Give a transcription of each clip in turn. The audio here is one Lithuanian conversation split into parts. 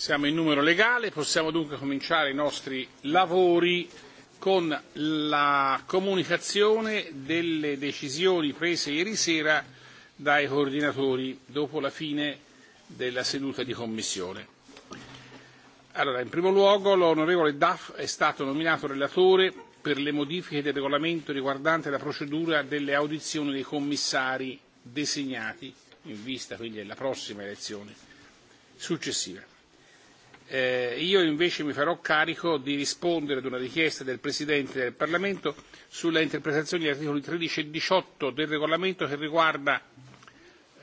Siamo in numero legale, possiamo dunque cominciare i nostri lavori con la comunicazione delle decisioni prese ieri sera dai coordinatori dopo la fine della seduta di commissione. Allora, in primo luogo l'onorevole Duff è stato nominato relatore per le modifiche del regolamento riguardante la procedura delle audizioni dei commissari designati in vista quindi della prossima elezione successiva. Eh, io invece mi farò carico di rispondere ad una richiesta del Presidente del Parlamento sulla interpretazione degli articoli 13 e 18 del regolamento che riguarda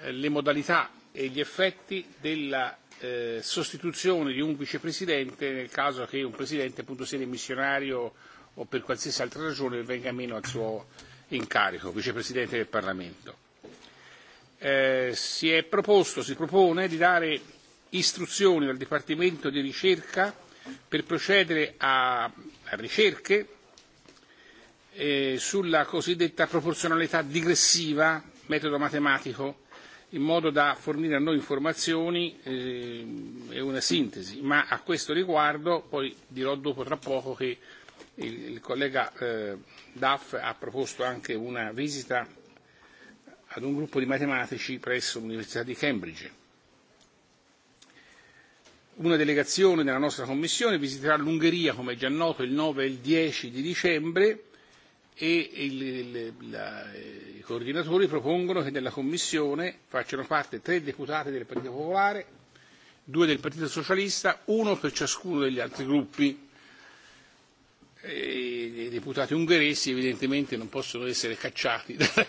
eh, le modalità e gli effetti della eh, sostituzione di un vicepresidente nel caso che un presidente appunto sia dimissionario o per qualsiasi altra ragione venga meno al suo incarico, vicepresidente del Parlamento. Eh, si è proposto, si propone di dare istruzioni dal Dipartimento di ricerca per procedere a, a ricerche eh, sulla cosiddetta proporzionalità digressiva, metodo matematico, in modo da fornire a noi informazioni eh, e una sintesi. Ma a questo riguardo, poi dirò dopo tra poco che il, il collega eh, Duff ha proposto anche una visita ad un gruppo di matematici presso l'Università di Cambridge una delegazione della nostra Commissione visiterà l'Ungheria, come è già noto, il 9 e il 10 di dicembre e il, il, la, i coordinatori propongono che della Commissione facciano parte tre deputati del Partito Popolare, due del Partito Socialista, uno per ciascuno degli altri gruppi. E I deputati ungheresi evidentemente non possono essere cacciati dalla,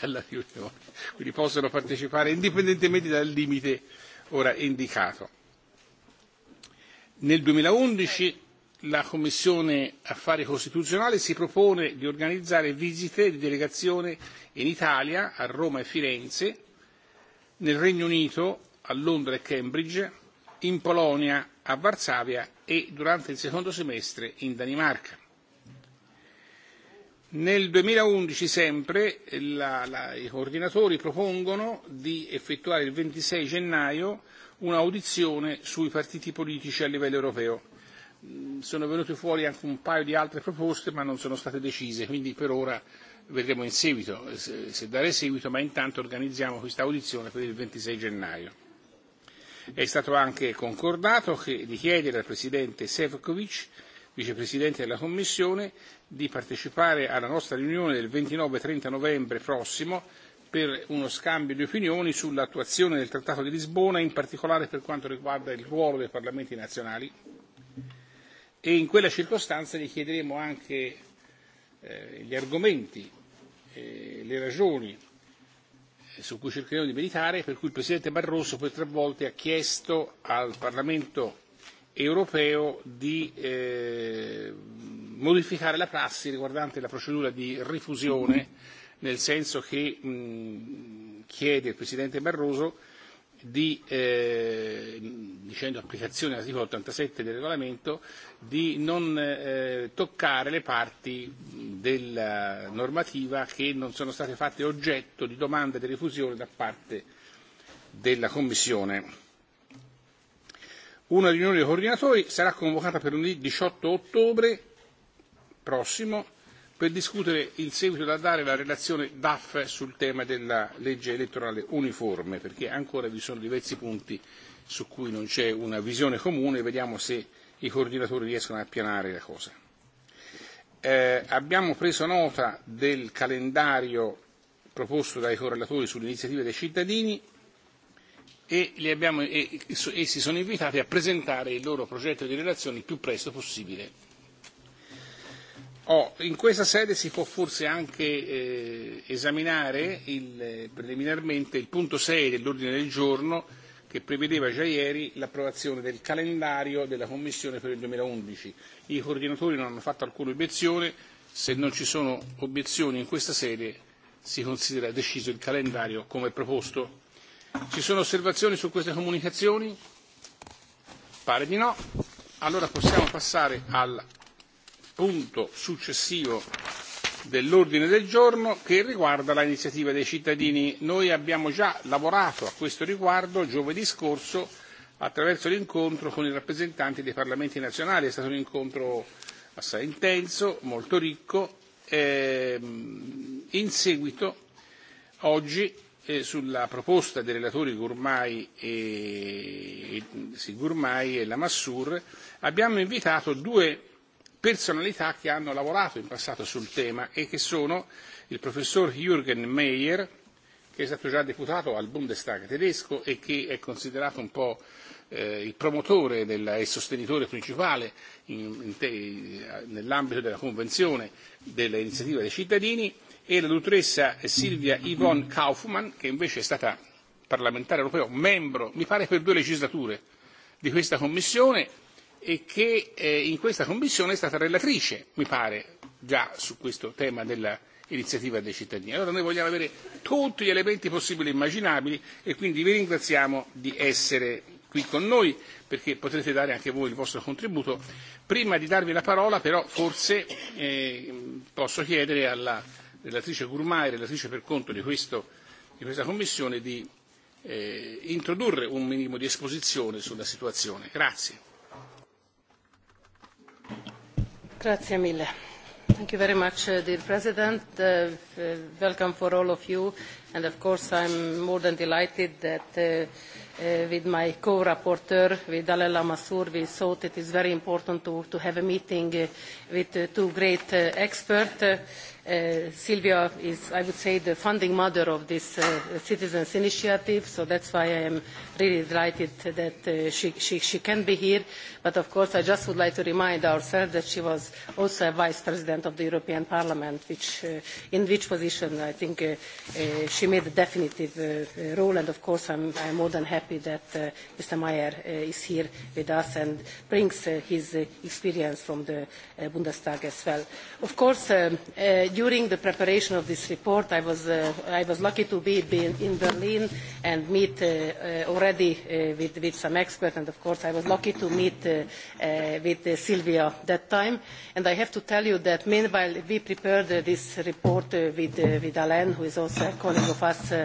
dalla riunione, quindi possono partecipare indipendentemente dal limite ora indicato. Nel 2011 la Commissione Affari Costituzionali si propone di organizzare visite di delegazione in Italia, a Roma e Firenze, nel Regno Unito, a Londra e Cambridge, in Polonia, a Varsavia e durante il secondo semestre in Danimarca. Nel 2011 sempre la, la, i coordinatori propongono di effettuare il 26 gennaio un'audizione sui partiti politici a livello europeo. Mm, sono venute fuori anche un paio di altre proposte ma non sono state decise, quindi per ora vedremo in seguito se dare seguito, ma intanto organizziamo questa audizione per il 26 gennaio. È stato anche concordato che, di chiedere al Presidente Sefcovic, Vicepresidente della Commissione, di partecipare alla nostra riunione del 29-30 novembre prossimo per uno scambio di opinioni sull'attuazione del Trattato di Lisbona, in particolare per quanto riguarda il ruolo dei Parlamenti nazionali e in quella circostanza gli chiederemo anche eh, gli argomenti, eh, le ragioni eh, su cui cercheremo di meditare, per cui il Presidente Barroso per tre volte ha chiesto al Parlamento europeo di eh, modificare la prassi riguardante la procedura di rifusione nel senso che mh, chiede il Presidente Barroso di, eh, dicendo applicazione dell'articolo 87 del regolamento, di non eh, toccare le parti della normativa che non sono state fatte oggetto di domanda di rifusione da parte della Commissione. Una riunione dei coordinatori sarà convocata per lunedì 18 ottobre prossimo per discutere il seguito da dare alla relazione DAF sul tema della legge elettorale uniforme, perché ancora vi sono diversi punti su cui non c'è una visione comune, vediamo se i coordinatori riescono a pianare la cosa. Eh, abbiamo preso nota del calendario proposto dai correlatori sull'iniziativa dei cittadini e, li abbiamo, e essi e sono invitati a presentare il loro progetto di relazione il più presto possibile Oh, in questa sede si può forse anche eh, esaminare il, eh, preliminarmente il punto 6 dell'ordine del giorno che prevedeva già ieri l'approvazione del calendario della Commissione per il 2011. I coordinatori non hanno fatto alcuna obiezione, se non ci sono obiezioni in questa sede si considera deciso il calendario come proposto. Ci sono osservazioni su queste comunicazioni? Pare di no. Allora possiamo passare al punto successivo dell'ordine del giorno che riguarda l'iniziativa dei cittadini. Noi abbiamo già lavorato a questo riguardo giovedì scorso attraverso l'incontro con i rappresentanti dei parlamenti nazionali. È stato un incontro assai intenso, molto ricco. Eh, in seguito, oggi, eh, sulla proposta dei relatori Gourmai e, e, sì, Gourmai e Lamassur, abbiamo invitato due personalità che hanno lavorato in passato sul tema e che sono il professor Jürgen Meyer, che è stato già deputato al Bundestag tedesco e che è considerato un po' eh, il promotore del, e sostenitore principale in, in te, nell'ambito della Convenzione dell'iniziativa dei cittadini, e la dottoressa Silvia Yvonne Kaufmann, che invece è stata parlamentare europeo, membro, mi pare per due legislature, di questa Commissione e che eh, in questa commissione è stata relatrice, mi pare, già su questo tema dell'iniziativa dei cittadini. Allora noi vogliamo avere tutti gli elementi possibili e immaginabili e quindi vi ringraziamo di essere qui con noi perché potrete dare anche voi il vostro contributo. Prima di darvi la parola però forse eh, posso chiedere alla relatrice Gurmai, relatrice per conto di, questo, di questa commissione, di eh, introdurre un minimo di esposizione sulla situazione. Grazie. Grazie mille. Thank you very much, uh, dear President. Uh, uh, welcome for all of you. And of course, I'm more than delighted that uh, uh, with my co-rapporteur, with Dalela Massour, we thought it is very important to, to have a meeting uh, with uh, two great uh, experts. Uh, Uh, Silvia is, I would say, the founding mother of this uh, citizens' initiative, so that's why I am really delighted that uh, she, she, she can be here. But of course, I just would like to remind ourselves that she was also a vice president of the European Parliament, which, uh, in which position I think uh, uh, she made a definitive uh, uh, role. And of course, I'm, I'm more than happy that uh, Mr. Meyer uh, is here with us and brings uh, his uh, experience from the uh, Bundestag as well. Of course, um, uh, during the preparation of this report, I was, uh, I was lucky to be in Berlin and meet uh, uh, already uh, with, with some experts, and of course I was lucky to meet uh, uh, with uh, Sylvia that time. And I have to tell you that meanwhile we prepared uh, this report uh, with, uh, with Alain, who is also a colleague of us, uh,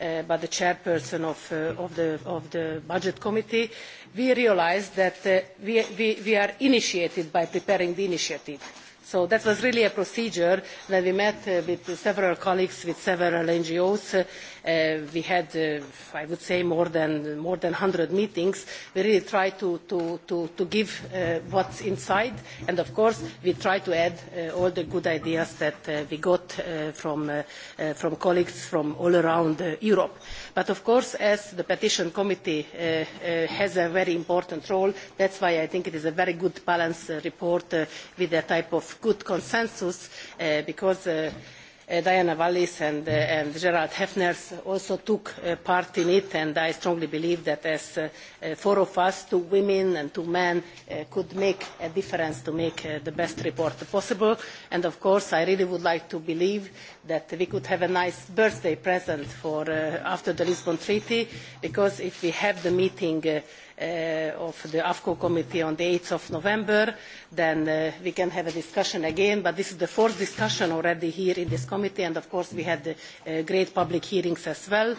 uh, but the chairperson of, uh, of, the, of the budget committee, we realized that uh, we, we, we are initiated by preparing the initiative So that was really a procedure when we met uh, with several colleagues with several NGOs. Uh, uh, we had, uh, I would say, more than, more than 100 meetings. We really try to, to, to, to give uh, what's inside, and of course, we try to add uh, all the good ideas that uh, we got uh, from, uh, uh, from colleagues from all around uh, Europe. But of course, as the Petition Committee uh, uh, has a very important role, that's why I think it is a very good balanced uh, report uh, with a type of good consensus, uh, because uh, uh, Diana Wallis and, uh, and Gerald Hefners also took uh, part in it, and I strongly believe that as uh, uh, four of us, two women and two men, uh, could make a difference to make uh, the best report possible. And of course, I really would like to believe that we could have a nice birthday present for uh, after the Lisbon Treaty, because if we have the meeting uh, uh, of the AFCO committee on the 8th of November, then uh, we can have a discussion again. But this is the fourth discussion already here in this committee, and of course we had uh, great public hearings as well.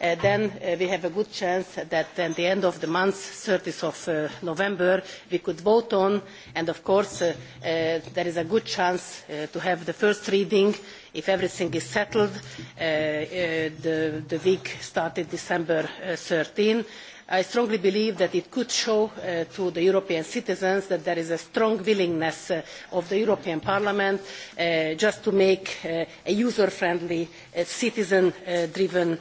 Uh, then uh, we have a good chance that at the end of the month, 30th of uh, November, we could vote on, and of course uh, uh, there is a good chance uh, to have the first reading if everything is settled, uh, uh, the, the week started December uh, 13, I strongly believe that it could show uh, to the European citizens that there is a strong willingness uh, of the European Parliament uh, just to make uh, a user-friendly, uh, citizen-driven uh,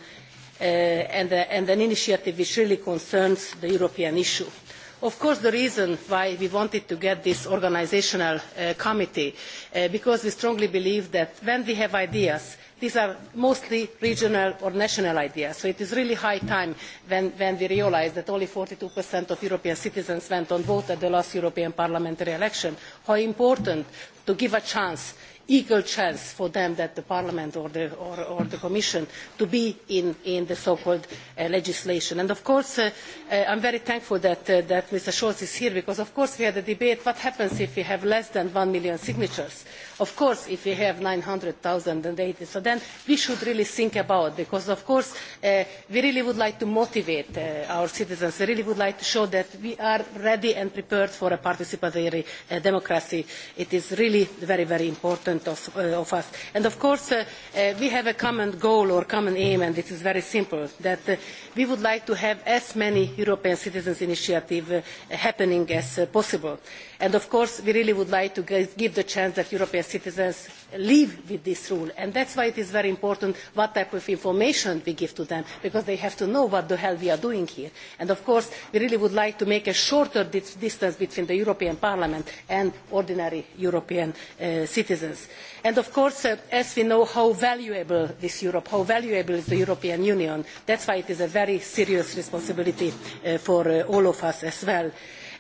uh, and, uh, and an initiative which really concerns the European issue. Uh, of course the reason why we wanted to get this organizational uh, committee uh, because we strongly believe that when we have ideas these are mostly regional or national ideas so it is really high time when, when we realise that only forty two of european citizens went to vote at the last european parliamentary election how important to give a chance to equal chance for them that the Parliament or the, or, or the Commission to be in, in the so-called uh, legislation. And of course, uh, uh, I'm very thankful that, uh, that Mr. Scholz is here because of course we had a debate what happens if we have less than one million signatures. Mm-hmm Of course, if we have 900,000 and 80, so then we should really think about because of course uh, we really would like to motivate uh, our citizens. We really would like to show that we are ready and prepared for a participatory uh, democracy. It is really very, very important of, uh, of us. And of course, uh, uh, we have a common goal or common aim, and it is very simple, that uh, we would like to have as many European citizens' initiatives uh, happening as uh, possible. Uh, and of course we really would like to give the chance that european citizens live with this rule and that is why it is very important what type of information we give to them because they have to know what the hell we are doing here and of course we really would like to make a shorter dis distance between the european parliament and ordinary european uh, citizens and of course uh, as we know how valuable this europe how valuable is the european union that is why it is a very serious responsibility uh, for uh, all of us as well uh,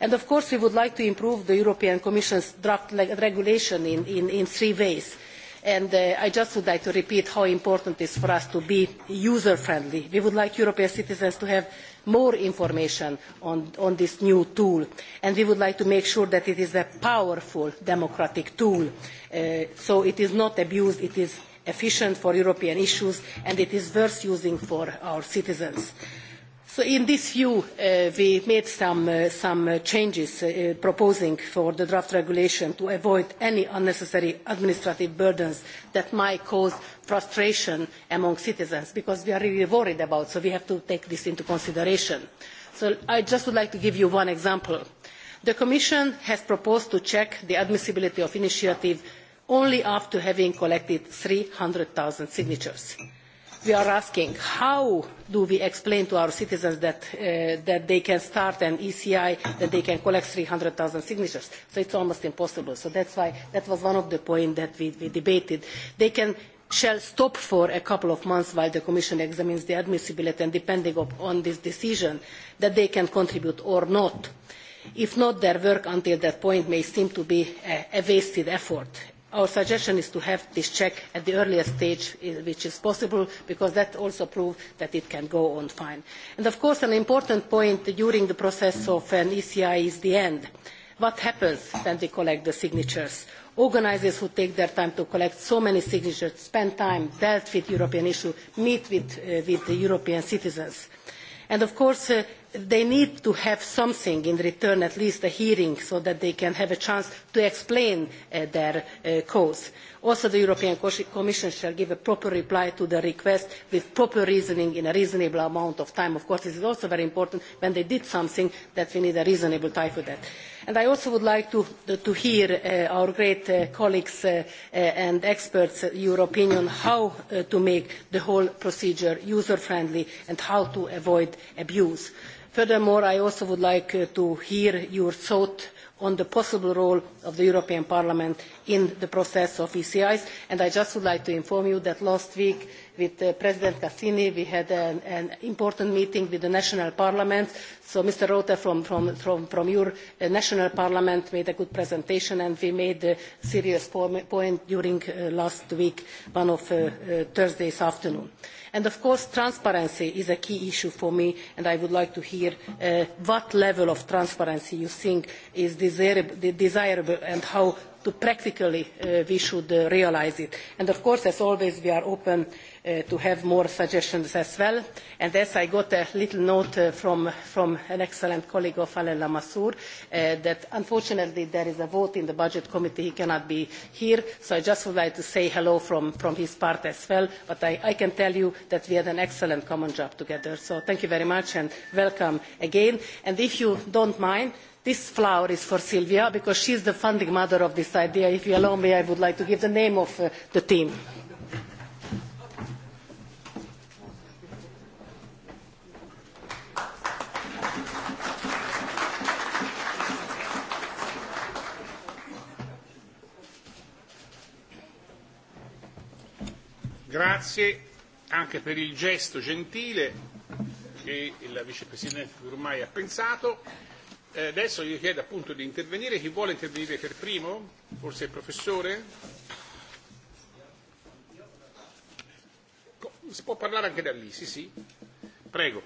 And of course we would like to improve the European Commission's draft regulation in, in, in three ways. And uh, I just would like to repeat how important it is for us to be user-friendly. We would like European citizens to have more information on, on this new tool. And we would like to make sure that it is a powerful democratic tool. Uh, so it is not abused, it is efficient for European issues, and it is worth using for our citizens. Uh, So in this view, uh, we made some, uh, some uh, changes uh, proposing for the draft regulation to avoid any unnecessary administrative burdens that might cause frustration among citizens, because we are really worried about, so we have to take this into consideration. So I just would like to give you one example. The Commission has proposed to check the admissibility of initiative only after having collected 300,000 signatures. Mm-hmm we are asking how do we explain to our citizens that, uh, that they can start an ECI, that they can collect 300,000 signatures. So it's almost impossible. So that's why that was one of the points that we, we debated. They can shall stop for a couple of months while the Commission examines the admissibility and depending op on this decision that they can contribute or not. If not, their work until that point may seem to be a, a wasted effort our suggestion is to have this check at the earliest stage which is possible because that also proves that it can go on fine. And of course an important point during the process of an ECI is the end. What happens when we collect the signatures? Organizers who take their time to collect so many signatures, spend time, dealt with European issues, meet with, uh, with the European citizens. And of course uh, they need to have something in return, at least a hearing, so that they can have a chance to explain uh, their uh, cause. Also, the European Commission shall give a proper reply to the request with proper reasoning in a reasonable amount of time. Of course, this is also very important when they did something that we need a reasonable time for that. And I also would like to, to hear uh, our great uh, colleagues uh, uh, and experts, uh, your opinion, how uh, to make the whole procedure user-friendly and how to avoid abuse. Uh, Furthermore, I also would like uh, to hear your thought on the possible role of the European Parliament in the process of ECIs. And I just would like to inform you that last week with uh, President Cassini we had an, an important meeting with the national parliament. So Mr. Rota from, from, from, from your uh, national parliament made a good presentation and we made a serious point during uh, last week, one of uh, uh, Thursday's afternoon. Uh, And of course, transparency is a key issue for me, and I would like to hear uh, what level of transparency you think is desirable, desirable and how to practically uh, we should uh, realize it. And of course, as always, we are open uh, to have more suggestions as well. And as I got a little note uh, from, from an excellent colleague of Alain Lamassoure, uh, that unfortunately there is a vote in the Budget Committee, he cannot be here, so I just would like to say hello from, from his part as well. But I, I can tell you that we had an excellent common job together. So thank you very much and welcome again. And if you don't mind, this flower is for Silvia because she is the founding mother of this idea. If you allow me, I would like to give the name of uh, the team. Grazie anche per il gesto gentile che la vicepresidente Gurmai ha pensato Eh, adesso io chiedo appunto di intervenire. Chi vuole intervenire per primo? Forse il professore? Si può parlare anche da lì, sì sì. Prego.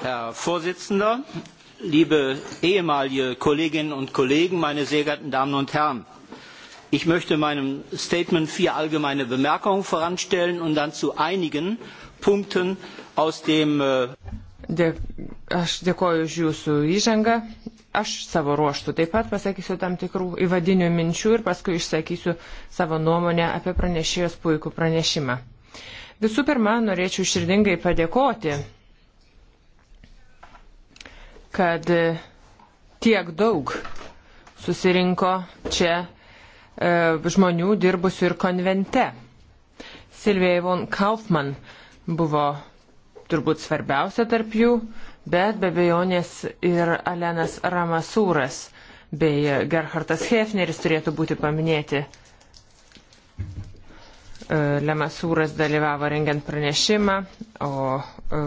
Herr Vorsitzender, liebe ehemalige Kolleginnen und Kollegen, meine sehr geehrten Damen und Herren! Ich möchte meinem Statement vier allgemeine Bemerkungen voranstellen und dann zu einigen Punkten aus dem äh Dėk, aš dėkoju už jūsų įžangą. Aš savo ruoštų taip pat pasakysiu tam tikrų įvadinių minčių ir paskui išsakysiu savo nuomonę apie pranešėjos puikų pranešimą. Visų pirma, norėčiau širdingai padėkoti, kad tiek daug susirinko čia e, žmonių dirbusių ir konvente. Silvija Ivon Kaufman buvo turbūt svarbiausia tarp jų, bet be bejonės ir Alenas Ramasūras bei Gerhardas Hefneris turėtų būti paminėti. E, Lemasūras dalyvavo rengiant pranešimą, o e,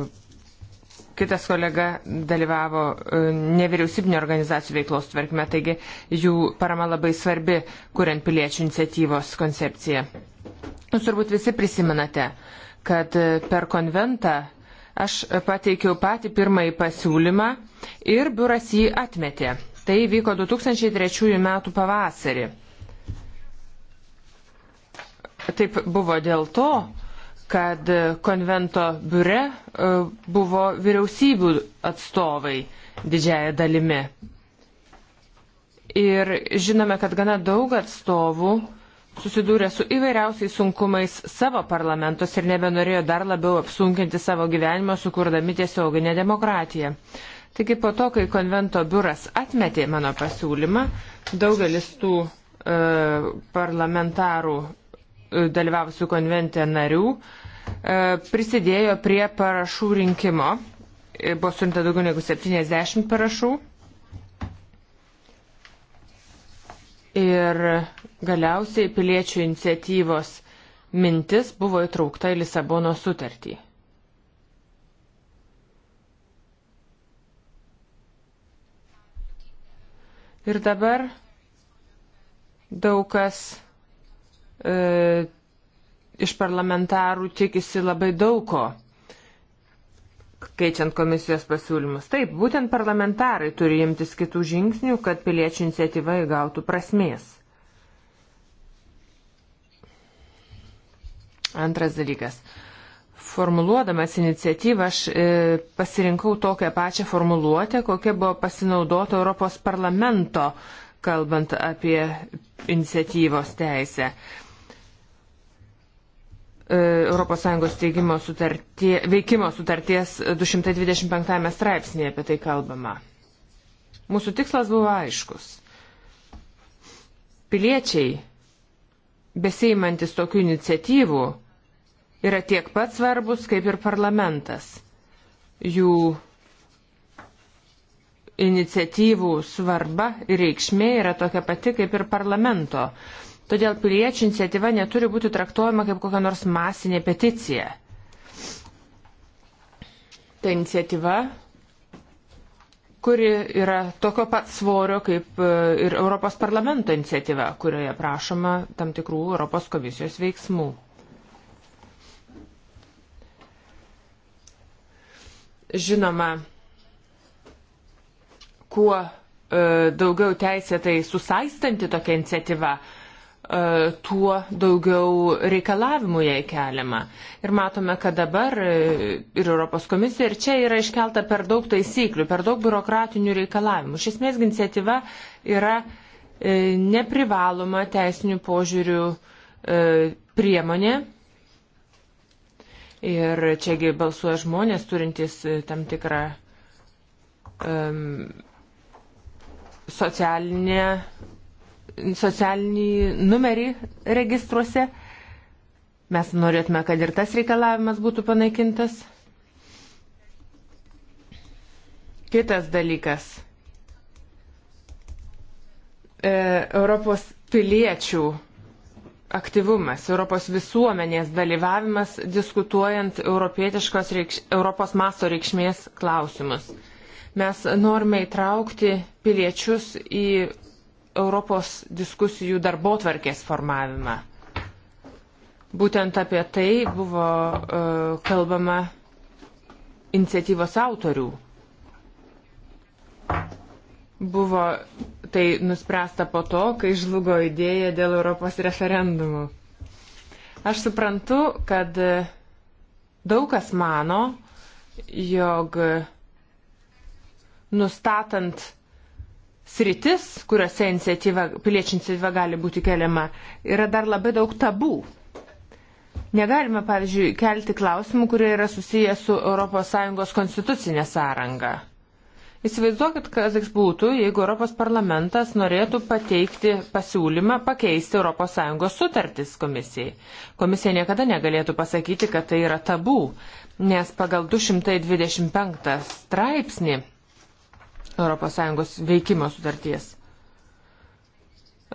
kitas kolega dalyvavo e, nevyriausybinio organizacijų veiklos tvarkime, taigi jų parama labai svarbi, kuriant piliečių iniciatyvos koncepciją. Jūs turbūt visi prisimenate, kad per konventą Aš pateikiau patį pirmąjį pasiūlymą ir biuras jį atmetė. Tai vyko 2003 m. pavasarį. Taip buvo dėl to, kad konvento biure e, buvo vyriausybių atstovai didžiaja dalimi. Ir žinome, kad gana daug atstovų susidūrė su įvairiausiais sunkumais savo parlamentos ir nebenorėjo dar labiau apsunkinti savo gyvenimą, sukurdami tiesioginę demokratiją. Taigi po to, kai konvento biuras atmetė mano pasiūlymą, daugelis tų e, parlamentarų e, dalyvavusių konvente narių e, prisidėjo prie parašų rinkimo. E, buvo suimta daugiau negu 70 parašų ir galiausiai piliečių iniciatyvos mintis buvo įtraukta į Lisabono sutartį. Ir dabar daug kas e, iš parlamentarų tikisi labai daug ko keičiant komisijos pasiūlymus. Taip, būtent parlamentarai turi imtis kitų žingsnių, kad piliečių iniciatyva įgautų prasmės. Antras dalykas. Formuluodamas iniciatyvą aš e, pasirinkau tokią pačią formuluotę, kokia buvo pasinaudota Europos parlamento, kalbant apie iniciatyvos teisę. E, ES teigimo sutartie, veikimo sutarties 225 straipsnėje apie tai kalbama. Mūsų tikslas buvo aiškus. Piliečiai, beseimantis tokių iniciatyvų, yra tiek pat svarbus kaip ir parlamentas. Jų iniciatyvų svarba ir reikšmė yra tokia pati kaip ir parlamento. Todėl piliečių iniciatyva neturi būti traktuojama kaip kokia nors masinė peticija. Ta iniciatyva, kuri yra tokio pat svorio kaip e, ir Europos parlamento iniciatyva, kurioje prašoma tam tikrų Europos komisijos veiksmų. Žinoma, kuo e, daugiau teisėtai susaistanti tokia iniciatyva, E, tuo daugiau reikalavimų jai keliama. Ir matome, kad dabar e, ir Europos komisija, ir čia yra iškelta per daug taisyklių, per daug biurokratinių reikalavimų. Iš esmės, iniciatyva yra e, neprivaloma teisinių požiūrių priemonė. Ir čiagi balsuoja žmonės turintys tam tikrą um, socialinę socialinį numerį registruose. Mes norėtume, kad ir tas reikalavimas būtų panaikintas. Kitas dalykas. E, Europos piliečių aktyvumas, Europos visuomenės dalyvavimas diskutuojant europietiškos reikš, Europos masto reikšmės klausimus. Mes norime įtraukti piliečius į Europos diskusijų darbo tvarkės formavimą. Būtent apie tai buvo uh, kalbama iniciatyvos autorių. Buvo tai nuspręsta po to, kai žlugo idėja dėl Europos referendumų. Aš suprantu, kad daug kas mano, jog nustatant sritis, kuriuose iniciatyva, piliečių iniciatyva gali būti keliama, yra dar labai daug tabų. Negalime, pavyzdžiui, kelti klausimų, kurie yra susiję su ES konstitucinė sąranga. Įsivaizduokit, kas būtų, jeigu Europos parlamentas norėtų pateikti pasiūlymą pakeisti ES sutartis komisijai. Komisija niekada negalėtų pasakyti, kad tai yra tabų, nes pagal 225 straipsnį ES veikimo sutarties.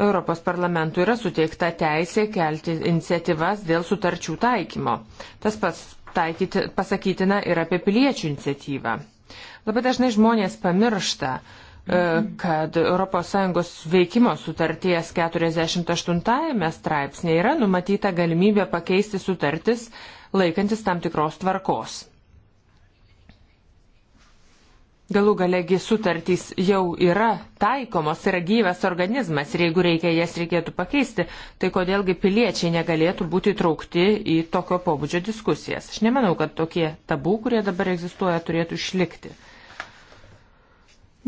Europos parlamentui yra suteikta teisė kelti iniciatyvas dėl sutarčių taikymo. Tas pas, taikyti, pasakytina ir apie piliečių iniciatyvą. Labai dažnai žmonės pamiršta, e, kad ES veikimo sutarties 48 straipsnėje yra numatyta galimybė pakeisti sutartis laikantis tam tikros tvarkos. Galų galegi sutartys jau yra taikomos, tai yra gyvas organizmas ir jeigu reikia jas reikėtų pakeisti, tai kodėlgi piliečiai negalėtų būti įtraukti į tokio pobūdžio diskusijas. Aš nemanau, kad tokie tabų, kurie dabar egzistuoja, turėtų išlikti.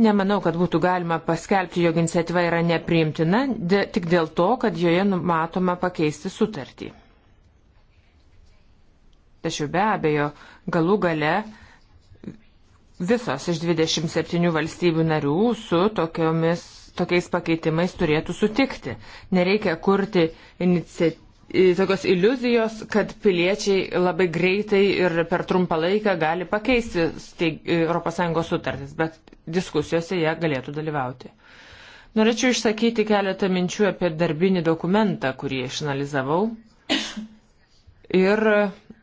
Nemanau, kad būtų galima paskelbti, jog iniciatyva yra nepriimtina, dė, tik dėl to, kad joje numatoma pakeisti sutartį. Tačiau be abejo, galų gale visos iš 27 valstybių narių su tokiomis, tokiais pakeitimais turėtų sutikti. Nereikia kurti iniciatyvų. Tokios iliuzijos, kad piliečiai labai greitai ir per trumpą laiką gali pakeisti ES sutartis, bet diskusijose jie galėtų dalyvauti. Norėčiau išsakyti keletą minčių apie darbinį dokumentą, kurį išanalizavau. Ir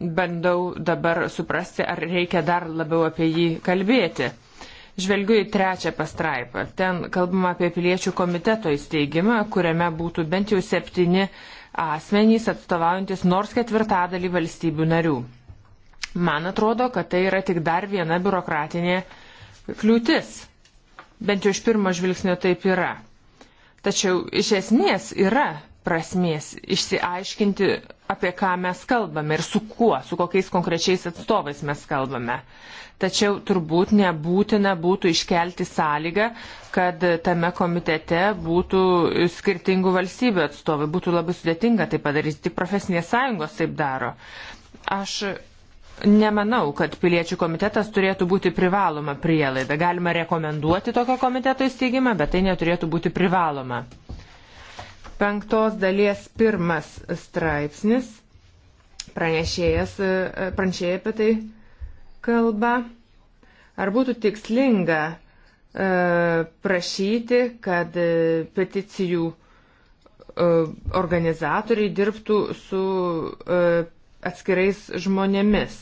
bandau dabar suprasti, ar reikia dar labiau apie jį kalbėti. Žvelgiu į trečią pastraipą. Ten kalbama apie piliečių komiteto įsteigimą, kuriame būtų bent jau septyni asmenys atstovaujantis nors ketvirtadalį valstybių narių. Man atrodo, kad tai yra tik dar viena biurokratinė kliūtis. Bent jau iš pirmo žvilgsnio taip yra. Tačiau iš esmės yra prasmės išsiaiškinti apie ką mes kalbame ir su kuo, su kokiais konkrečiais atstovais mes kalbame. Tačiau turbūt nebūtina būtų iškelti sąlygą, kad tame komitete būtų skirtingų valstybių atstovai. Būtų labai sudėtinga tai padaryti, tik profesinės sąjungos taip daro. Aš Nemanau, kad piliečių komitetas turėtų būti privaloma prielaida. Galima rekomenduoti tokio komiteto įsteigimą, bet tai neturėtų būti privaloma penktos dalies pirmas straipsnis, pranešėjas, e, pranešėjai apie tai kalba. Ar būtų tikslinga e, prašyti, kad e, peticijų organizatoriai dirbtų su atskirais žmonėmis?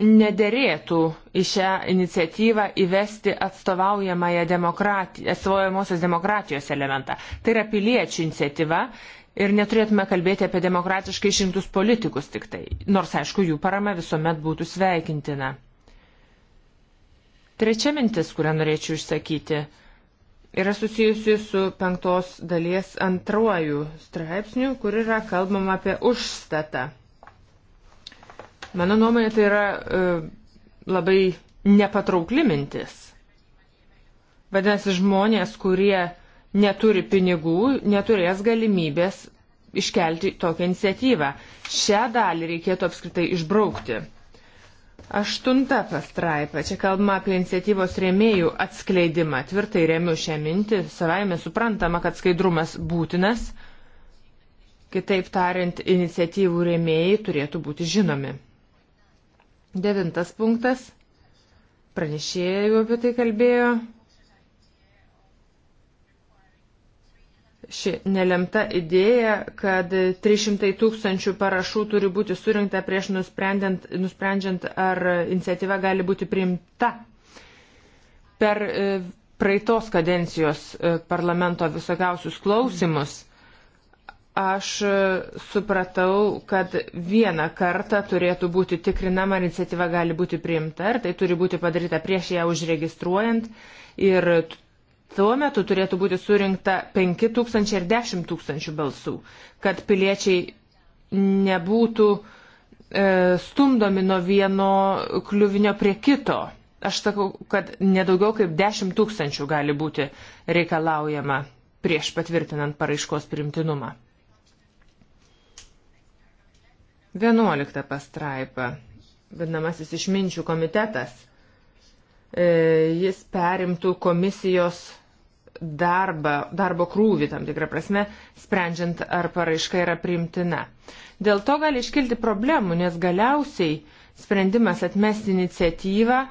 nederėtų į šią iniciatyvą įvesti atstovaujamąją demokratiją, atstovaujamosios demokratijos elementą. Tai yra piliečių iniciatyva ir neturėtume kalbėti apie demokratiškai išrinktus politikus tik tai, nors aišku, jų parama visuomet būtų sveikintina. Trečia mintis, kurią norėčiau išsakyti, yra susijusi su penktos dalies antruoju straipsniu, kur yra kalbama apie užstatą. Mano nuomonė tai yra e, labai nepatraukli mintis. Vadinasi, žmonės, kurie neturi pinigų, neturės galimybės iškelti tokią iniciatyvą. Šią dalį reikėtų apskritai išbraukti. Aštunta pastraipa. Čia kalbama apie iniciatyvos rėmėjų atskleidimą. Tvirtai remiu šią mintį. Savaime suprantama, kad skaidrumas būtinas. Kitaip tariant, iniciatyvų rėmėjai turėtų būti žinomi. Devintas punktas. Pranešėjai jau apie tai kalbėjo. Ši nelemta idėja, kad 300 tūkstančių parašų turi būti surinkta prieš nusprendžiant, ar iniciatyva gali būti priimta. Per e, praeitos kadencijos e, parlamento visokiausius klausimus aš supratau, kad vieną kartą turėtų būti tikrinama, ar iniciatyva gali būti priimta, ar tai turi būti padaryta prieš ją užregistruojant. Ir tuo metu turėtų būti surinkta 5000 ir 10 tūkstančių balsų, kad piliečiai nebūtų e, stumdomi nuo vieno kliuvinio prie kito. Aš sakau, kad nedaugiau kaip 10 tūkstančių gali būti reikalaujama prieš patvirtinant paraiškos primtinumą. 11 pastraipa, vadinamasis išminčių komitetas, e, jis perimtų komisijos darbą, darbo krūvį tam tikrą prasme, sprendžiant ar paraiška yra priimtina. Dėl to gali iškilti problemų, nes galiausiai sprendimas atmesti iniciatyvą e,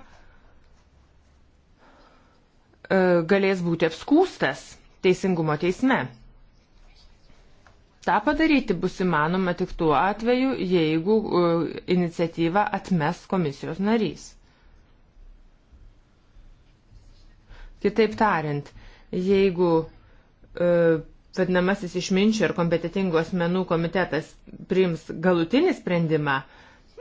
galės būti apskūstas teisingumo teisme. Ta padaryti bus įmanoma tik tuo atveju, jeigu e, iniciatyvą atmes komisijos narys. Kitaip tariant, jeigu e, vadinamasis išminčių ir kompetitingų asmenų komitetas priims galutinį sprendimą,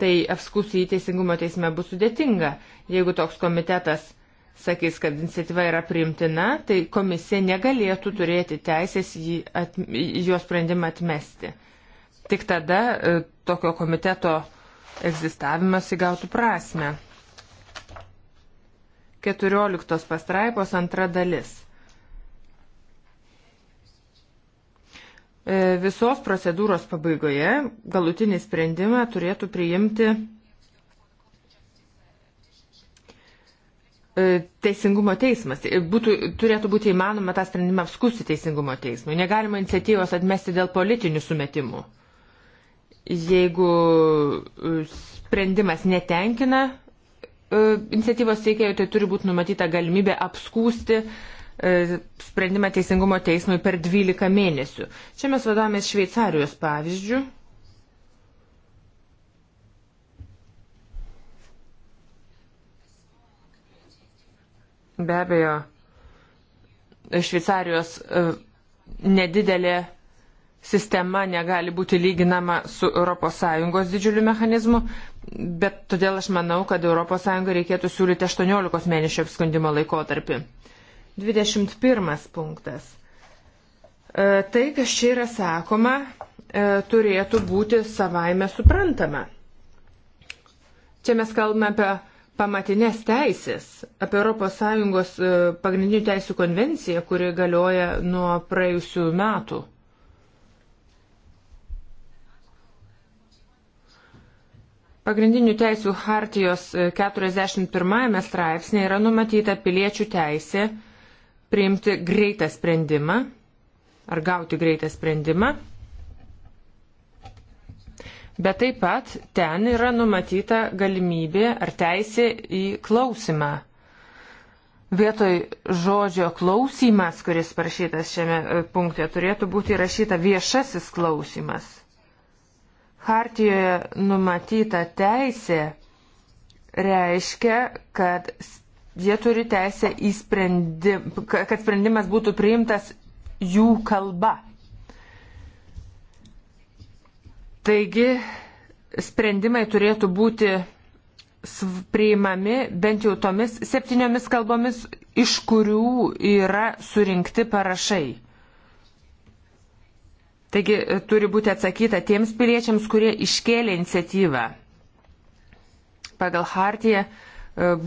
tai apskusija į teisingumo teisme bus sudėtinga, jeigu toks komitetas uh, sakys, kad iniciatyva yra priimtina, tai komisija negalėtų turėti teisės jį, at, jo sprendimą atmesti. Tik tada e, tokio komiteto egzistavimas įgautų prasme. 14 pastraipos antra dalis. E, visos procedūros pabaigoje galutinį sprendimą turėtų priimti E, teisingumo teismas. E, būtų, turėtų būti įmanoma tą sprendimą apskusti Teisingumo teismui. Negalima iniciatyvos atmesti dėl politinių sumetimų. Jeigu e, sprendimas netenkina iniciatyvos teikėjų, tai turi būti numatyta galimybė apskūsti sprendimą Teisingumo teismui per 12 mėnesių. Čia mes vadovomės Šveicarijos pavyzdžių. Be abejo, Šveicarijos e, nedidelė sistema negali būti lyginama su ES didžiuliu mechanizmu, bet todėl aš manau, kad ES reikėtų siūlyti 18 mėnesių apskundimo laikotarpį. 21 punktas. E, tai, kas čia yra sakoma, e, turėtų būti savaime suprantama. Čia mes kalbame apie pamatinės teisės, apie ES e, pagrindinių teisų konvenciją, kuri galioja nuo praėjusių metų. Pagrindinių teisų hartijos 41 e, straipsnėje yra numatyta piliečių teisė priimti greitą sprendimą ar gauti greitą sprendimą Bet taip pat ten yra numatyta galimybė ar teisė į klausimą. Vietoj žodžio klausimas, kuris parašytas šiame e, punkte, turėtų būti įrašyta viešasis klausimas. Hartijoje numatyta teisė reiškia, kad jie turi teisę į sprendimą, kad sprendimas būtų priimtas jų kalba. Taigi sprendimai turėtų būti priimami bent jau tomis septyniomis kalbomis, iš kurių yra surinkti parašai. Taigi turi būti atsakyta tiems piliečiams, kurie iškėlė iniciatyvą. Pagal Hartiją e,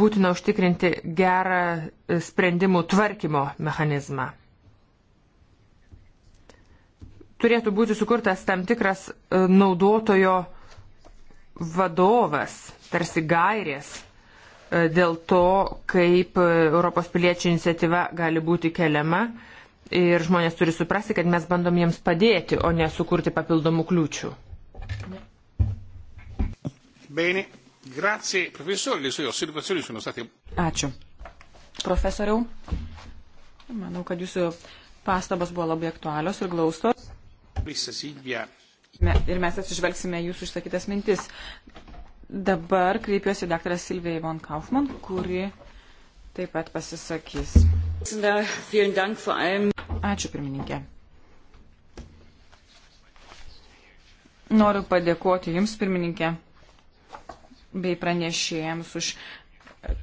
būtina užtikrinti gerą e, sprendimų tvarkymo mechanizmą turėtų būti sukurtas tam tikras e, naudotojo vadovas, tarsi gairės e, dėl to, kaip e, Europos piliečių iniciatyva gali būti keliama ir žmonės turi suprasti, kad mes bandom jiems padėti, o ne sukurti papildomų kliūčių. Bene. Grazie, profesore, le sue osservazioni sono state. Ačiū. Profesoriau, manau, kad jūsų pastabas buvo labai aktualios ir glaustos. Ir mes atsižvelgsime jūsų išsakytas mintis. Dabar kreipiuosi dr. Silvija Ivon Kaufman, kuri taip pat pasisakys. Ačiū pirmininkė. Noriu padėkoti Jums, pirmininkė, bei pranešėjams už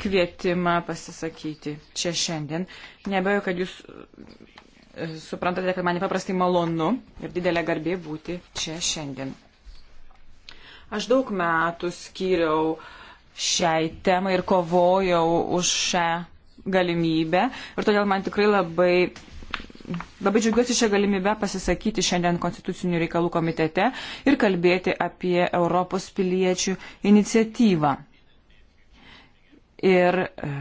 kvietimą pasisakyti čia šiandien. Nebejoju, kad Jūs suprantate, kad man nepaprastai malonu ir didelė garbė būti čia šiandien. Aš daug metų skyriau šiai temai ir kovojau už šią galimybę ir todėl man tikrai labai, labai džiaugiuosi šią galimybę pasisakyti šiandien Konstitucinių reikalų komitete ir kalbėti apie Europos piliečių iniciatyvą. Ir e,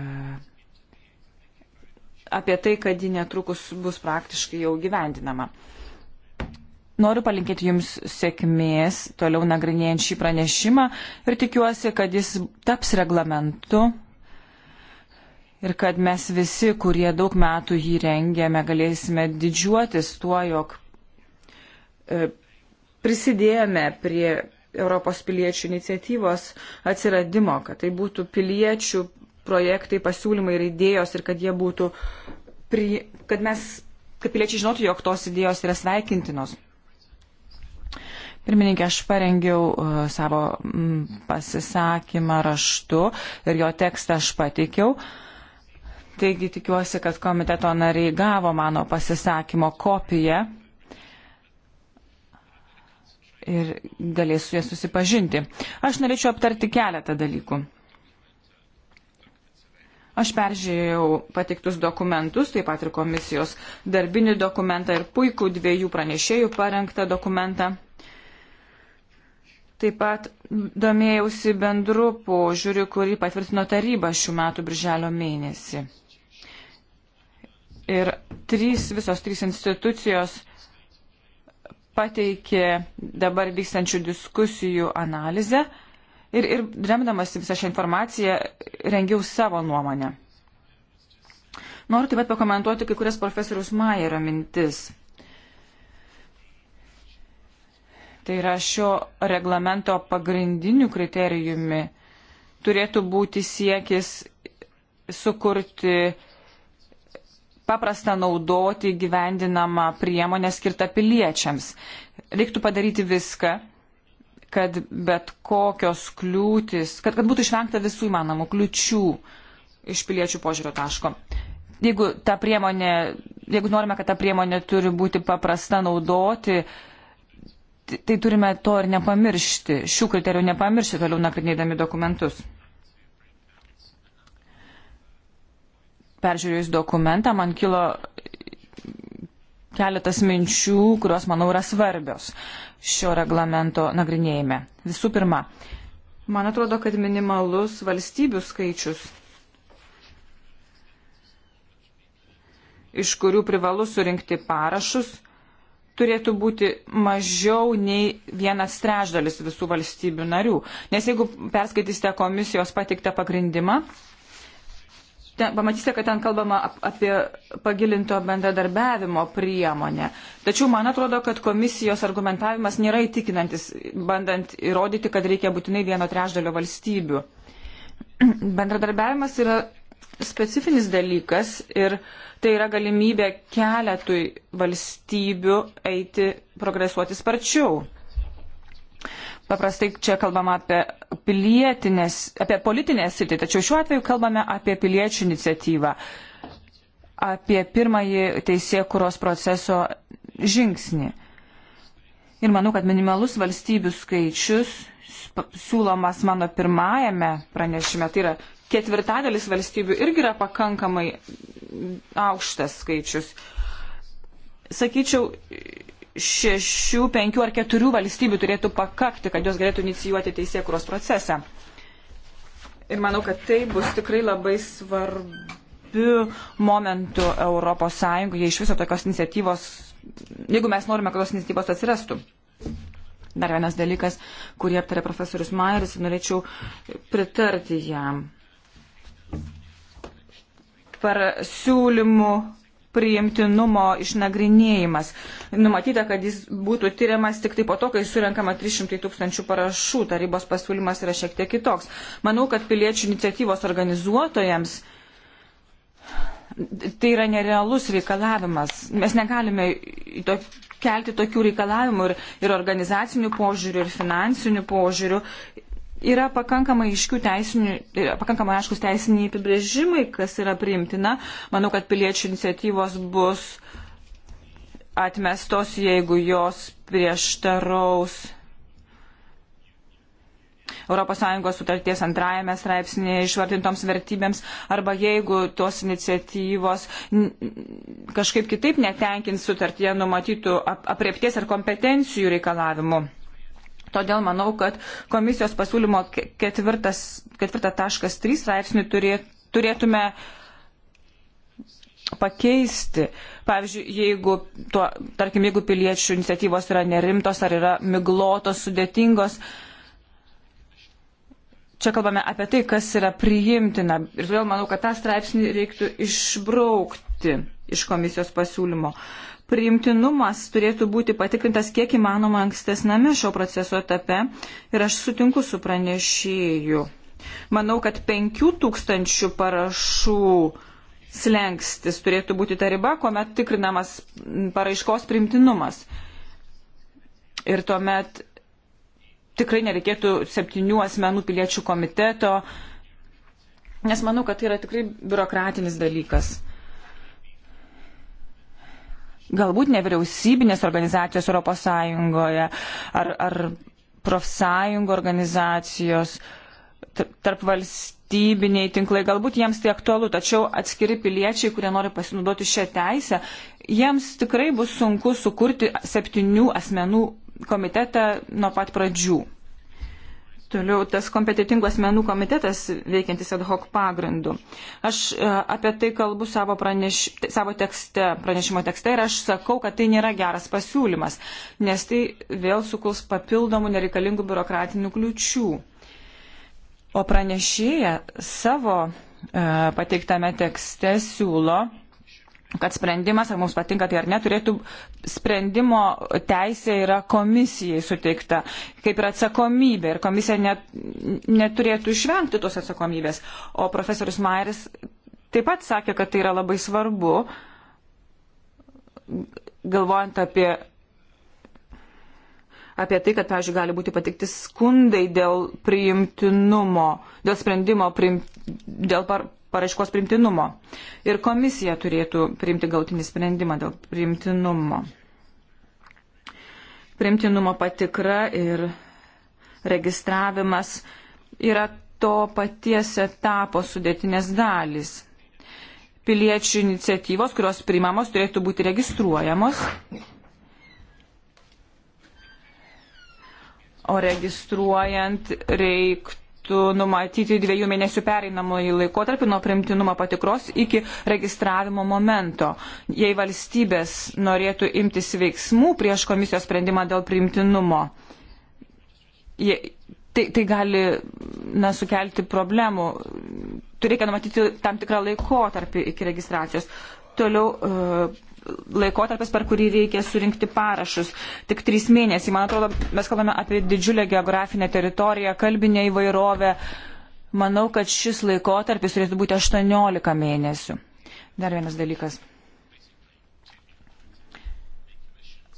apie tai, kad ji netrukus bus praktiškai jau gyvendinama. Noriu palinkėti Jums sėkmės toliau nagrinėjant šį pranešimą ir tikiuosi, kad jis taps reglamentu ir kad mes visi, kurie daug metų jį rengėme, galėsime didžiuotis tuo, jog e, prisidėjome prie Europos piliečių iniciatyvos atsiradimo, kad tai būtų piliečių projektai, pasiūlymai ir idėjos ir kad jie būtų, pri, kad mes, kaip piliečiai žinotų, jog tos idėjos yra sveikintinos. Pirmininkė, aš parengiau uh, savo mm, pasisakymą raštu ir jo tekstą aš patikiau. Taigi tikiuosi, kad komiteto nariai gavo mano pasisakymo kopiją ir galės su jie susipažinti. Aš norėčiau aptarti keletą dalykų. Aš peržiūrėjau patiktus dokumentus, taip pat ir komisijos darbinį dokumentą ir puikų dviejų pranešėjų parengtą dokumentą. Taip pat domėjausi bendru požiūriu, kurį patvirtino taryba šių metų birželio mėnesį. Ir trys, visos trys institucijos pateikė dabar vykstančių diskusijų analizę ir, ir remdamasi visą šią informaciją rengiau savo nuomonę. Noriu taip pat pakomentuoti kai kurias profesorius Maierio mintis. Tai yra šio reglamento pagrindiniu kriterijumi turėtų būti siekis sukurti paprastą naudoti gyvendinamą priemonę skirtą piliečiams. Reiktų padaryti viską, kad bet kokios kliūtis, kad, kad būtų išvengta visų įmanomų kliučių iš piliečių požiūrio taško. Jeigu, ta priemonė, jeigu norime, kad ta priemonė turi būti paprasta naudoti, tai, tai turime to ir nepamiršti, šių kriterijų nepamiršti toliau nagrinėdami dokumentus. Peržiūrėjus dokumentą, man kilo keletas minčių, kurios, manau, yra svarbios šio reglamento nagrinėjime. Visų pirma, man atrodo, kad minimalus valstybių skaičius, iš kurių privalu surinkti parašus, turėtų būti mažiau nei vienas trešdalis visų valstybių narių. Nes jeigu perskaitysite komisijos patiktą pagrindimą, ten, pamatysite, kad ten kalbama apie pagilinto bendradarbiavimo priemonę. Tačiau man atrodo, kad komisijos argumentavimas nėra įtikinantis, bandant įrodyti, kad reikia būtinai vieno trešdalio valstybių. Bendradarbiavimas yra specifinis dalykas ir tai yra galimybė keletui valstybių eiti progresuoti sparčiau. Paprastai čia kalbama apie, apie politinę sritį, tačiau šiuo atveju kalbame apie piliečių iniciatyvą, apie pirmąjį teisėkuros proceso žingsnį. Ir manau, kad minimalus valstybių skaičius siūlomas mano pirmajame pranešime, tai yra ketvirtadalis valstybių irgi yra pakankamai aukštas skaičius. Sakyčiau, šešių, penkių ar keturių valstybių turėtų pakakti, kad jos galėtų inicijuoti teisėkuros procesą. Ir manau, kad tai bus tikrai labai svarbiu momentu Europos Sąjungoje iš viso tokios iniciatyvos, jeigu mes norime, kad tos iniciatyvos atsirastų. Dar vienas dalykas, kurį aptarė profesorius Mairis, norėčiau pritarti jam. Par siūlymų priimtinumo išnagrinėjimas. Numatyta, kad jis būtų tyriamas tik tai po to, kai surinkama 300 tūkstančių parašų. Tarybos pasiūlymas yra šiek tiek kitoks. Manau, kad piliečių iniciatyvos organizuotojams tai yra nerealus reikalavimas. Mes negalime to, kelti tokių reikalavimų ir, ir organizacinių požiūrių, ir finansinių požiūrių yra pakankamai, teisinių, pakankamai aiškus teisiniai apibrėžimai, kas yra priimtina. Manau, kad piliečių iniciatyvos bus atmestos, jeigu jos prieštaraus ES sutarties antrajame straipsnėje išvardintoms vertybėms arba jeigu tos iniciatyvos kažkaip kitaip netenkins sutartyje numatytų apriepties ar kompetencijų reikalavimų. Todėl manau, kad komisijos pasiūlymo ketvirtas, ketvirtą taškas trys straipsnį turė, turėtume pakeisti. Pavyzdžiui, jeigu, tuo, tarkim, jeigu piliečių iniciatyvos yra nerimtos ar yra miglotos, sudėtingos, čia kalbame apie tai, kas yra priimtina. Ir todėl manau, kad tą straipsnį reiktų išbraukti iš komisijos pasiūlymo. Uh, priimtinumas turėtų būti patikrintas kiek įmanoma ankstesname šio proceso etape ir aš sutinku su pranešėju. Manau, kad 5000 parašų slengstis turėtų būti ta riba, kuomet tikrinamas paraiškos primtinumas. Ir tuomet tikrai nereikėtų septynių asmenų piliečių komiteto, nes manau, kad tai yra tikrai biurokratinis dalykas galbūt nevyriausybinės organizacijos ES ar, ar profsąjungų organizacijos, tarp valstybiniai tinklai, galbūt jiems tai aktualu, tačiau atskiri piliečiai, kurie nori pasinaudoti šią teisę, jiems tikrai bus sunku sukurti septynių asmenų komitetą nuo pat pradžių. Toliau tas kompetitingų asmenų komitetas veikiantis ad hoc pagrindu. Aš e, apie tai kalbu savo, praneš, savo tekste, pranešimo tekste ir aš sakau, kad tai nėra geras pasiūlymas, nes tai vėl sukurs papildomų nereikalingų biurokratinių kliučių. O pranešėja savo e, pateiktame tekste siūlo kad sprendimas, ar mums patinka tai ar ne, turėtų sprendimo teisė yra komisijai suteikta, kaip ir atsakomybė, ir komisija net, neturėtų išvengti tos atsakomybės. O profesorius Mairis taip pat sakė, kad tai yra labai svarbu, galvojant apie, apie tai, kad, pavyzdžiui, gali būti patikti skundai dėl priimtinumo, dėl sprendimo, priim, dėl par, paraiškos primtinumo. Ir komisija turėtų priimti gautinį sprendimą dėl primtinumo. Primtinumo patikra ir registravimas yra to paties etapo sudėtinės dalys. Piliečių iniciatyvos, kurios priimamos, turėtų būti registruojamos. O registruojant reiktų reikėtų numatyti dviejų mėnesių pereinamąjį laikotarpį nuo primtinumo patikros iki registravimo momento. Jei valstybės norėtų imtis veiksmų prieš komisijos sprendimą dėl primtinumo, jie, tai, tai gali na, sukelti problemų. Turi reikia numatyti tam tikrą laikotarpį iki registracijos. Toliau. Uh, laikotarpis, per kurį reikia surinkti parašus. Tik trys mėnesiai. Man atrodo, mes kalbame apie didžiulę geografinę teritoriją, kalbinę įvairovę. Manau, kad šis laikotarpis turėtų būti 18 mėnesių. Dar vienas dalykas.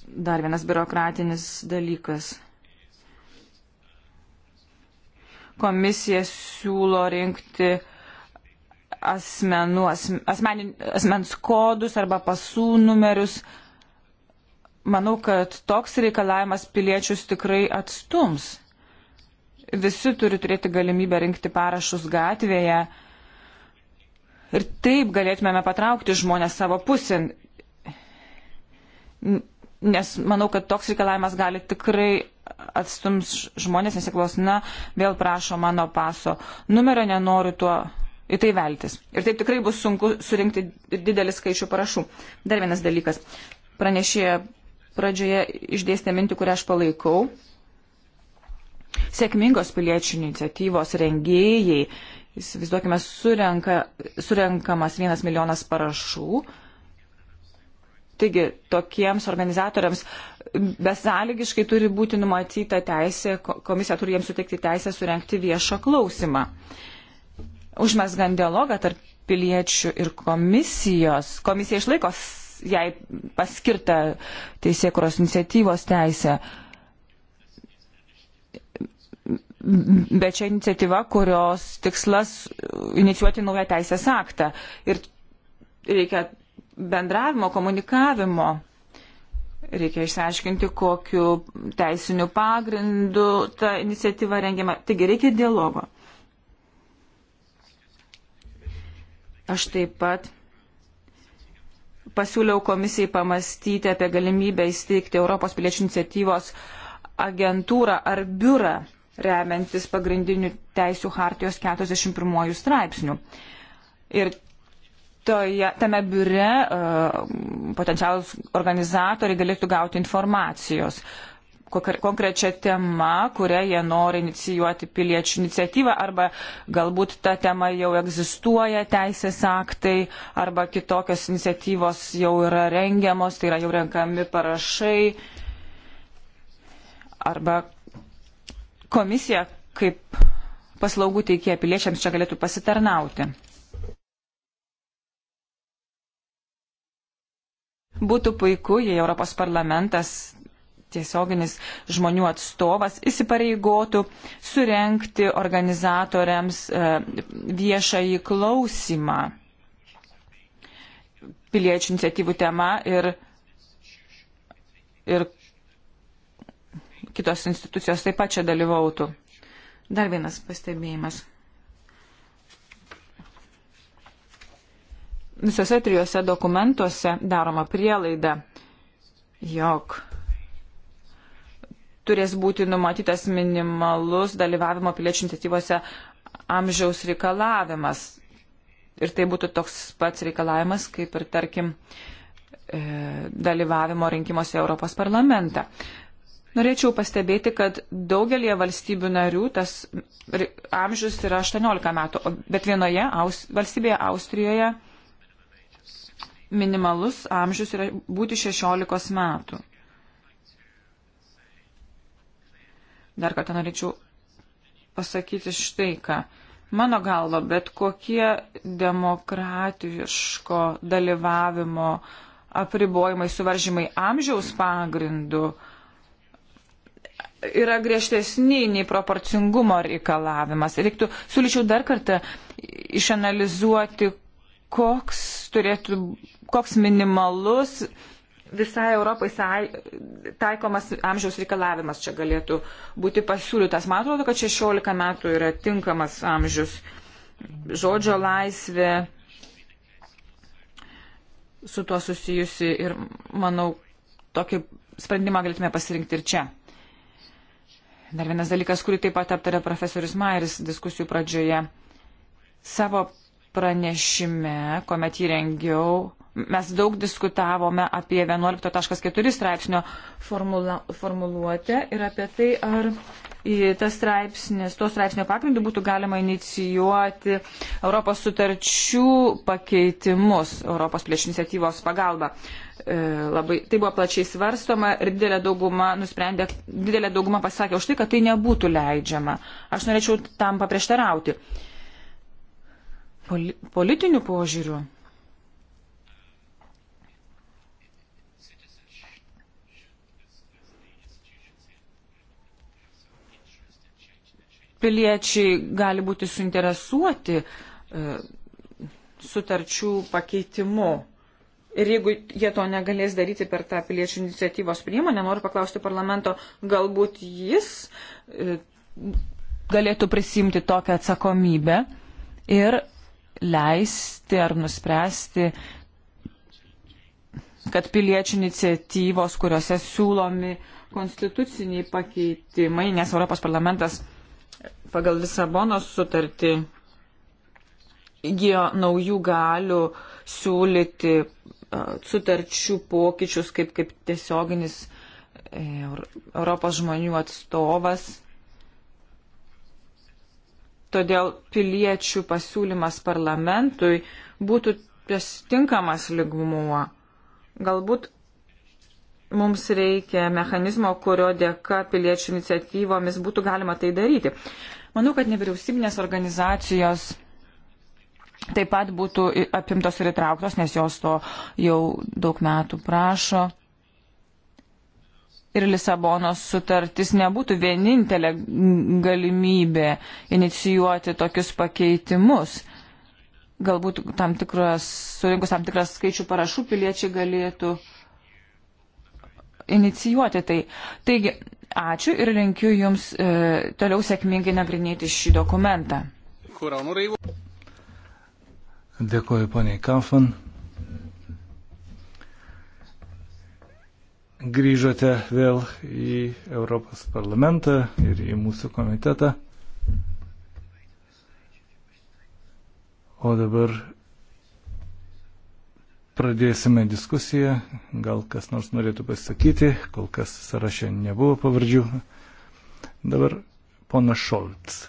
Dar vienas biurokratinis dalykas. Komisija siūlo rinkti asmenų, asmen, asmens kodus arba pasų numerius. Manau, kad toks reikalavimas piliečius tikrai atstums. Visi turi turėti galimybę rinkti parašus gatvėje ir taip galėtumėme patraukti žmonės savo pusėn. Nes manau, kad toks reikalavimas gali tikrai atstums žmonės, nes jie klaus, na, vėl prašo mano paso. Numerio nenoriu tuo į tai veltis. Ir taip tikrai bus sunku surinkti didelį skaičių parašų. Dar vienas dalykas. Pranešėja pradžioje išdėstė mintį, kurią aš palaikau. Sėkmingos piliečių iniciatyvos rengėjai, įsivaizduokime, surenka, surenkamas vienas milijonas parašų. Taigi tokiems organizatoriams besąlygiškai turi būti numatyta teisė, komisija turi jiems suteikti teisę surenkti viešą klausimą. Uh, užmesgant dialogą tarp piliečių ir komisijos. Komisija išlaiko jai paskirtą teisėkuros iniciatyvos teisę. Bet čia iniciatyva, kurios tikslas inicijuoti naują teisės aktą. Ir reikia bendravimo, komunikavimo. Reikia išsiaiškinti, kokiu teisiniu pagrindu ta iniciatyva rengiama. Taigi reikia dialogo. Aš taip pat pasiūliau komisijai pamastyti apie galimybę įsteigti Europos piliečių iniciatyvos agentūrą ar biurą remiantis pagrindinių teisių hartijos 41 straipsnių. Ir toje, tame biure uh, e, potencialus organizatoriai galėtų gauti informacijos. Uh, konkrečia tema, kurią jie nori inicijuoti piliečių iniciatyvą, arba galbūt ta tema jau egzistuoja teisės aktai, arba kitokios iniciatyvos jau yra rengiamos, tai yra jau renkami parašai, arba komisija kaip paslaugų teikėja piliečiams čia galėtų pasitarnauti. Būtų puiku, jei Europos parlamentas tiesioginis žmonių atstovas įsipareigotų surenkti organizatoriams e, viešąjį klausimą piliečių iniciatyvų tema ir, ir kitos institucijos taip pat čia dalyvautų. Dar vienas pastebėjimas. Visose trijose dokumentuose daroma prielaida, jog turės būti numatytas minimalus dalyvavimo piliečių iniciatyvose amžiaus reikalavimas. Ir tai būtų toks pats reikalavimas, kaip ir, tarkim, e, dalyvavimo rinkimuose Europos parlamentą. Norėčiau pastebėti, kad daugelie valstybių narių tas amžius yra 18 metų, bet vienoje aus, valstybėje Austrijoje minimalus amžius yra būti 16 metų. dar kartą norėčiau pasakyti štai ką. Mano galva, bet kokie demokratiško dalyvavimo apribojimai, suvaržymai amžiaus pagrindu yra griežtesni nei proporcingumo reikalavimas. Reiktų, siūlyčiau dar kartą išanalizuoti, koks, turėtų, koks minimalus visai Europai taikomas amžiaus reikalavimas čia galėtų būti pasiūlytas. Man atrodo, kad 16 metų yra tinkamas amžius. Žodžio laisvė su tuo susijusi ir, manau, tokį sprendimą galėtume pasirinkti ir čia. Dar vienas dalykas, kurį taip pat aptarė profesorius Mairis diskusijų pradžioje. Savo pranešime, kuomet jį rengiau, Mes daug diskutavome apie 11.4 straipsnio formula, formuluotę ir apie tai, ar tas straipsnis, to straipsnio pagrindu būtų galima inicijuoti Europos sutarčių pakeitimus Europos plėšų iniciatyvos pagalba. E, labai, tai buvo plačiai svarstoma ir didelė dauguma nusprendė, didelė dauguma pasakė už tai, kad tai nebūtų leidžiama. Aš norėčiau tam paprieštarauti. Poli, politinių požiūrių piliečiai gali būti suinteresuoti e, sutarčių pakeitimu. Ir jeigu jie to negalės daryti per tą piliečių iniciatyvos priemonę, noriu paklausti parlamento, galbūt jis e, galėtų prisimti tokią atsakomybę ir leisti ar nuspręsti, kad piliečių iniciatyvos, kuriuose siūlomi konstituciniai pakeitimai, nes Europos parlamentas pagal Lisabonos sutartį įgyjo naujų galių siūlyti sutarčių pokyčius kaip, kaip tiesioginis e, Europos žmonių atstovas. Todėl piliečių pasiūlymas parlamentui būtų tinkamas lygmuo. Galbūt mums reikia mechanizmo, kurio dėka piliečių iniciatyvomis būtų galima tai daryti. Manau, kad nevyriausybinės organizacijos taip pat būtų apimtos ir įtrauktos, nes jos to jau daug metų prašo. Ir Lisabonos sutartis nebūtų vienintelė galimybė inicijuoti tokius pakeitimus. Galbūt tam tikras, surinkus tam tikras skaičių parašų piliečiai galėtų inicijuoti tai. Taigi, Ačiū ir linkiu Jums e, toliau sėkmingai nagrinėti šį dokumentą. Dėkuoju, poniai Kafan. Grįžote vėl į Europos parlamentą ir į mūsų komitetą. O dabar pradėsime diskusiją. Gal kas nors norėtų pasakyti, kol kas sąraše nebuvo pavardžių. Dabar pona Šolts.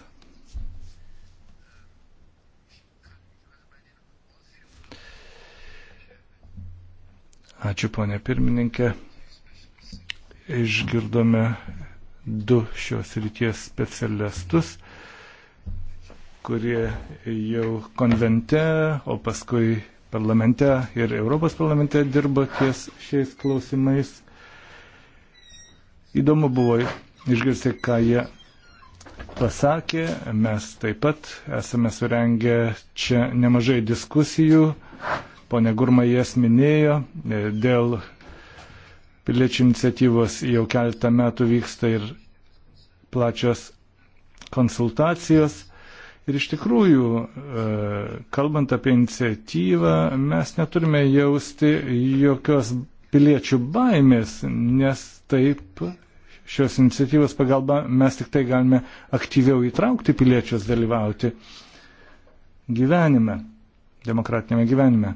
Ačiū, ponė pirmininkė. Išgirdome du šios ryties specialistus, kurie jau konvente, o paskui parlamente ir Europos parlamente dirba ties šiais klausimais. Įdomu buvo išgirsti, ką jie pasakė. Mes taip pat esame surengę čia nemažai diskusijų. Pone Gurma jas minėjo dėl piliečių iniciatyvos jau keletą metų vyksta ir plačios konsultacijos. Ir iš tikrųjų, e, kalbant apie iniciatyvą, mes neturime jausti jokios piliečių baimės, nes taip šios iniciatyvos pagalba mes tik tai galime aktyviau įtraukti piliečius dalyvauti gyvenime, demokratinėme gyvenime.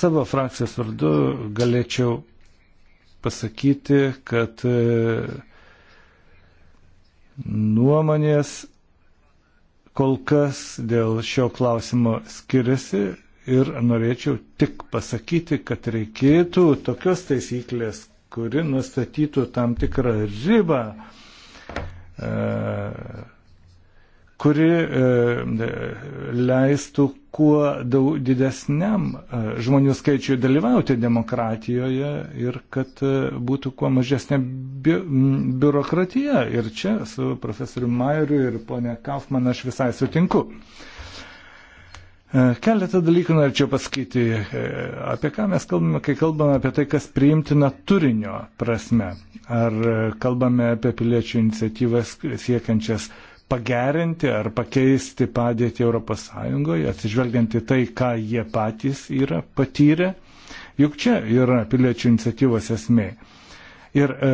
Savo frakcijos vardu galėčiau pasakyti, kad e, nuomonės kol kas dėl šio klausimo skiriasi ir norėčiau tik pasakyti, kad reikėtų tokios taisyklės, kuri nustatytų tam tikrą ribą. E, kuri e, e, leistų kuo daug didesniam e, žmonių skaičiui dalyvauti demokratijoje ir kad būtų kuo mažesnė bi biurokratija. Ir čia su profesoriu Mairiu ir ponė Kaufman aš visai sutinku. Keletą dalykų norėčiau pasakyti, apie ką mes kalbame, kai kalbame apie tai, kas priimtina turinio prasme. Ar kalbame apie piliečių iniciatyvas siekiančias uh, pagerinti ar pakeisti padėtį ES, atsižvelgiant į tai, ką jie patys yra patyrę. Juk čia yra piliečių iniciatyvos esmė. Ir e,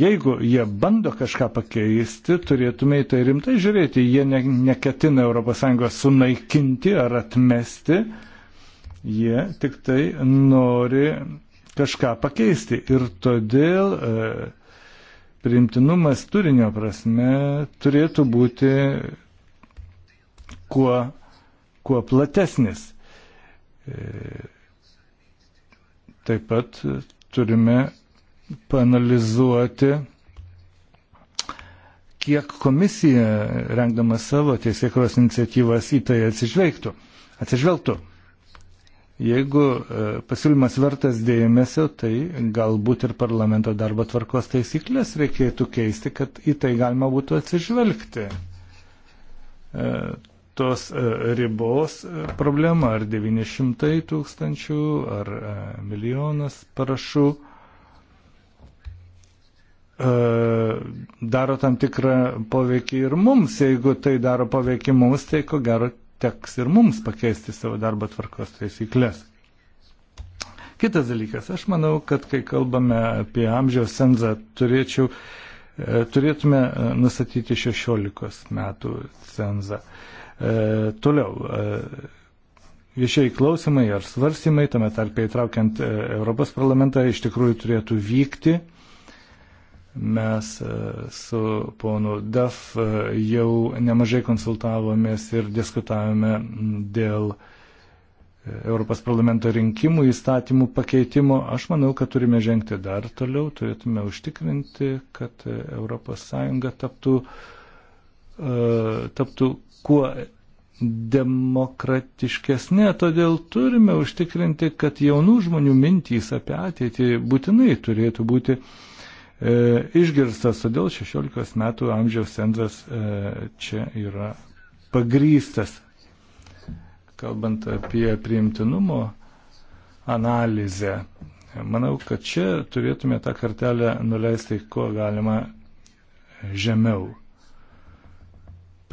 jeigu jie bando kažką pakeisti, turėtume į tai rimtai žiūrėti. Jie ne, neketina ES sunaikinti ar atmesti, jie tik tai nori kažką pakeisti. Ir todėl e, priimtinumas turinio prasme turėtų būti kuo, kuo platesnis. E, taip pat turime panalizuoti, kiek komisija, rengdama savo teisėkros iniciatyvas, į tai atsižvelgtų. atsižvelgtų. Jeigu e, pasiūlymas vertas dėmesio, tai galbūt ir parlamento darbo tvarkos taisyklės reikėtų keisti, kad į tai galima būtų atsižvelgti. E, tos e, ribos problema ar 900 tūkstančių ar milijonas parašų daro tam tikrą poveikį ir mums. Jeigu tai daro poveikį mums, tai ko gero teks ir mums pakeisti savo darbo tvarkos taisyklės. Kitas dalykas, aš manau, kad kai kalbame apie amžiaus cenzą, turėčiau, e, turėtume e, nustatyti 16 metų cenzą. E, toliau, viešieji klausimai ar svarstymai, tame tarpe įtraukiant Europos parlamentą, iš tikrųjų turėtų vykti Mes e, su ponu Daf e, jau nemažai konsultavomės ir diskutavome dėl e, Europos parlamento rinkimų įstatymų pakeitimo, aš manau, kad turime žengti dar toliau, turėtume užtikrinti, kad ES taptų, taptų kuo demokratiškesnė, todėl turime užtikrinti, kad jaunų žmonių mintys apie ateitį būtinai turėtų būti uh, E, išgirstas, todėl 16 metų amžiaus centras e, čia yra pagrystas. Kalbant apie priimtinumo analizę, manau, kad čia turėtume tą kartelę nuleisti kuo galima žemiau.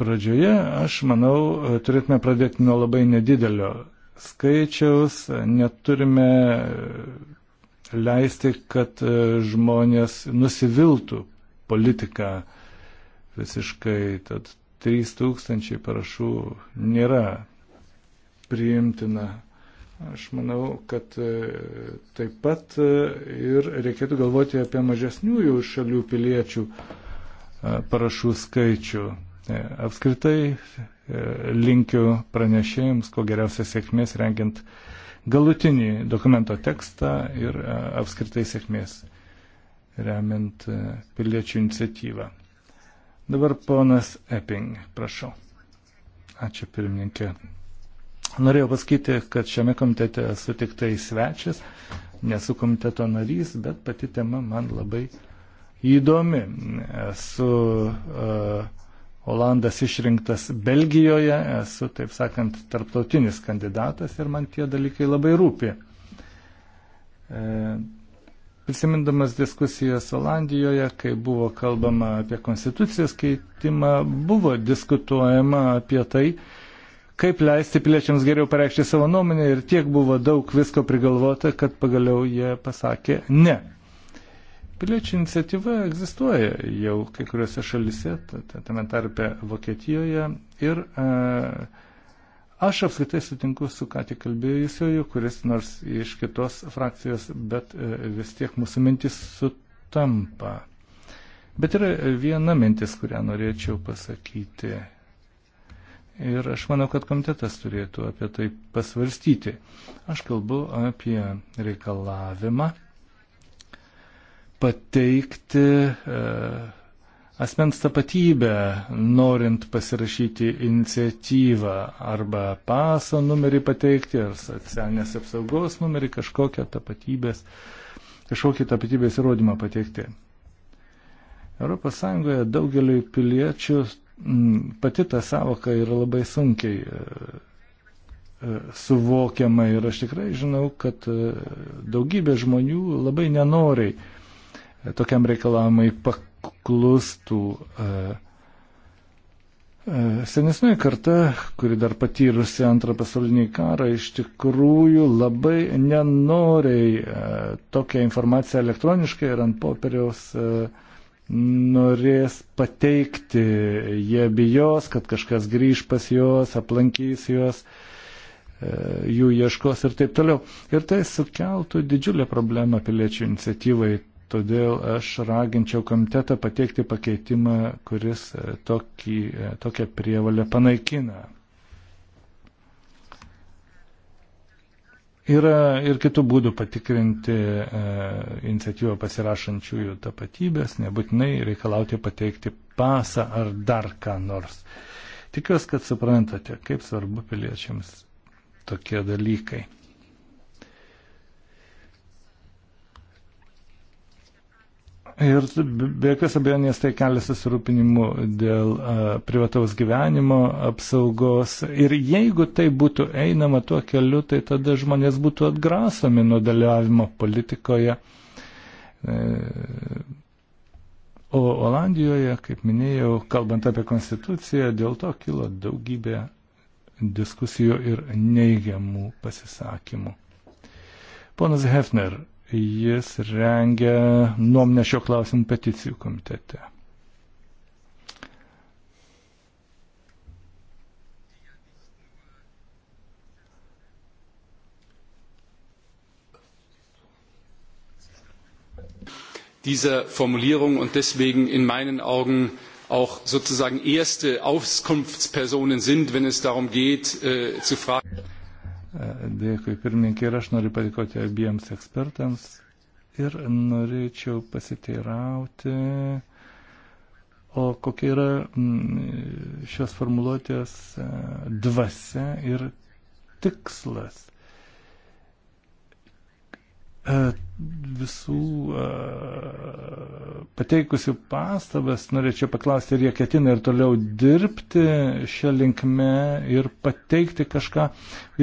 Pradžioje, aš manau, turėtume pradėti nuo labai nedidelio skaičiaus, neturime leisti, kad e, žmonės nusiviltų politiką visiškai. Tad 3000 parašų nėra priimtina. Aš manau, kad e, taip pat e, ir reikėtų galvoti apie mažesniųjų šalių piliečių parašų skaičių. Apskritai linkiu pranešėjams, ko geriausia sėkmės rengiant galutinį dokumento tekstą ir e, apskritai sėkmės remiant e, piliečių iniciatyvą. Dabar ponas Epping, prašau. Ačiū pirmininkė. Norėjau pasakyti, kad šiame komitete esu tik tai svečias, nesu komiteto narys, bet pati tema man labai įdomi. Esu uh, Olandas išrinktas Belgijoje, esu, taip sakant, tarptautinis kandidatas ir man tie dalykai labai rūpi. E, Prisimindamas diskusijas Olandijoje, kai buvo kalbama apie konstitucijos keitimą, buvo diskutuojama apie tai, kaip leisti piliečiams geriau pareikšti savo nuomonę ir tiek buvo daug visko prigalvota, kad pagaliau jie pasakė ne. Piliečių iniciatyva egzistuoja jau kai kuriuose šalise, tame tarpe Vokietijoje. Ir a, e, aš apskritai sutinku su ką tik kalbėjusioju, kuris nors iš kitos frakcijos, bet a, e, vis tiek mūsų mintis sutampa. Bet yra viena mintis, kurią norėčiau pasakyti. Ir aš manau, kad komitetas turėtų apie tai pasvarstyti. Aš kalbu apie reikalavimą pateikti e, asmens tapatybę, norint pasirašyti iniciatyvą arba paso numerį pateikti ar socialinės apsaugos numerį kažkokią tapatybės, kažkokį tapatybės įrodymą pateikti. ES daugeliu piliečių pati ta savoka yra labai sunkiai e, e, suvokiama ir aš tikrai žinau, kad daugybė žmonių labai nenoriai tokiam reikalavimai paklustų. E, e, Senesnė karta, kuri dar patyrusi antrą pasaulinį karą, iš tikrųjų labai nenoriai e, tokią informaciją elektroniškai ir ant popieriaus norės pateikti. Jie bijos, kad kažkas grįž pas juos, aplankys juos, jų ieškos ir taip toliau. Ir tai sukeltų didžiulę problemą piliečių iniciatyvai Todėl aš raginčiau komitetą pateikti pakeitimą, kuris e, tokį, e, tokią prievalę panaikina. Yra ir kitų būdų patikrinti e, iniciatyvą pasirašančiųjų tapatybės, nebūtinai reikalauti pateikti pasą ar dar ką nors. Tikiuosi, kad suprantate, kaip svarbu piliečiams tokie dalykai. Ir be jokios abejonės tai kelia susirūpinimu dėl a, privataus gyvenimo apsaugos. Ir jeigu tai būtų einama tuo keliu, tai tada žmonės būtų atgrasomi nuo dalyvavimo politikoje. E, o Olandijoje, kaip minėjau, kalbant apie konstituciją, dėl to kilo daugybė diskusijų ir neigiamų pasisakymų. Ponas Hefner jis rengia nuomonę šio klausimų peticijų komitete. Diese Formulierung und deswegen in meinen Augen auch sozusagen erste Auskunftspersonen sind, wenn es darum geht, äh, zu fragen. Dėkui pirmininkai ir aš noriu padėkoti abiems ekspertams ir norėčiau pasiteirauti, o kokia yra mm, šios formuluotės e, dvasia ir tikslas. E, visų e, pateikusių pastabas norėčiau paklausti, ar jie ketina ir toliau dirbti šią linkme ir pateikti kažką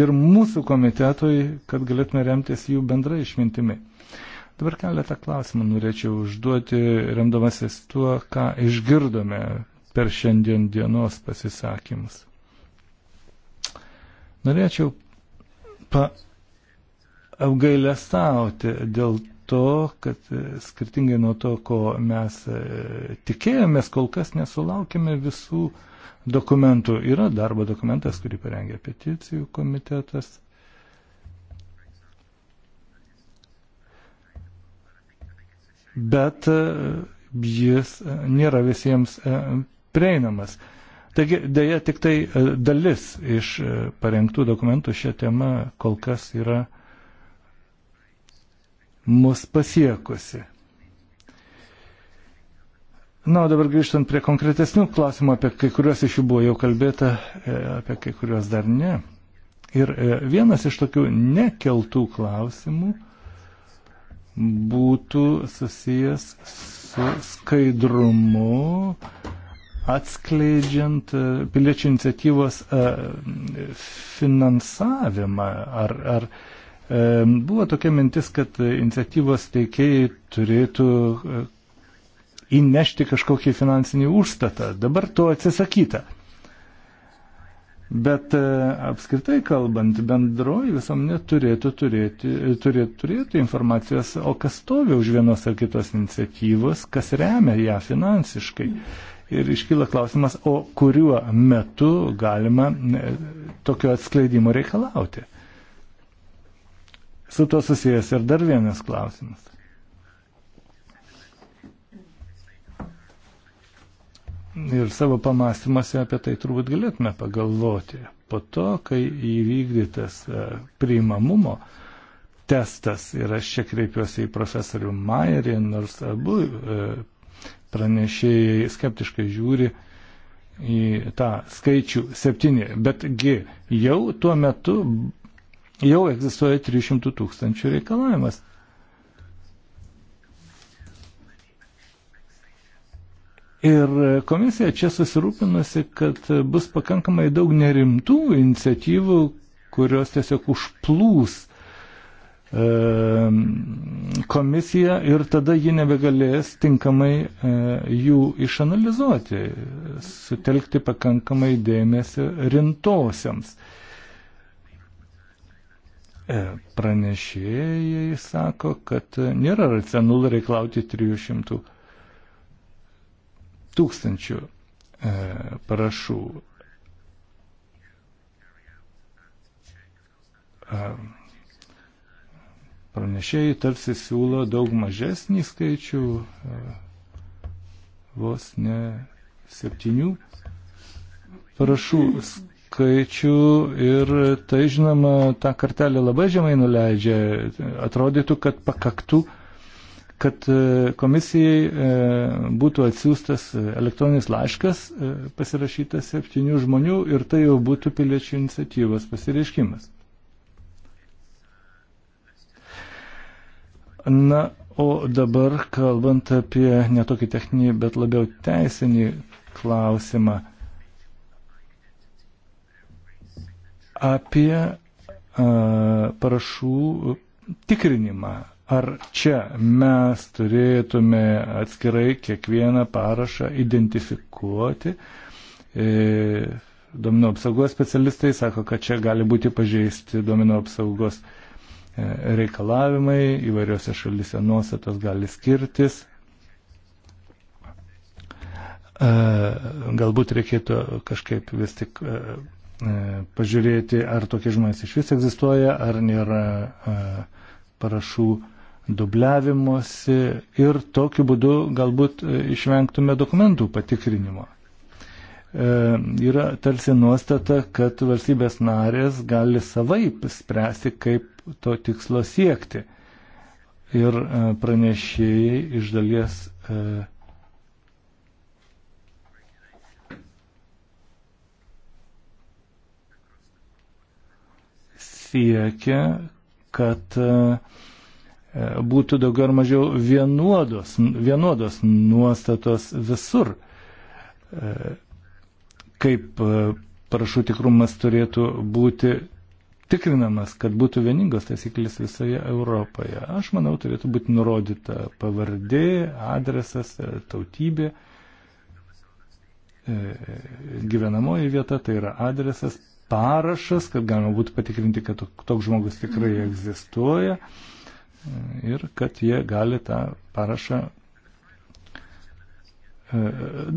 ir mūsų komitetui, kad galėtume remtis jų bendra išmintimi. Dabar keletą klausimų norėčiau užduoti, remdamasis tuo, ką išgirdome per šiandien dienos pasisakymus. Norėčiau pa apgailestauti dėl to, kad e, skirtingai nuo to, ko mes e, tikėjomės, kol kas nesulaukime visų dokumentų. Yra darbo dokumentas, kurį parengė peticijų komitetas. Bet e, jis nėra visiems prieinamas. Taigi, dėja, tik tai dalis iš parengtų dokumentų šią temą kol kas yra mus pasiekusi. Na, o dabar grįžtant prie konkretesnių klausimų, apie kai kuriuos iš jų buvo jau kalbėta, e, apie kai kuriuos dar ne. Ir e, vienas iš tokių nekeltų klausimų būtų susijęs su skaidrumu, atskleidžiant e, piliečių iniciatyvos finansavimą ar, ar Buvo tokia mintis, kad iniciatyvos teikėjai turėtų e, įnešti kažkokį finansinį užstatą. Dabar to atsisakyta. Bet e, apskritai kalbant, bendroji visuomenė turėtų turėti, turėtų turėti informacijos, o kas stovi už vienos ar kitos iniciatyvos, kas remia ją finansiškai. Ir iškyla klausimas, o kuriuo metu galima e, tokio atskleidimo reikalauti. Su to susijęs ir dar vienas klausimas. Ir savo pamastymuose apie tai turbūt galėtume pagalvoti. Po to, kai įvykdytas e, priimamumo testas ir aš čia kreipiuosi į profesorių Mairį, nors abu e, pranešėjai skeptiškai žiūri į tą skaičių septyni, betgi jau tuo metu jau egzistuoja 300 tūkstančių reikalavimas. Ir komisija čia susirūpinusi, kad bus pakankamai daug nerimtų iniciatyvų, kurios tiesiog užplūs e, komisiją ir tada ji nebegalės tinkamai e, jų išanalizuoti, sutelkti pakankamai dėmesį rintosiams. E, E, pranešėjai sako, kad nėra racionalu reiklauti 300 tūkstančių e, parašų. E, pranešėjai tarsi siūlo daug mažesnį skaičių, vos ne septynių parašų skaičių ir tai, žinoma, tą kartelę labai žemai nuleidžia. Atrodytų, kad pakaktų kad e, komisijai e, būtų atsiųstas elektroninis laiškas e, pasirašytas septynių žmonių ir tai jau būtų piliečių iniciatyvos pasireiškimas. Na, o dabar kalbant apie netokį techninį, bet labiau teisinį klausimą. apie parašų tikrinimą. Ar čia mes turėtume atskirai kiekvieną parašą identifikuoti? E, domino apsaugos specialistai sako, kad čia gali būti pažeisti domino apsaugos e, reikalavimai, įvairiose šalise nuostatos gali skirtis. E, galbūt reikėtų kažkaip vis tik E, pažiūrėti, ar tokie žmonės iš vis egzistuoja, ar nėra e, parašų dubliavimuose ir tokiu būdu galbūt e, išvengtume dokumentų patikrinimo. E, yra tarsi nuostata, kad valstybės narės gali savaip spręsti, kaip to tikslo siekti. Ir e, pranešėjai iš dalies e, siekia, kad e, būtų daugiau ar mažiau vienuodos, vienuodos nuostatos visur, e, kaip e, parašų tikrumas turėtų būti tikrinamas, kad būtų vieningos taisyklės visoje Europoje. Aš manau, turėtų būti nurodyta pavardė, adresas, tautybė, gyvenamoji vieta, tai yra adresas, parašas, kad galima būtų patikrinti, kad toks žmogus tikrai mhm. egzistuoja ir kad jie gali tą parašą e,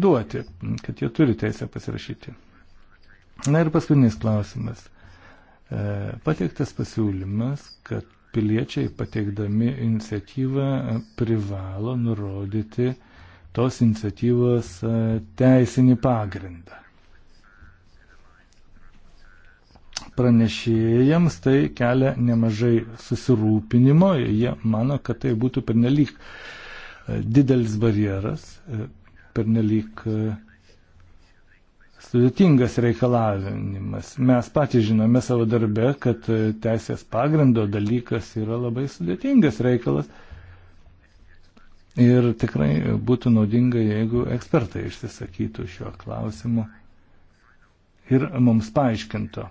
duoti, kad jie turi teisę pasirašyti. Na ir paskutinis klausimas. E, pateiktas pasiūlymas, kad piliečiai pateikdami iniciatyvą privalo nurodyti tos iniciatyvos e, teisinį pagrindą. pranešėjams tai kelia nemažai susirūpinimo, jie mano, kad tai būtų pernelyg e, didelis barjeras, e, pernelyg e, sudėtingas reikalavimas. Mes patys žinome savo darbe, kad teisės pagrindo dalykas yra labai sudėtingas reikalas. Ir tikrai būtų naudinga, jeigu ekspertai išsisakytų šiuo klausimu ir mums paaiškintų.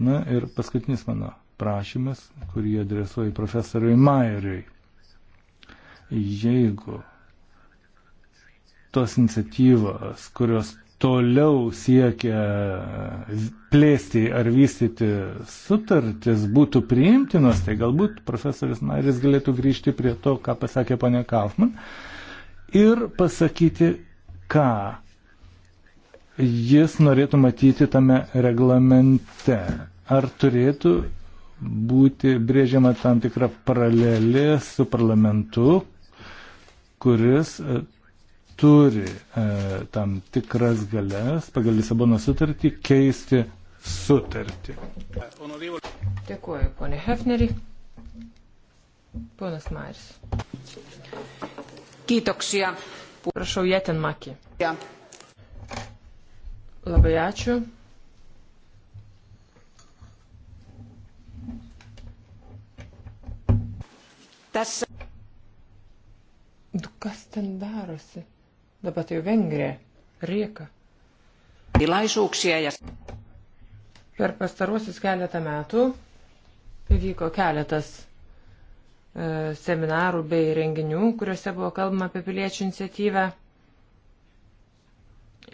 Na ir paskutinis mano prašymas, kurį adresuoju profesoriui Mairiui. Jeigu tos iniciatyvos, kurios toliau siekia plėsti ar vystyti sutartis būtų priimtinos, tai galbūt profesorius Mairis galėtų grįžti prie to, ką pasakė ponė Kaufman ir pasakyti, ką jis norėtų matyti tame reglamente. Ar turėtų būti brėžiama tam tikra paralelė su parlamentu, kuris e, turi e, tam tikras galės pagal Lisabono sutartį keisti sutartį. Dėkuoju, ponė Hefneri. Ponas Mairis. Kiitoksia. Prašau, Jetinmaki. Labai ačiū. Tässä... Kas ten darosi? Dabar tai Vengrija, Rieka. Tilaisuuksia ja... Per pastaruosius keletą metų įvyko keletas e, seminarų bei renginių, kuriuose buvo kalbama apie piliečių iniciatyvą.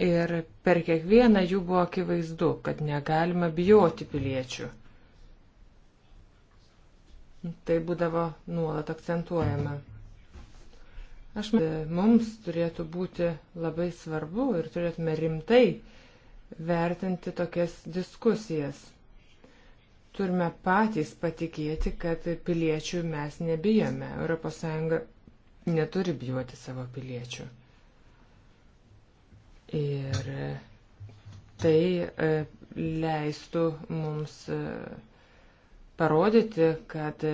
Ir per kiekvieną jų buvo akivaizdu, kad negalima bijoti piliečių. Tai būdavo nuolat akcentuojama. Aš mums turėtų būti labai svarbu ir turėtume rimtai vertinti tokias diskusijas. Turime patys patikėti, kad piliečių mes nebijome. ES neturi bijoti savo piliečių. Ir tai e, leistų mums e, parodyti, kad e,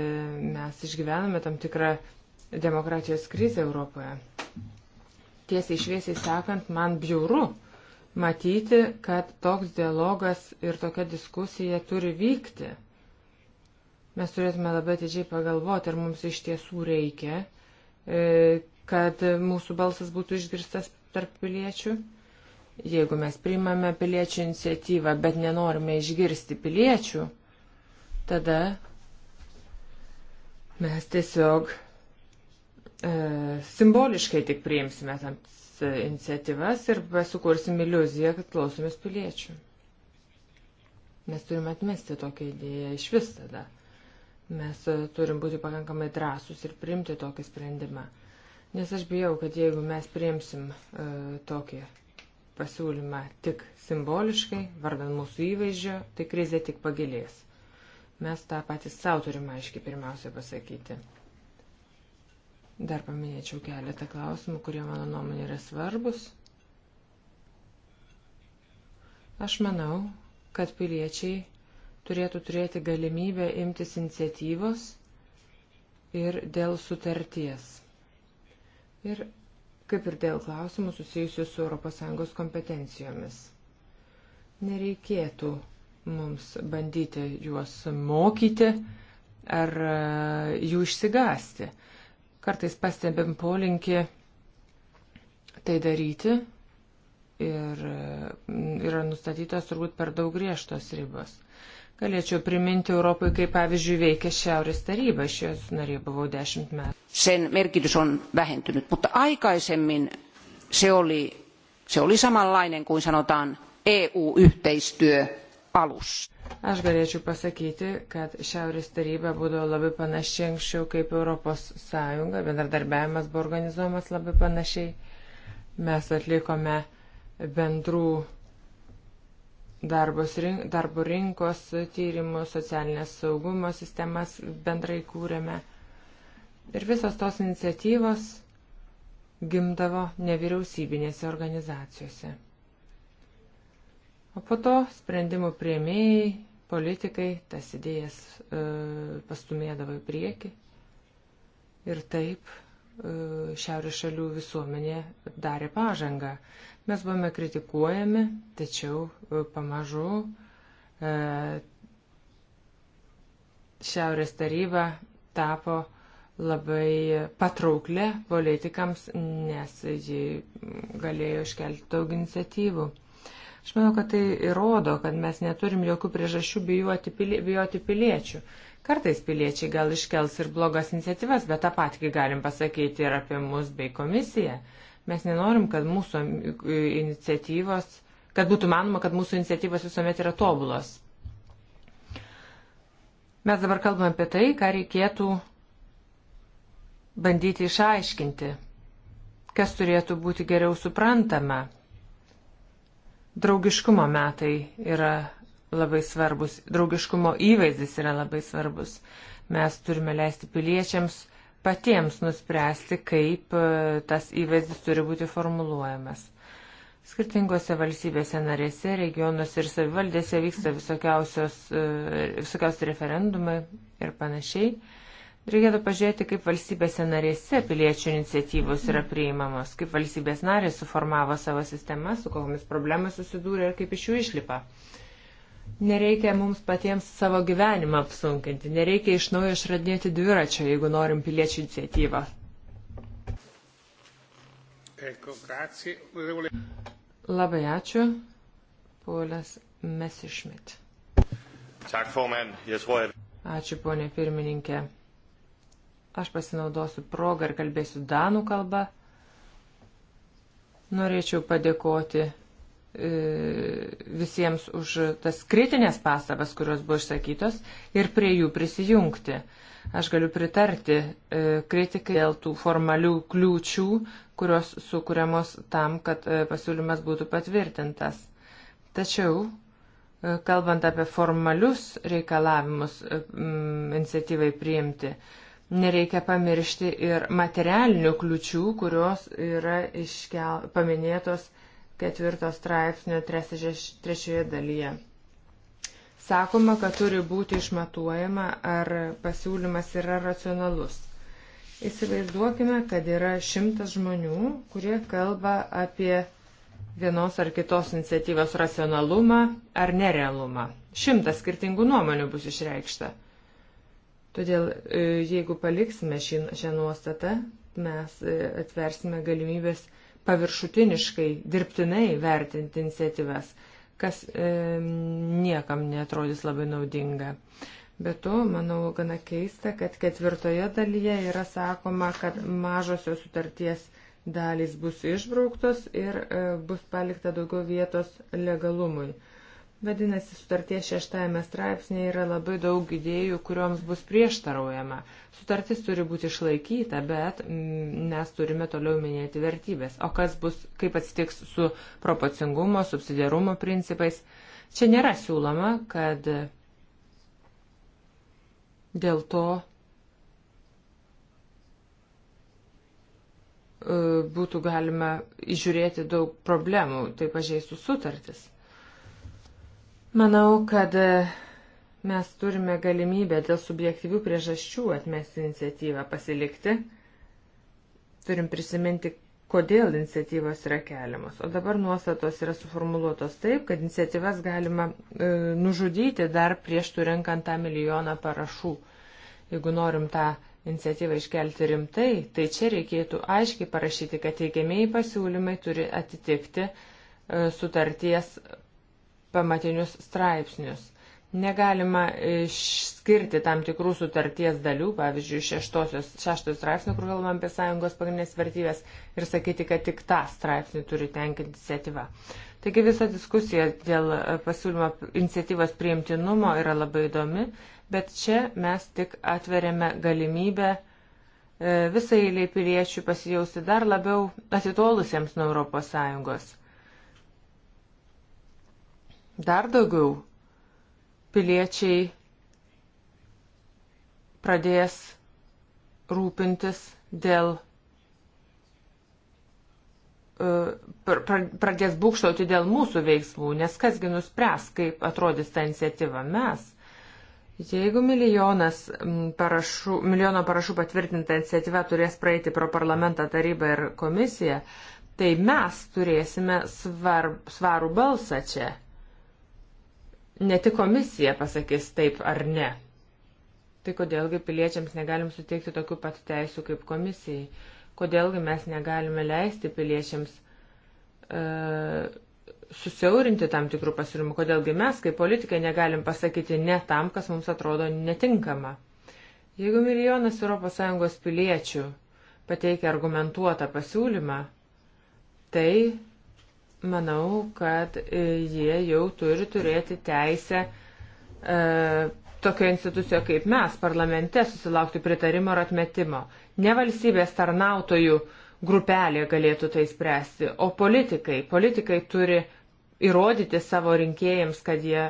mes išgyvename tam tikrą demokratijos krizę Europoje. Tiesiai šviesiai sakant, man bjauru matyti, kad toks dialogas ir tokia diskusija turi vykti. Mes turėtume labai atidžiai pagalvoti, ar mums iš tiesų reikia, e, kad mūsų balsas būtų išgirstas tarp piliečių. Jeigu mes priimame piliečių iniciatyvą, bet nenorime išgirsti piliečių, tada mes tiesiog e, simboliškai tik priimsime tam e, iniciatyvas ir sukursim iliuziją, kad klausomės piliečių. Mes turime atmesti tokią idėją iš vis tada. Mes e, turim būti pakankamai drąsus ir priimti tokį sprendimą. Nes aš bijau, kad jeigu mes priimsim e, tokį pasiūlymą tik simboliškai, vardan mūsų įvaizdžio, tai krizė tik pagilės. Mes tą patys savo turime aiškiai pirmiausia pasakyti. Dar paminėčiau keletą klausimų, kurie mano nuomonė yra svarbus. Aš manau, kad piliečiai turėtų turėti galimybę imtis iniciatyvos ir dėl sutarties. Ir kaip ir dėl klausimų susijusių su ES kompetencijomis. Nereikėtų mums bandyti juos mokyti ar e, jų išsigasti. Kartais pastebėm polinkį tai daryti ir e, yra nustatytos turbūt per daug griežtos ribos. Galėčiau priminti Europai, kaip pavyzdžiui veikia Šiaurės taryba, aš jos narė buvau dešimt metų. Sen merkitys on vähentynyt, mutta aikaisemmin se oli, se oli samanlainen kuin sanotaan EU-yhteistyö alussa. Aš galėčiau pasakyti, kad Šiaurės taryba būdavo labai panašiai anksčiau kaip Europos Sąjunga, bendradarbiavimas buvo organizuojamas labai panašiai. Mes atlikome bendrų rink, darbo rinkos tyrimus, socialinės saugumo sistemas bendrai kūrėme. Ir visos tos iniciatyvos gimdavo nevyriausybinėse organizacijose. O po to sprendimų prieimėjai, politikai tas idėjas e, pastumėdavo į priekį. Ir taip e, šiaurės šalių visuomenė darė pažangą. Mes buvome kritikuojami, tačiau e, pamažu e, šiaurės taryba tapo labai patrauklė politikams, nes ji galėjo iškelti daug iniciatyvų. Aš manau, kad tai įrodo, kad mes neturim jokių priežasčių bijoti, pilie, bijoti piliečių. Kartais piliečiai gal iškels ir blogas iniciatyvas, bet tą patį galim pasakyti ir apie mus bei komisiją. Mes nenorim, kad mūsų e, iniciatyvos, kad būtų manoma, kad mūsų iniciatyvos visuomet yra tobulos. Mes dabar kalbame apie tai, ką reikėtų bandyti išaiškinti, kas turėtų būti geriau suprantama Draugiškumo metai yra labai svarbus, draugiškumo įvaizdis yra labai svarbus. Mes turime leisti piliečiams patiems nuspręsti, kaip e, tas įvaizdis turi būti formuluojamas. Skirtingose valstybėse narėse, regionuose ir savivaldėse vyksta visokiausios, e, visokiausi referendumai ir panašiai. Reikėtų pažiūrėti, kaip valstybėse narėse piliečių iniciatyvos yra priimamos, kaip valstybės narės suformavo savo sistemą, su kokiamis problemas susidūrė ir kaip iš jų išlipa. Nereikia mums patiems savo gyvenimą apsunkinti, nereikia iš naujo išradinėti dviračio, jeigu norim piliečių iniciatyvą. Labai ačiū, Paulas Mesišmit. Ačiū, ponė pirmininkė. Aš pasinaudosiu progą ir kalbėsiu danų kalbą. Norėčiau padėkoti e, visiems už tas kritinės pastabas, kurios buvo išsakytos, ir prie jų prisijungti. Aš galiu pritarti e, kritikai dėl tų formalių kliūčių, kurios sukūriamos tam, kad e, pasiūlymas būtų patvirtintas. Tačiau, kalbant apie formalius reikalavimus m, iniciatyvai priimti, Nereikia pamiršti ir materialinių kliučių, kurios yra iškel, paminėtos ketvirto straipsnio trečioje dalyje. Sakoma, kad turi būti išmatuojama, ar pasiūlymas yra racionalus. Įsivaizduokime, kad yra šimtas žmonių, kurie kalba apie vienos ar kitos iniciatyvos racionalumą ar nerealumą. Šimtas skirtingų nuomonių bus išreikšta. Todėl e, jeigu paliksime šį, šią nuostatą, mes e, atversime galimybės paviršutiniškai, dirbtinai vertinti iniciatyvas, kas e, niekam netrodys labai naudinga. Bet to, manau, gana keista, kad ketvirtoje dalyje yra sakoma, kad mažosios sutarties dalys bus išbrauktos ir e, bus palikta daugiau vietos legalumui. E, Vadinasi, sutarties šeštajame straipsnėje yra labai daug idėjų, kurioms bus prieštaraujama. Sutartis turi būti išlaikyta, bet mm, mes turime toliau minėti vertybės. O kas bus, kaip atsitiks su proporcingumo, subsidiarumo principais? Čia nėra siūloma, kad dėl to e, būtų galima išžiūrėti daug problemų, tai pažeistų sutartis. Manau, kad e, mes turime galimybę dėl subjektyvių priežasčių atmesti iniciatyvą pasilikti. Turim prisiminti, kodėl iniciatyvos yra keliamos. O dabar nuostatos yra suformuluotos taip, kad iniciatyvas galima e, nužudyti dar prieš turinkant tą milijoną parašų. Jeigu norim tą iniciatyvą iškelti rimtai, tai čia reikėtų aiškiai parašyti, kad teikiamieji pasiūlymai turi atitikti e, sutarties pamatinius straipsnius. Negalima išskirti tam tikrų sutarties dalių, pavyzdžiui, šeštosios, šeštos straipsnių, kur kalbam apie sąjungos pagrindinės vertybės ir sakyti, kad tik tą straipsnį turi tenkinti iniciatyva. Taigi visa diskusija dėl pasiūlymo iniciatyvos priimtinumo yra labai įdomi, bet čia mes tik atveriame galimybę e, visai eiliai piliečių pasijausti dar labiau atitolusiems nuo ES. Dar daugiau piliečiai pradės rūpintis dėl e, pradės būkštauti dėl mūsų veiksmų, nes kasgi nuspręs, kaip atrodys ta iniciatyva mes. Jeigu milijonas parašų, milijono parašų patvirtinta iniciatyva turės praeiti pro parlamentą, tarybą ir komisiją, tai mes turėsime svar, svarų balsą čia. Ne tik komisija pasakys taip ar ne. Tai kodėlgi piliečiams negalim suteikti tokių pat teisų kaip komisijai? Kodėlgi mes negalime leisti piliečiams e, susiaurinti tam tikrų pasiūlymų? Kodėlgi mes, kaip politikai, negalim pasakyti ne tam, kas mums atrodo netinkama? Jeigu milijonas ES piliečių pateikia argumentuotą pasiūlymą, tai manau, kad e, jie jau turi turėti teisę e, tokio institucijo kaip mes parlamente susilaukti pritarimo ir atmetimo. Ne valstybės tarnautojų grupelė galėtų tai spręsti, o politikai. Politikai turi įrodyti savo rinkėjams, kad jie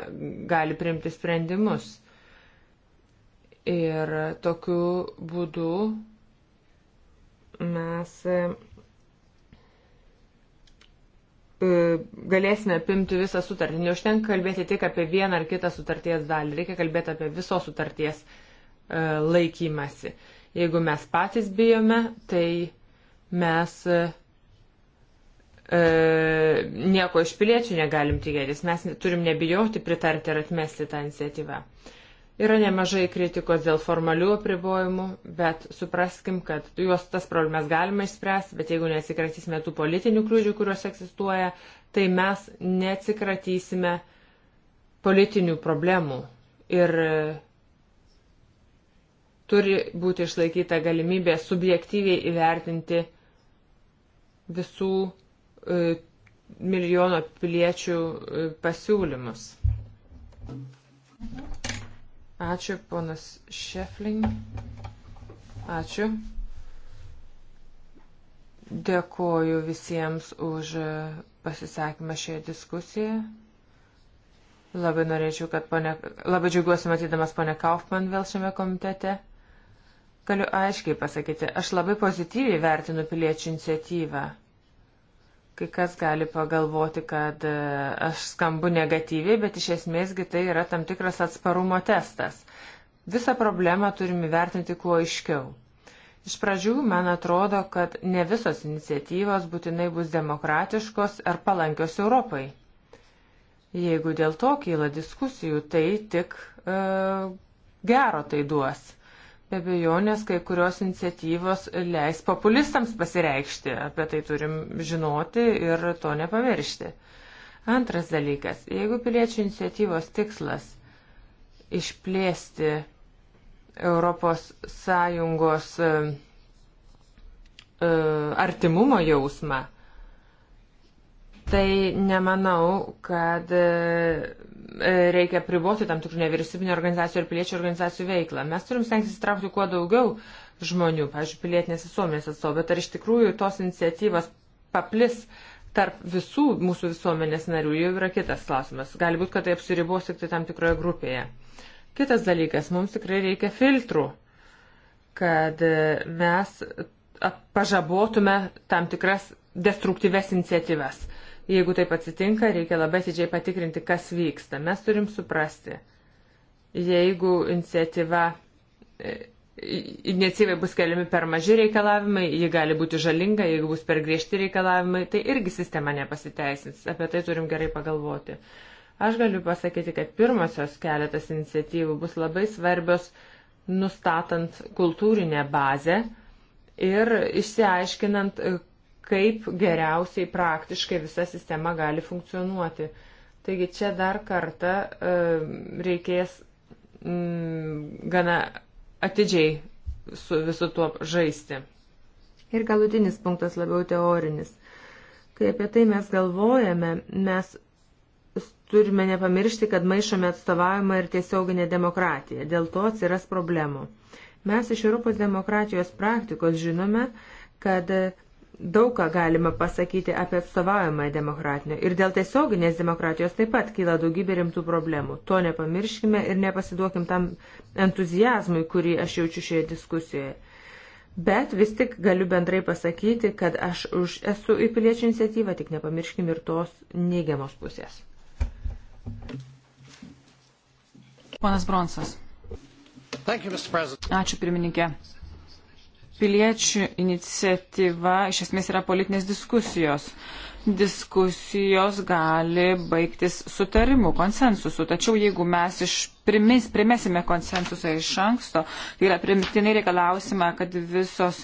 gali priimti sprendimus. Ir tokiu būdu mes E, galėsime apimti visą sutartį. Neužtenka kalbėti tik apie vieną ar kitą sutarties dalį, reikia kalbėti apie visos sutarties e, laikymasi. Jeigu mes patys bijome, tai mes e, nieko iš piliečių negalim tikėtis. Mes turim nebijoti pritarti ar atmesti tą iniciatyvą. Yra nemažai kritikos dėl formalių apribojimų, bet supraskim, kad juos tas problemas galima išspręsti, bet jeigu neatsikratysime tų politinių kliūdžių, kurios egzistuoja, tai mes neatsikratysime politinių problemų. Ir e, turi būti išlaikyta galimybė subjektyviai įvertinti visų e, milijono piliečių e, pasiūlymus. Thank mhm. you. Ačiū, ponas Šefling. Ačiū. Dėkoju visiems už pasisakymą šioje diskusijoje. Labai norėčiau, kad ponė, labai džiaugiuosi matydamas ponę Kaufman vėl šiame komitete. Galiu aiškiai pasakyti, aš labai pozityviai vertinu piliečių iniciatyvą. Kai kas gali pagalvoti, kad e, aš skambu negatyviai, bet iš esmėsgi tai yra tam tikras atsparumo testas. Visą problemą turime vertinti kuo aiškiau. Iš pradžių man atrodo, kad ne visos iniciatyvos būtinai bus demokratiškos ar palankios Europai. Jeigu dėl to kyla diskusijų, tai tik e, gero tai duos. Be abejonės, kai kurios iniciatyvos leis populistams pasireikšti, apie tai turim žinoti ir to nepamiršti. Antras dalykas, jeigu piliečių iniciatyvos tikslas išplėsti Europos Sąjungos e, e, artimumo jausmą, tai nemanau, kad e, E, reikia priboti tam tikrų nevyriausybinio organizacijų ir piliečių organizacijų veiklą. Mes turim stengtis įtraukti kuo daugiau žmonių, pavyzdžiui, pilietinės visuomenės atstovų, bet ar iš tikrųjų tos iniciatyvos paplis tarp visų mūsų visuomenės narių jau yra kitas klausimas. Gali būti, kad tai apsiribos tik tai tam tikroje grupėje. Kitas dalykas, mums tikrai reikia filtrų, kad e, mes pažabotume tam tikras destruktyves iniciatyvas. Jeigu taip atsitinka, reikia labai atidžiai patikrinti, kas vyksta. Mes turim suprasti, jeigu iniciatyva, e, iniciatyvai bus keliami per maži reikalavimai, ji gali būti žalinga, jeigu bus per griežti reikalavimai, tai irgi sistema nepasiteisins. Apie tai turim gerai pagalvoti. Aš galiu pasakyti, kad pirmosios keletas iniciatyvų bus labai svarbios nustatant kultūrinę bazę ir išsiaiškinant, kaip geriausiai praktiškai visa sistema gali funkcionuoti. Taigi čia dar kartą e, reikės mm, gana atidžiai su visu tuo žaisti. Ir galutinis punktas labiau teorinis. Kai apie tai mes galvojame, mes turime nepamiršti, kad maišome atstovavimą ir tiesioginę demokratiją. Dėl to atsiras problemų. Mes iš Europos demokratijos praktikos žinome, kad daug ką galima pasakyti apie atstovaujamą demokratinio ir dėl tiesioginės demokratijos taip pat kyla daugybė rimtų problemų. To nepamirškime ir nepasiduokim tam entuzijazmui, kurį aš jaučiu šioje diskusijoje. Bet vis tik galiu bendrai pasakyti, kad aš už esu į piliečių iniciatyvą, tik nepamirškim ir tos neigiamos pusės. Ponas Bronsas. You, Ačiū pirmininkė piliečių iniciatyva iš esmės yra politinės diskusijos. Diskusijos gali baigtis sutarimu, konsensusu, tačiau jeigu mes iš primis, primesime konsensusą iš anksto, tai yra primtinai reikalausime, kad visos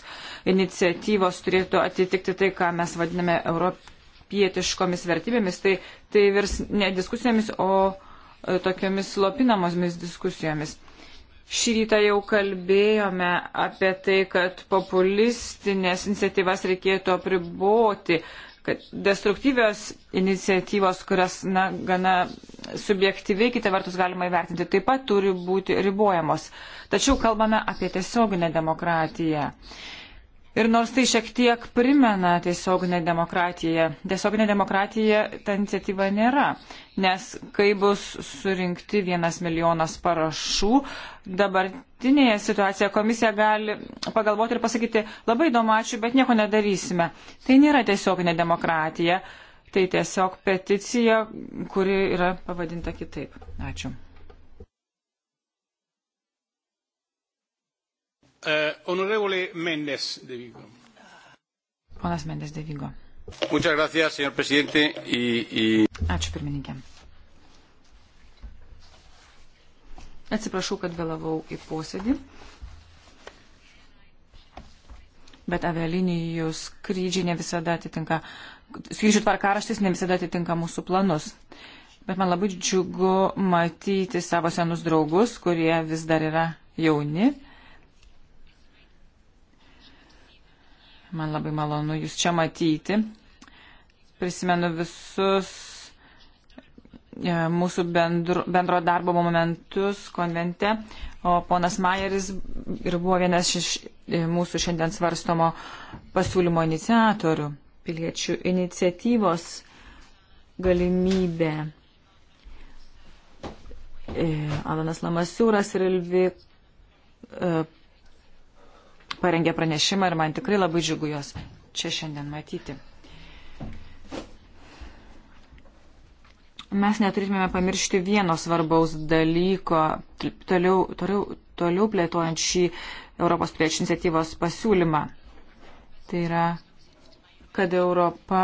iniciatyvos turėtų atitikti tai, ką mes vadiname europietiškomis vertybėmis, tai, tai virs ne diskusijomis, o e, tokiomis lopinamomis diskusijomis Šį rytą jau kalbėjome apie tai, kad populistinės iniciatyvas reikėtų apriboti, kad destruktyvios iniciatyvos, kurias na, gana subjektyviai kitą vertus galima įvertinti, taip pat turi būti ribojamos. Tačiau kalbame apie tiesioginę demokratiją. Ir nors tai šiek tiek primena tiesioginę demokratiją, tiesioginė demokratija ta iniciatyva nėra, nes kai bus surinkti vienas milijonas parašų, dabartinėje situacijoje komisija gali pagalvoti ir pasakyti, labai įdomu, ačiū, bet nieko nedarysime. Tai nėra tiesioginė demokratija, tai tiesiog peticija, kuri yra pavadinta kitaip. Ačiū. Eh, Honorevole Mendes de Vigo. Ponas Mendes de Vigo. Muchas gracias, señor presidente. Y, y... Ačiū pirmininkė. Atsiprašau, kad vėlavau į posėdį, bet avialinijų skrydžiai ne visada atitinka, skrydžių tvarkaraštis ne visada atitinka mūsų planus. Bet man labai džiugu matyti savo senus draugus, kurie vis dar yra jauni Man labai malonu Jūs čia matyti. Prisimenu visus e, mūsų bendro, bendro darbo momentus konvente, o ponas Majeris ir buvo vienas iš e, mūsų šiandien svarstomo pasiūlymo iniciatorių, piliečių iniciatyvos galimybė. E, Alanas Lamasiūras ir Ilvi parengė pranešimą ir man tikrai labai džiugu jos čia šiandien matyti. Mes neturėtume pamiršti vieno svarbaus dalyko, toliau, toliau, toliau plėtojant šį Europos piliečių iniciatyvos pasiūlymą. Tai yra, kad Europa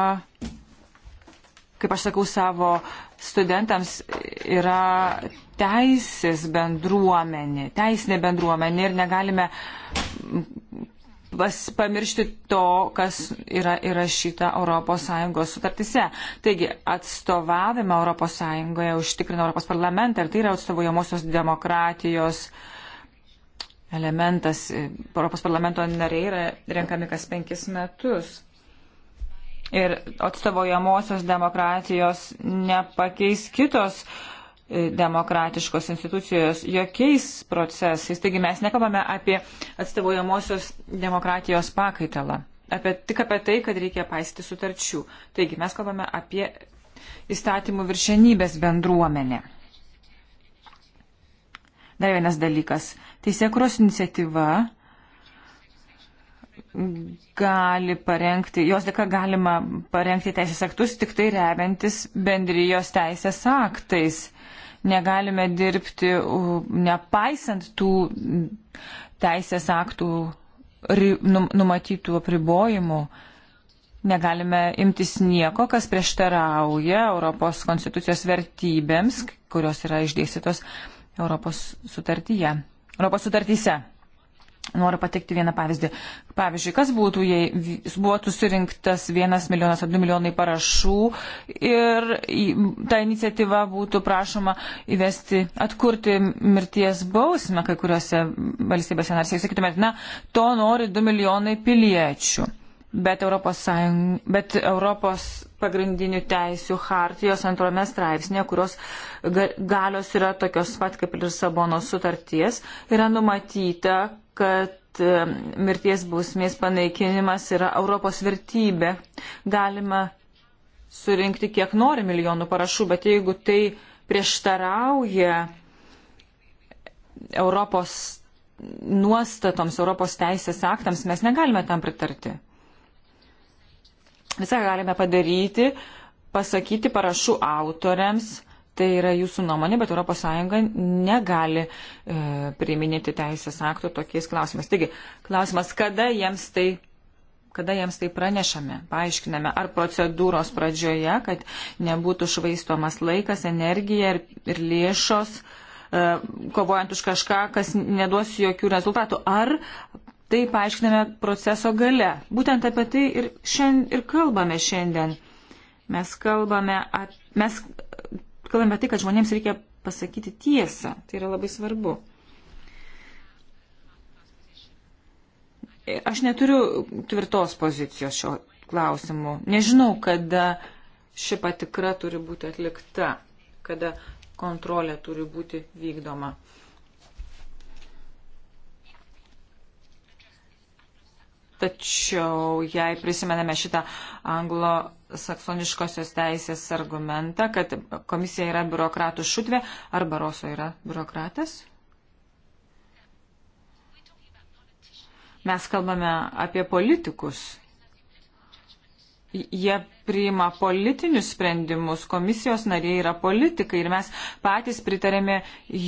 kaip aš sakau savo studentams, yra teisės bendruomenė, teisinė bendruomenė ir negalime pas, pamiršti to, kas yra įrašyta ES sutartise. Taigi, atstovavimą ES užtikrina ES parlamentą ir tai yra atstovaujamosios demokratijos elementas. ES parlamento nariai yra renkami kas penkis metus ir atstovaujamosios demokratijos nepakeis kitos e, demokratiškos institucijos jokiais procesais. Taigi mes nekalbame apie atstovaujamosios demokratijos pakaitalą, apie, tik apie tai, kad reikia paisyti sutarčių. Taigi mes kalbame apie įstatymų viršenybės bendruomenę. Dar vienas dalykas. Teisėkuros iniciatyva gali parengti, jos dėka galima parengti teisės aktus tik tai remiantis bendrijos teisės aktais. Negalime dirbti nepaisant tų teisės aktų numatytų apribojimų. Negalime imtis nieko, kas prieštarauja Europos konstitucijos vertybėms, kurios yra išdėstytos Europos sutartyje. Europos sutartyse. Noriu pateikti vieną pavyzdį. Pavyzdžiui, kas būtų, jei buvo susirinktas vienas milijonas ar du milijonai parašų ir ta iniciatyva būtų prašoma įvesti, atkurti mirties bausmę kai kuriuose valstybėse narsiai. Sakytumėt, na, to nori du milijonai piliečių bet Europos, Sąjung, bet Europos pagrindinių teisių hartijos antrame straipsnėje, kurios galios yra tokios pat kaip ir Sabono sutarties, yra numatyta, kad e, mirties bausmės panaikinimas yra Europos vertybė. Galima surinkti kiek nori milijonų parašų, bet jeigu tai prieštarauja Europos nuostatoms, Europos teisės aktams, mes negalime tam pritarti. Visą galime padaryti, pasakyti parašų autoriams, tai yra jūsų nuomonė, bet ES negali e, priiminėti teisės aktų tokiais klausimais. Taigi, klausimas, kada jiems tai kada jiems tai pranešame, paaiškiname, ar procedūros pradžioje, kad nebūtų švaistomas laikas, energija ir, ir lėšos, e, kovojant už kažką, kas neduos jokių rezultatų, ar Tai paaiškiname proceso gale. Būtent apie tai ir, šiandien, ir kalbame šiandien. Mes kalbame, at, mes kalbame tai, kad žmonėms reikia pasakyti tiesą. Tai yra labai svarbu. E, aš neturiu tvirtos pozicijos šio klausimu. Nežinau, kada ši patikra turi būti atlikta, kada kontrolė turi būti vykdoma. Tačiau jei prisimename šitą anglo saksoniškosios teisės argumentą, kad komisija yra biurokratų šutvė, ar Baroso yra biurokratas? Mes kalbame apie politikus. Jie priima politinius sprendimus, komisijos nariai yra politikai ir mes patys pritarėme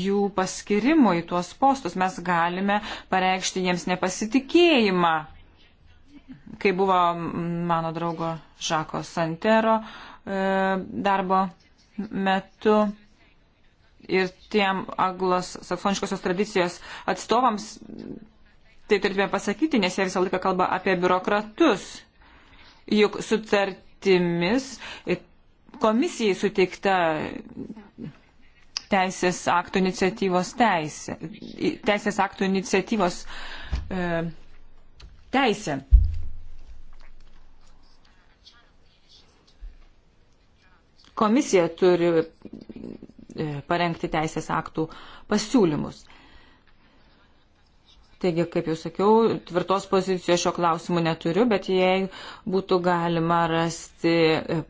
jų paskirimui tuos postus. Mes galime pareikšti jiems nepasitikėjimą kai buvo mano draugo Žako Santero e, darbo metu ir tiem aglos saksoniškosios tradicijos atstovams tai turėtume pasakyti, nes jie visą laiką kalba apie biurokratus. Juk sutartimis komisijai suteikta teisės aktų iniciatyvos teisė. Teisės aktų iniciatyvos e, teisė. komisija turi e, parengti teisės aktų pasiūlymus. Taigi, kaip jau sakiau, tvirtos pozicijos šio klausimu neturiu, bet jei būtų galima rasti e,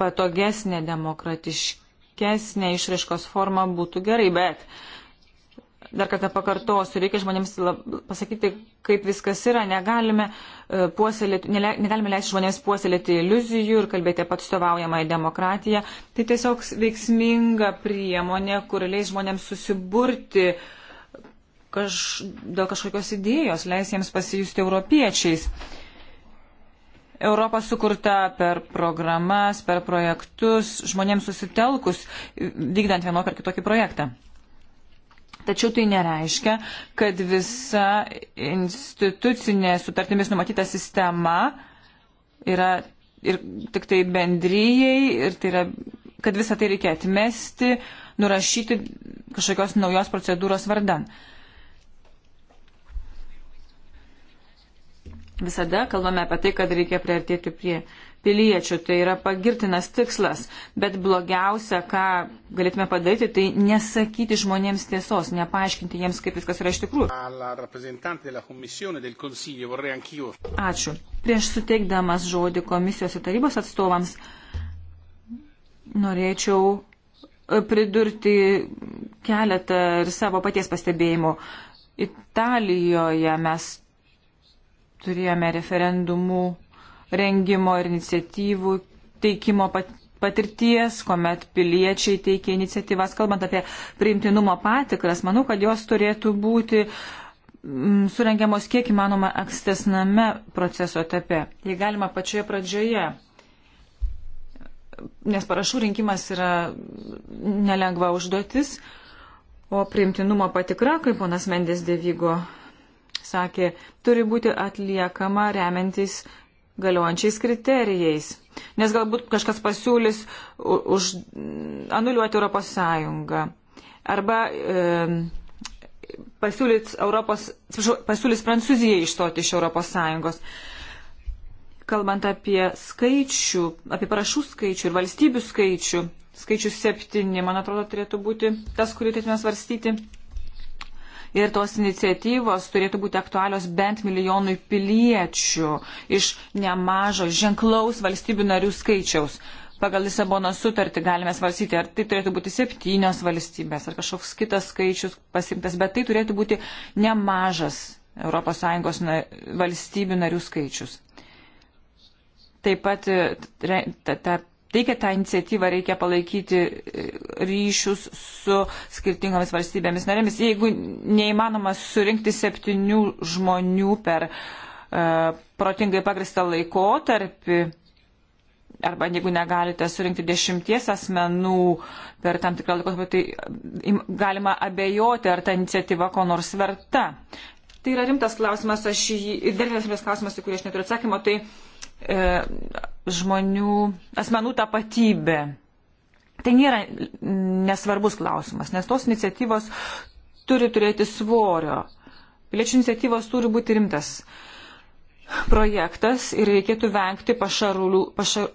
patogesnę, demokratiškesnę išraiškos formą, būtų gerai, bet dar kartą pakartosiu, reikia žmonėms lab, pasakyti, kaip viskas yra. Negalime, e, puoselėti, negalime leisti žmonėms puoselėti iliuzijų ir kalbėti apie atstovaujamą į demokratiją. Tai tiesiog veiksminga priemonė, kur leis žmonėms susiburti kaž, dėl kažkokios idėjos, leis jiems pasijusti europiečiais. Europa sukurta per programas, per projektus, žmonėms susitelkus, vykdant vienokį ar kitokį projektą. Tačiau tai nereiškia, kad visa institucinė sutartimis numatyta sistema yra ir tik tai bendryjei, ir tai yra, kad visą tai reikia atmesti, nurašyti kažkokios naujos procedūros vardan. Visada kalbame apie tai, kad reikia priartėti prie piliečių. Tai yra pagirtinas tikslas, bet blogiausia, ką galėtume padaryti, tai nesakyti žmonėms tiesos, nepaaiškinti jiems, kaip viskas yra iš tikrųjų. Ačiū. Prieš suteikdamas žodį komisijos ir tarybos atstovams, norėčiau e, pridurti keletą ir savo paties pastebėjimų. Italijoje mes turėjome referendumų rengimo ir iniciatyvų teikimo patirties, kuomet piliečiai teikia iniciatyvas. Kalbant apie priimtinumo patikras, manau, kad jos turėtų būti mm, surengiamos kiek įmanoma ankstesname proceso etape. Jei galima pačioje pradžioje. Nes parašų rinkimas yra nelengva užduotis, o priimtinumo patikra, kaip ponas Mendes Devygo sakė, turi būti atliekama remiantis galiojančiais kriterijais. Nes galbūt kažkas pasiūlys už, anuliuoti Europos Sąjungą. Arba e, pasiūlys, Europos, pasiūlys Prancūzijai išstoti iš Europos Sąjungos. Kalbant apie skaičių, apie parašų skaičių ir valstybių skaičių, skaičius septyni, man atrodo, turėtų būti tas, kurį turėtume svarstyti ir tos iniciatyvos turėtų būti aktualios bent milijonui piliečių iš nemažo ženklaus valstybių narių skaičiaus. Pagal Lisabono sutartį galime svarsyti, ar tai turėtų būti septynios valstybės, ar kažkoks kitas skaičius pasimtas, bet tai turėtų būti nemažas ES valstybių narių skaičius. Taip pat e, ta, ta teikia tą iniciatyvą, reikia palaikyti e, ryšius su skirtingomis valstybėmis narėmis. Jeigu neįmanoma surinkti septynių žmonių per uh, protingai pagristą laikotarpį, arba jeigu negalite surinkti dešimties asmenų per tam tikrą laikotarpį, tai e, galima abejoti, ar ta iniciatyva ko nors verta. Tai yra rimtas klausimas, aš jį, ir dar vienas rimtas klausimas, į kurį aš neturiu atsakymą, tai uh, e, žmonių, asmenų tapatybė. Tai nėra nesvarbus klausimas, nes tos iniciatyvos turi turėti svorio. Piliečių iniciatyvos turi būti rimtas projektas ir reikėtų vengti pašarulų, pašar,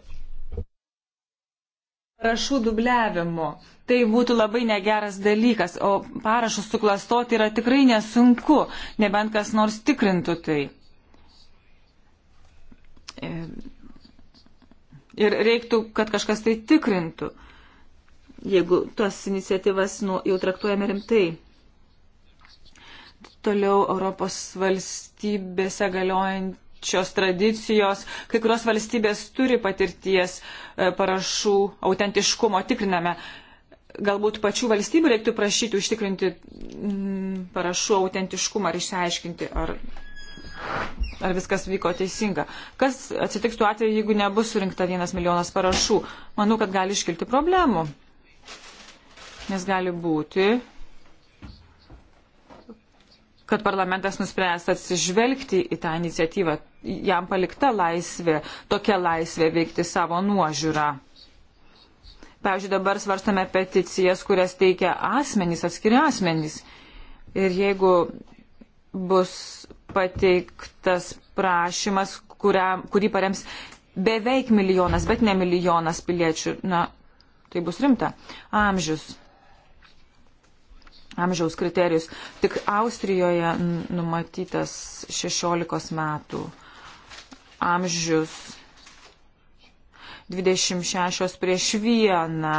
parašų dubliavimo. Tai būtų labai negeras dalykas, o parašus suklastoti yra tikrai nesunku, nebent kas nors tikrintų tai. E, ir reiktų, kad kažkas tai tikrintų, jeigu tuos iniciatyvas nu, jau traktuojame rimtai. Toliau Europos valstybėse galiojančios tradicijos, kai kurios valstybės turi patirties e, parašų autentiškumo tikriname galbūt pačių valstybių reiktų prašyti užtikrinti mm, parašų autentiškumą ir išsiaiškinti, ar ar viskas vyko teisinga. Kas atsitiks tuo atveju, jeigu nebus surinkta vienas milijonas parašų? Manau, kad gali iškilti problemų. Nes gali būti, kad parlamentas nuspręs atsižvelgti į tą iniciatyvą. Jam palikta laisvė, tokia laisvė veikti savo nuožiūrą. Pavyzdžiui, dabar svarstame peticijas, kurias teikia asmenys, atskiri asmenys. Ir jeigu bus pateiktas prašymas, kurią, kurį parems beveik milijonas, bet ne milijonas piliečių. Na, tai bus rimta. Amžius. Amžiaus kriterijus. Tik Austrijoje numatytas 16 metų amžius 26 prieš vieną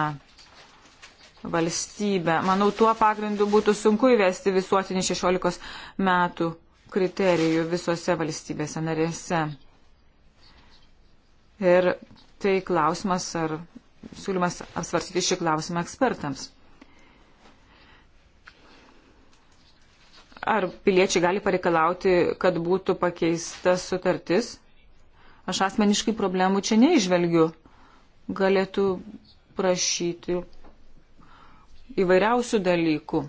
valstybę. Manau, tuo pagrindu būtų sunku įvesti visuotinį 16 metų kriterijų visose valstybėse narėse. Ir tai klausimas ar siūlymas apsvarstyti šį klausimą ekspertams. Ar piliečiai gali pareikalauti, kad būtų pakeista sutartis? Aš asmeniškai problemų čia neižvelgiu. Galėtų prašyti įvairiausių dalykų.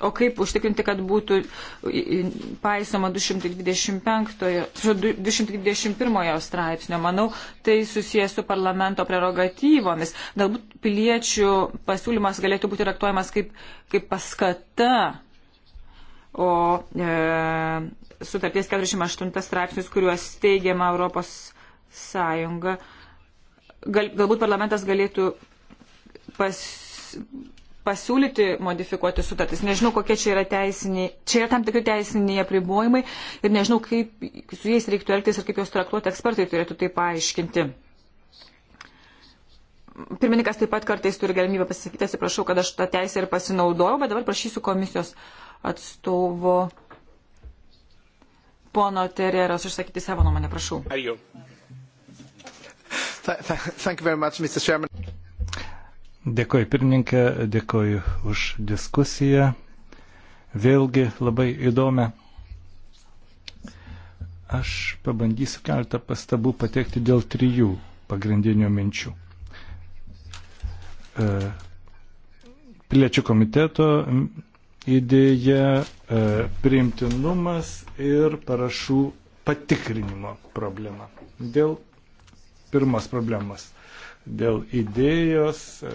O kaip užtikrinti, kad būtų paisoma 225, 221 straipsnio? Manau, tai susijęs su parlamento prerogatyvomis. Galbūt piliečių pasiūlymas galėtų būti traktuojamas kaip, kaip paskata. O e, sutarties 48 straipsnis, kuriuos teigiama Europos Sąjunga, gal, galbūt parlamentas galėtų pas, pasiūlyti modifikuoti sutartis. Nežinau, kokie čia yra teisiniai, čia yra tam tikri teisiniai apribojimai ir nežinau, kaip su jais reiktų elgtis ir kaip juos traktuoti ekspertai turėtų tai paaiškinti. Pirmininkas taip pat kartais turi galimybę pasisakyti, atsiprašau, kad aš tą teisę ir pasinaudojau, bet dabar prašysiu komisijos atstovo pono Tereros išsakyti savo nuomonę, prašau. Thank you very much, Mr. Chairman. Dėkoju pirmininkė, dėkoju už diskusiją. Vėlgi labai įdomią. Aš pabandysiu keletą pastabų patekti dėl trijų pagrindinių minčių. E, piliečių komiteto idėja, e, priimtinumas ir parašų patikrinimo problema. Dėl pirmos problemos dėl idėjos, e,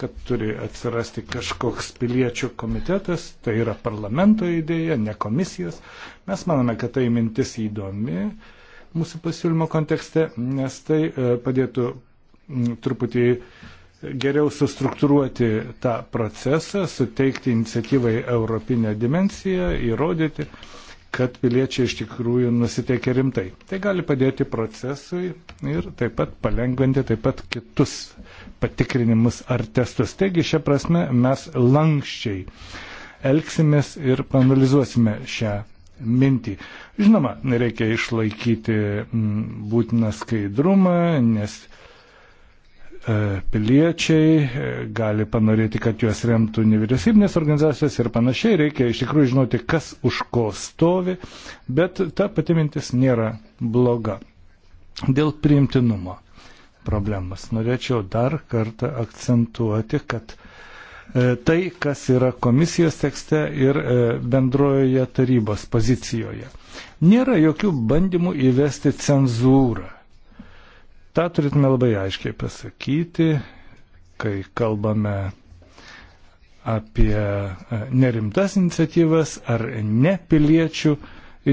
kad turi atsirasti kažkoks piliečių komitetas, tai yra parlamento idėja, ne komisijos. Mes manome, kad tai mintis įdomi mūsų pasiūlymo kontekste, nes tai e, padėtų truputį geriau sustruktūruoti tą procesą, suteikti iniciatyvai europinę dimensiją, įrodyti, kad piliečiai iš tikrųjų nusiteikia rimtai. Tai gali padėti procesui ir taip pat palengventi taip pat kitus patikrinimus ar testus. Taigi šią prasme mes lankščiai elgsimės ir panalizuosime šią mintį. Žinoma, reikia išlaikyti mm, būtiną skaidrumą, nes uh, E, piliečiai e, gali panorėti, kad juos remtų nevyriausybinės organizacijos ir panašiai. Reikia iš tikrųjų žinoti, kas už ko stovi, bet ta pati mintis nėra bloga. Dėl priimtinumo problemas norėčiau dar kartą akcentuoti, kad e, tai, kas yra komisijos tekste ir bendrojoje tarybos pozicijoje. Nėra jokių bandymų įvesti cenzūrą Ta turėtume labai aiškiai pasakyti, kai kalbame apie e, nerimtas iniciatyvas ar nepiliečių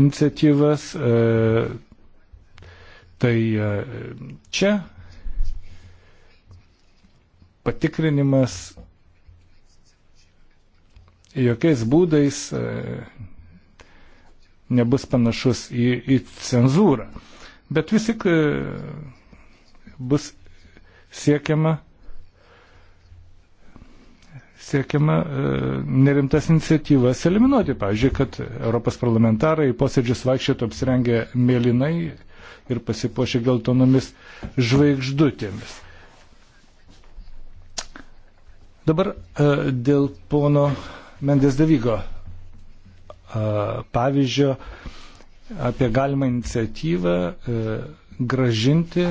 iniciatyvas. E, tai e, čia patikrinimas jokiais būdais nebus panašus į, į cenzūrą. Bet vis tik bus siekiama, siekiama e, nerimtas iniciatyvas eliminuoti. Pavyzdžiui, kad Europos parlamentarai į posėdžius vaikščiotų apsirengę mėlynai ir pasipuošę geltonomis žvaigždutėmis. Dabar e, dėl pono Mendes Devygo e, pavyzdžio apie galimą iniciatyvą gražinti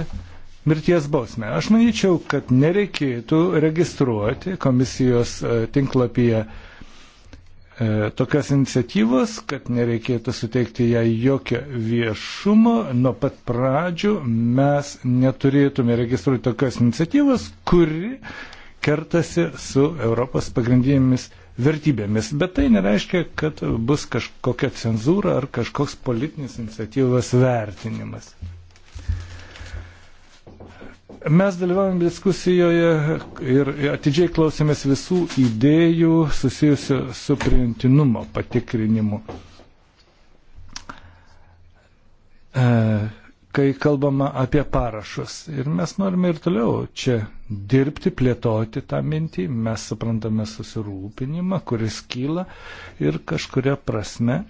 mirties bausmę. Aš manyčiau, kad nereikėtų registruoti komisijos e, tinklapyje e, tokios iniciatyvos, kad nereikėtų suteikti jai jokio viešumo. Nuo pat pradžių mes neturėtume registruoti tokios iniciatyvos, kuri kertasi su Europos pagrindinėmis vertybėmis. Bet tai nereiškia, kad bus kažkokia cenzūra ar kažkoks politinis iniciatyvos vertinimas. Mes dalyvavom diskusijoje ir atidžiai klausėmės visų idėjų susijusių su priimtinumo patikrinimu. E, kai kalbama apie parašus. Ir mes norime ir toliau čia dirbti, plėtoti tą mintį. Mes suprantame susirūpinimą, kuris kyla ir kažkuria prasme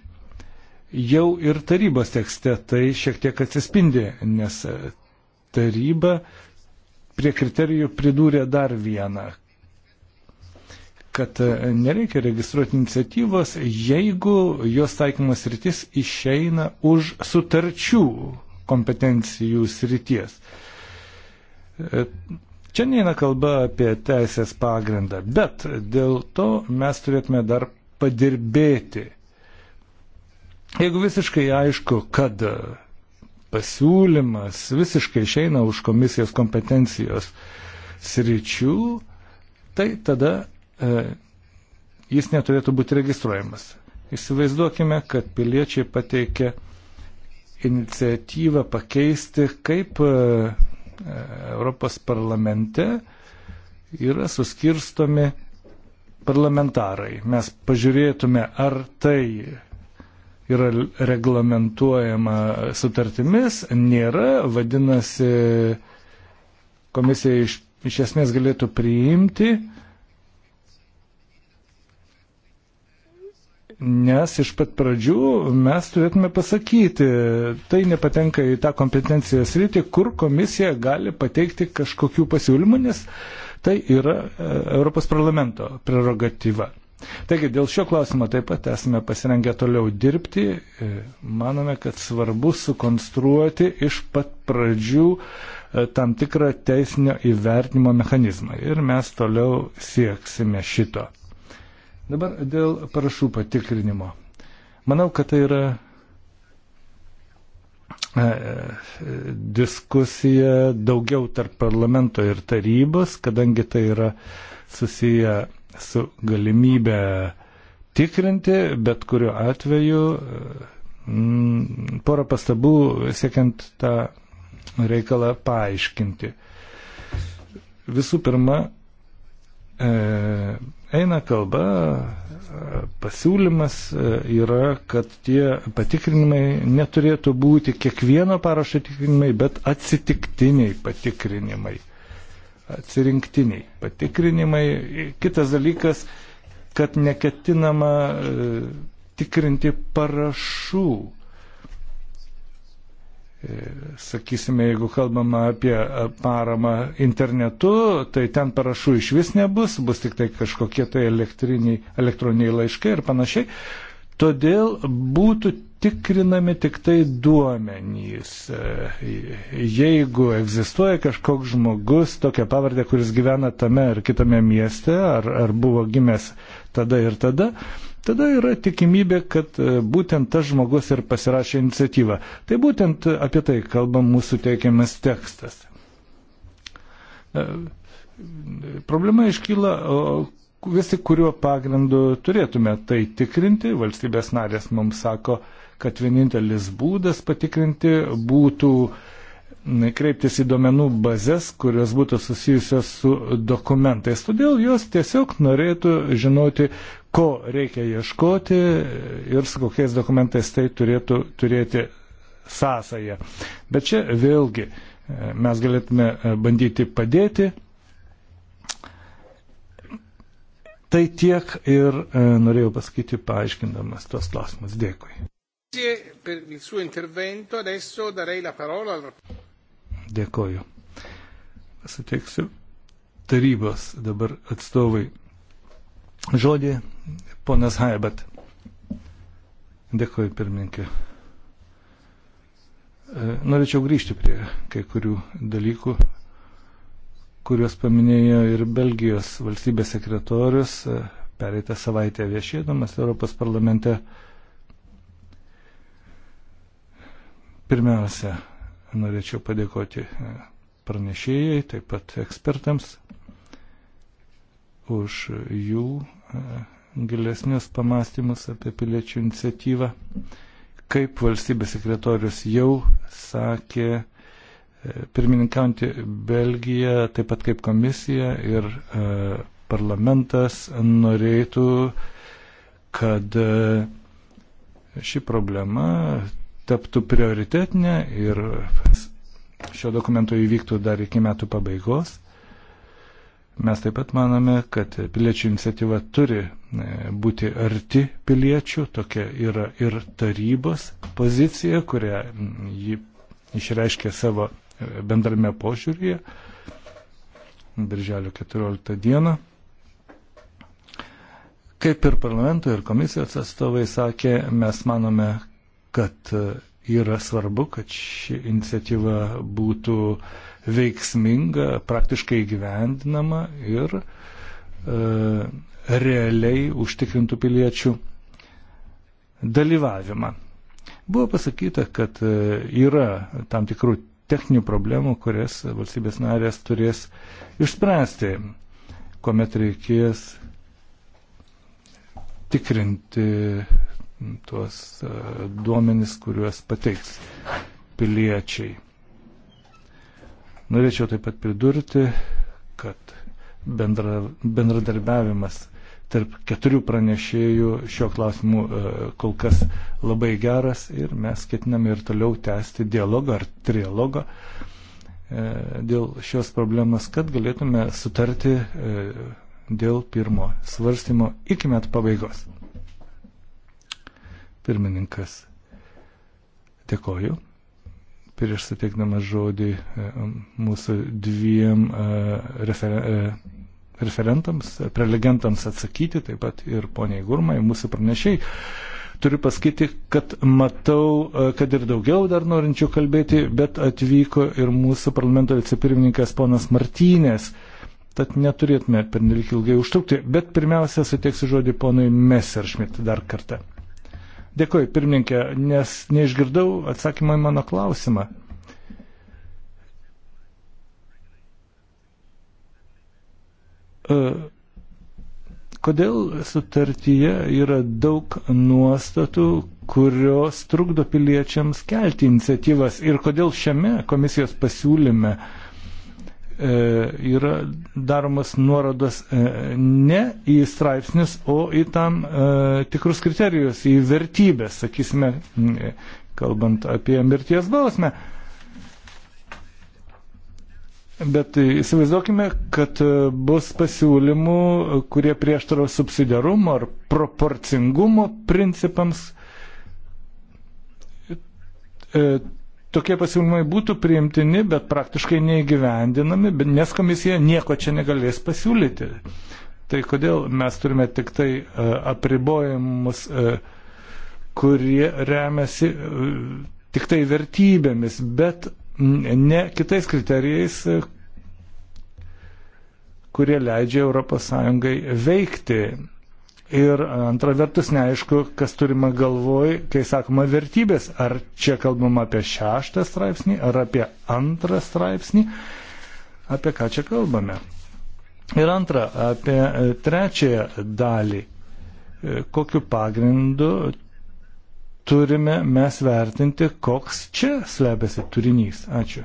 jau ir tarybos tekste tai šiek tiek atsispindi, nes taryba prie kriterijų pridūrė dar vieną, kad e, nereikia registruoti iniciatyvos, jeigu jos taikymas rytis išeina už sutarčių kompetencijų srities. E, čia neina kalba apie teisės pagrindą, bet dėl to mes turėtume dar padirbėti. Jeigu visiškai aišku, kad pasiūlymas visiškai išeina už komisijos kompetencijos sričių, tai tada e, jis neturėtų būti registruojamas. Įsivaizduokime, kad piliečiai pateikė iniciatyvą pakeisti, kaip e, Europos parlamente yra suskirstomi parlamentarai. Mes pažiūrėtume, ar tai yra reglamentuojama sutartimis, nėra, vadinasi, komisija iš, iš esmės galėtų priimti, nes iš pat pradžių mes turėtume pasakyti, tai nepatenka į tą kompetenciją sritį, kur komisija gali pateikti kažkokių pasiūlymų, nes tai yra e, Europos parlamento prerogatyva. Taigi dėl šio klausimo taip pat esame pasirengę toliau dirbti. E, manome, kad svarbu sukonstruoti iš pat pradžių e, tam tikrą teisinio įvertinimo mechanizmą ir mes toliau sieksime šito. Dabar dėl parašų patikrinimo. Manau, kad tai yra e, diskusija daugiau tarp parlamento ir tarybos, kadangi tai yra susiję su galimybė tikrinti, bet kuriuo atveju mm, porą pastabų siekiant tą reikalą paaiškinti. Visų pirma, e, eina kalba, pasiūlymas e, yra, kad tie patikrinimai neturėtų būti kiekvieno parašo tikrinimai, bet atsitiktiniai patikrinimai atsirinktiniai patikrinimai. Kitas dalykas, kad neketinama e, tikrinti parašų. E, sakysime, jeigu kalbama apie e, paramą internetu, tai ten parašų iš vis nebus, bus tik tai kažkokie tai elektroniniai laiškai ir panašiai. Todėl būtų tikrinami tik tai duomenys. Jeigu egzistuoja kažkoks žmogus, tokia pavardė, kuris gyvena tame ar kitame mieste, ar, ar buvo gimęs tada ir tada, tada yra tikimybė, kad e, būtent tas žmogus ir pasirašė iniciatyvą. Tai būtent apie tai kalba mūsų teikiamas tekstas. E, problema iškyla, visi kuriuo pagrindu turėtume tai tikrinti. Valstybės narės mums sako, kad vienintelis būdas patikrinti būtų mm, kreiptis į duomenų bazės, kurios būtų susijusios su dokumentais. Todėl jos tiesiog norėtų žinoti, ko reikia ieškoti ir su kokiais dokumentais tai turėtų turėti sąsąją. Bet čia vėlgi e, mes galėtume e, bandyti padėti Tai tiek ir e, norėjau pasakyti paaiškindamas tuos klausimus. Dėkui. Dėkoju. Suteiksiu tarybos dabar atstovai žodį, ponas Haibat. Dėkoju, pirmininkė. E, norėčiau grįžti prie kai kurių dalykų, kuriuos paminėjo ir Belgijos valstybės sekretorius e, pereitą savaitę viešėdamas Europos parlamente. Pirmiausia, norėčiau padėkoti e, pranešėjai, taip pat ekspertams už jų e, gilesnius pamastymus apie piliečių iniciatyvą. Kaip valstybės sekretorius jau sakė, Pirmininkaujantį Belgiją, taip pat kaip komisija ir e, parlamentas norėtų, kad e, ši problema taptų prioritetinė ir šio dokumento įvyktų dar iki metų pabaigos. Mes taip pat manome, kad piliečių iniciatyva turi e, būti arti piliečių, tokia yra ir tarybos pozicija, kurią ji išreiškė savo bendrame požiūrėje. Birželio 14 dieną. Kaip ir parlamento ir komisijos atstovai sakė, mes manome, kad yra svarbu, kad ši iniciatyva būtų veiksminga, praktiškai gyvendinama ir e, realiai užtikrintų piliečių dalyvavimą. Buvo pasakyta, kad e, yra tam tikrų techninių problemų, kurias valstybės narės turės išspręsti, kuomet reikės tikrinti tuos e, duomenis, kuriuos pateiks piliečiai. Norėčiau taip pat pridurti, kad bendra, bendradarbiavimas tarp keturių pranešėjų šio klausimu e, kol kas labai geras ir mes ketiname ir toliau tęsti dialogą ar trialogą e, dėl šios problemas, kad galėtume sutarti e, dėl pirmo svarstymo iki met pabaigos. Pirmininkas, dėkoju. Prieš suteikdamas žodį mūsų dviem referen referentams, prelegentams atsakyti, taip pat ir poniai Gurmai, mūsų pranešiai. Turiu pasakyti, kad matau, e, kad ir daugiau dar norinčių kalbėti, bet atvyko ir mūsų parlamento vicepirmininkas ponas Martynės. Tad neturėtume pernelik ilgai užtrukti, bet pirmiausia, suteiksiu žodį ponui Messerschmidt dar kartą. Dėkuoju, pirmininkė, nes neišgirdau atsakymą į mano klausimą. E, kodėl sutartyje yra daug nuostatų, kurios trukdo piliečiams kelti iniciatyvas ir kodėl šiame komisijos pasiūlyme e, yra daromas nuorodas e, ne į straipsnius, o į tam tikrus kriterijus, į vertybės, sakysime, kalbant apie mirties bausmę. E, Bet tai įsivaizduokime, kad e, bus pasiūlymų, e, kurie prieštaro subsidiarumo ar proporcingumo principams. E, tokie pasiūlymai būtų priimtini, bet praktiškai neįgyvendinami, nes komisija nieko čia negalės pasiūlyti. Tai kodėl mes turime tik tai apribojimus, kurie remiasi tik tai vertybėmis, bet ne kitais kriterijais, kurie leidžia ES veikti. Ir antra vertus neaišku, kas turima galvoj, kai sakoma vertybės, ar čia kalbama apie šeštą straipsnį, ar apie antrą straipsnį, apie ką čia kalbame. Ir antra, apie trečiąją dalį, kokiu pagrindu turime mes vertinti, koks čia slepiasi turinys. Ačiū.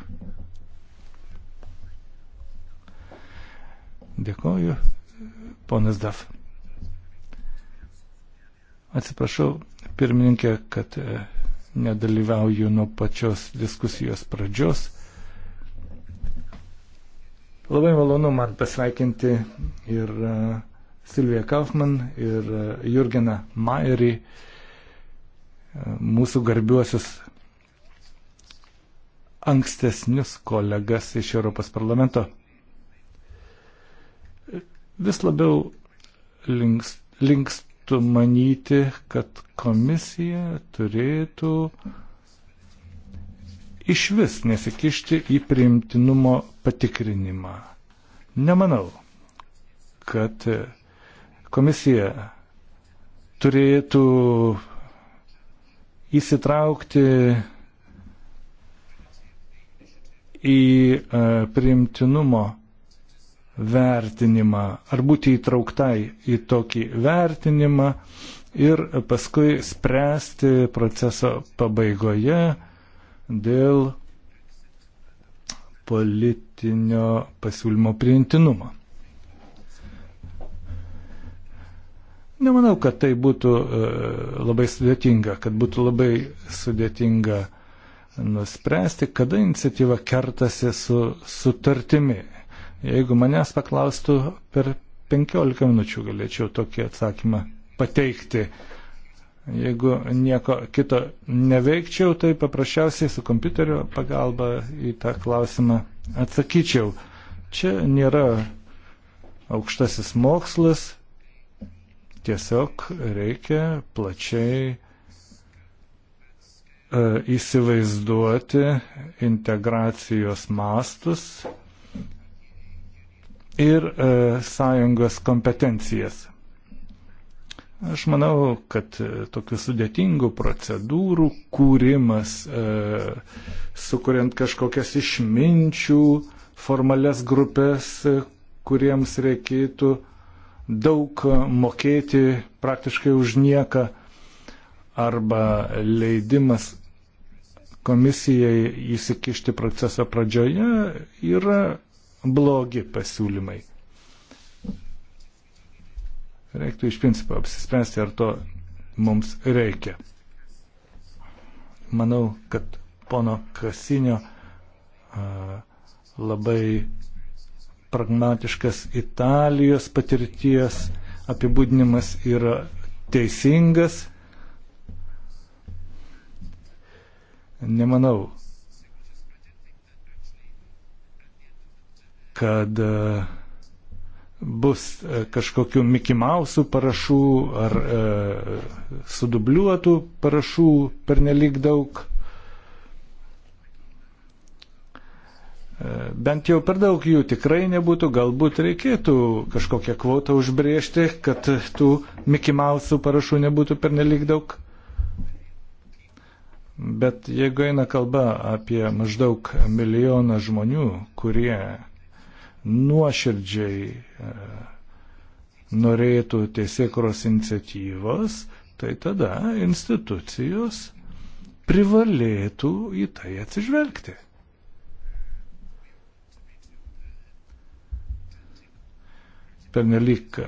Dėkoju, ponas Daf. Atsiprašau, pirmininkė, kad e, nedalyvauju nuo pačios diskusijos pradžios. Labai malonu man pasveikinti ir e, Silviją Kaufman, ir e, Jurgeną Maerį, mūsų garbiuosius ankstesnius kolegas iš Europos parlamento. Vis labiau links, linkstu manyti, kad komisija turėtų iš vis nesikišti į priimtinumo patikrinimą. Nemanau, kad komisija turėtų įsitraukti į e, priimtinumo vertinimą ar būti įtrauktai į tokį vertinimą ir paskui spręsti proceso pabaigoje dėl politinio pasiūlymo priimtinumo. Nemanau, kad tai būtų e, labai sudėtinga, kad būtų labai sudėtinga nuspręsti, kada iniciatyva kertasi su sutartimi. Jeigu manęs paklaustų, per 15 minučių galėčiau tokį atsakymą pateikti. Jeigu nieko kito neveikčiau, tai paprasčiausiai su kompiuterio pagalba į tą klausimą atsakyčiau. Čia nėra aukštasis mokslas, Tiesiog reikia plačiai e, įsivaizduoti integracijos mastus ir e, sąjungos kompetencijas. Aš manau, kad e, tokių sudėtingų procedūrų kūrimas, sukuriant kažkokias išminčių formales grupės, kuriems reikėtų uh, daug mokėti praktiškai už nieką arba leidimas komisijai įsikišti proceso pradžioje yra blogi pasiūlymai. Reiktų iš principo apsispręsti, ar to mums reikia. Manau, kad pono Kasinio a, labai pragmatiškas Italijos patirties apibūdinimas yra teisingas. Nemanau, kad e, bus e, kažkokių Mikimausų parašų ar e, sudubliuotų parašų per nelik daug. E, bent jau per daug jų tikrai nebūtų, galbūt reikėtų kažkokią kvotą užbriežti, kad tų mikimausų parašų nebūtų pernelik daug. Bet jeigu eina kalba apie maždaug milijoną žmonių, kurie nuoširdžiai e, norėtų tiesiekros iniciatyvos, tai tada institucijos privalėtų į tai atsižvelgti. pernelyg e,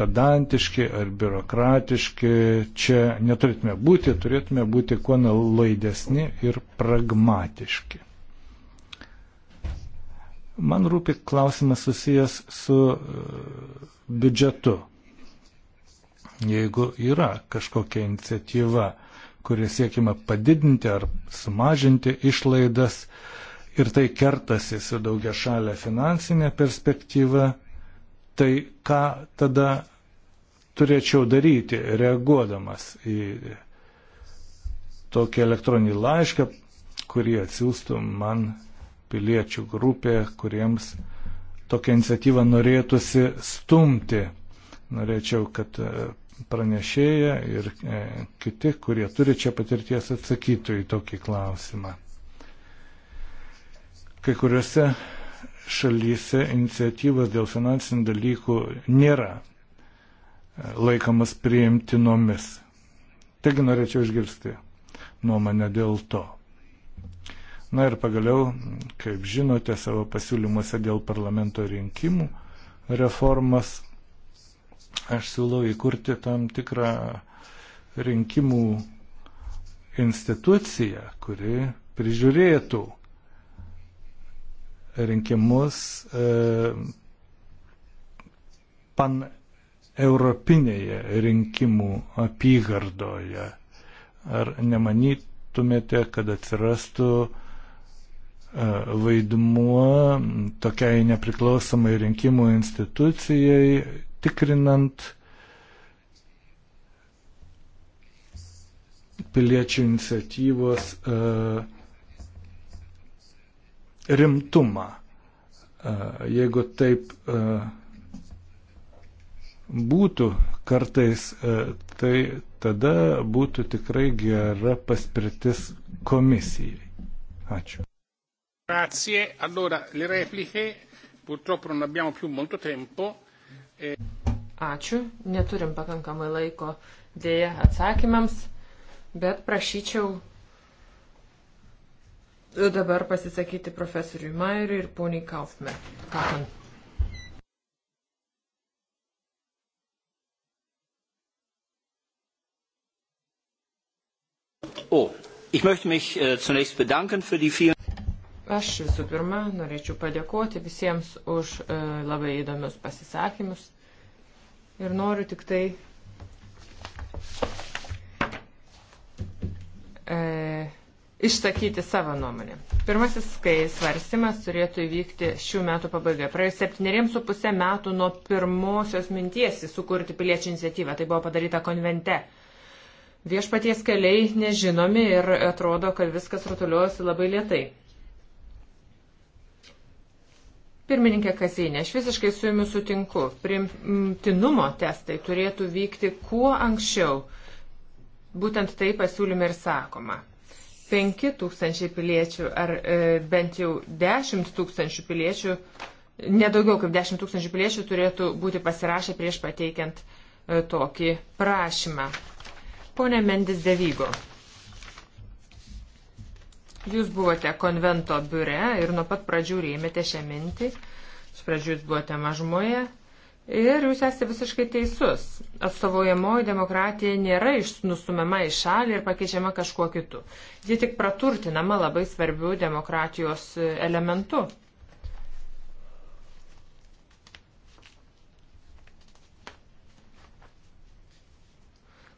pedantiški ar biurokratiški. Čia neturėtume būti, turėtume būti kuo nalaidesni ir pragmatiški. Man rūpi klausimas susijęs su e, biudžetu. Jeigu yra kažkokia iniciatyva, kuria siekima padidinti ar sumažinti išlaidas ir tai kertasi su daugia šalia finansinė perspektyva, Tai ką tada turėčiau daryti, reaguodamas į tokį elektroninį laišką, kurį atsiųstų man piliečių grupė, kuriems tokią iniciatyvą norėtųsi stumti. Norėčiau, kad e, pranešėja ir e, kiti, kurie turi čia patirties, atsakytų į tokį klausimą. Kai kuriuose šalyse iniciatyvas dėl finansinių dalykų nėra e, laikomas priimtinomis. Taigi norėčiau išgirsti nuomonę dėl to. Na ir pagaliau, kaip žinote, savo pasiūlymuose dėl parlamento rinkimų reformas aš siūlau įkurti tam tikrą rinkimų instituciją, kuri prižiūrėtų rinkimus e, paneuropinėje rinkimų apygardoje. Ar nemanytumėte, kad atsirastų e, vaidmuo tokiai nepriklausomai rinkimų institucijai, tikrinant piliečių iniciatyvos uh, rimtumą. E, jeigu taip e, būtų kartais, e, tai tada būtų tikrai gera paspirtis komisijai. Ačiū. Grazie. Allora, le repliche, purtroppo non abbiamo più molto tempo. E... Ačiū, neturim pakankamai laiko dėja atsakymams, bet prašyčiau dabar pasisakyti profesoriui Mairiui ir poniai Kaufman. Kaufman. O, oh, ich möchte mich äh, zunächst bedanken für die vielen. Aš visų pirma norėčiau padėkoti visiems už e, labai įdomius pasisakymus ir noriu tik tai e, išsakyti savo nuomonę. Pirmasis, kai svarstymas turėtų įvykti šių metų pabaigoje. Praėjus septyneriems su pusę metų nuo pirmosios minties įsukurti piliečių iniciatyvą. Tai buvo padaryta konvente. Viešpaties keliai nežinomi ir atrodo, kad viskas rutuliuosi labai lietai. Pirmininkė Kazinė, aš visiškai su jumis sutinku. Primtinumo testai turėtų vykti kuo anksčiau. Būtent tai pasiūlyme ir sakoma. 5 tūkstančiai piliečių ar e, bent jau 10 tūkstančių piliečių, nedaugiau kaip 10 tūkstančių piliečių turėtų būti pasirašę prieš pateikiant e, tokį prašymą. Pone Mendis Devygo, jūs buvote konvento biure ir nuo pat pradžių rėmėte šią mintį. Iš pradžių jūs buvote mažmoje, Ir jūs esate visiškai teisus. Atstovaujamoji demokratija nėra nustumiama į šalį ir pakeičiama kažkuo kitu. Ji tik praturtinama labai svarbių demokratijos e, elementų.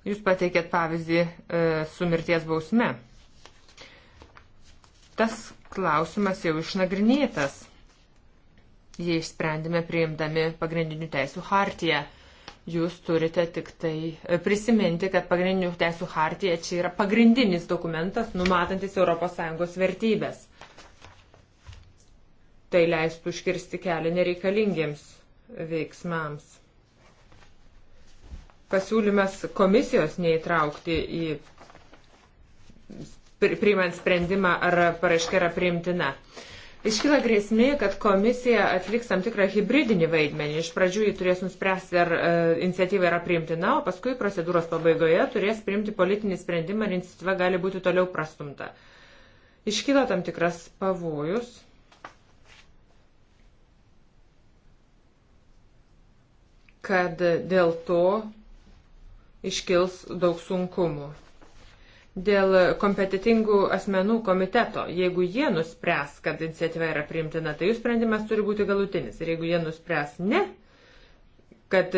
Jūs pateikėt pavyzdį e, su mirties bausme. Tas klausimas jau išnagrinėtas jį išsprendėme priimdami pagrindinių teisų hartiją. Jūs turite tik tai e, prisiminti, kad pagrindinių teisų hartija čia yra pagrindinis dokumentas, numatantis ES vertybės. Tai leistų užkirsti kelią nereikalingiems veiksmams. Pasiūlymas komisijos neįtraukti į priimant sprendimą, ar paraiška yra priimtina. Uh, Iškyla grėsmė, kad komisija atliks tam tikrą hybridinį vaidmenį. Iš pradžių jį turės nuspręsti, ar e, iniciatyva yra priimtina, o paskui procedūros pabaigoje turės priimti politinį sprendimą, ar iniciatyva gali būti toliau prastumta. Iškyla tam tikras pavojus. kad dėl to iškils daug sunkumų dėl kompetitingų asmenų komiteto. Jeigu jie nuspręs, kad iniciatyva yra priimtina, tai jų sprendimas turi būti galutinis. Ir jeigu jie nuspręs ne, kad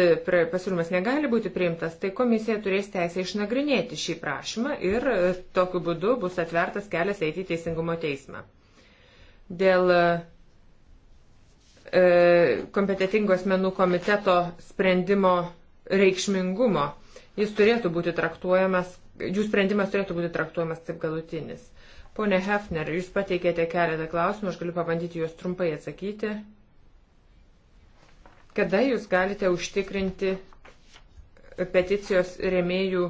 pasiūlymas negali būti priimtas, tai komisija turės teisę išnagrinėti šį prašymą ir tokiu būdu bus atvertas kelias eiti į Teisingumo teismą. Dėl e, kompetitingų asmenų komiteto sprendimo reikšmingumo. Jis turėtų būti traktuojamas jų sprendimas turėtų būti traktuojamas kaip galutinis. Pone Hefner, jūs pateikėte keletą klausimų, aš galiu pabandyti juos trumpai atsakyti. Kada jūs galite užtikrinti peticijos remėjų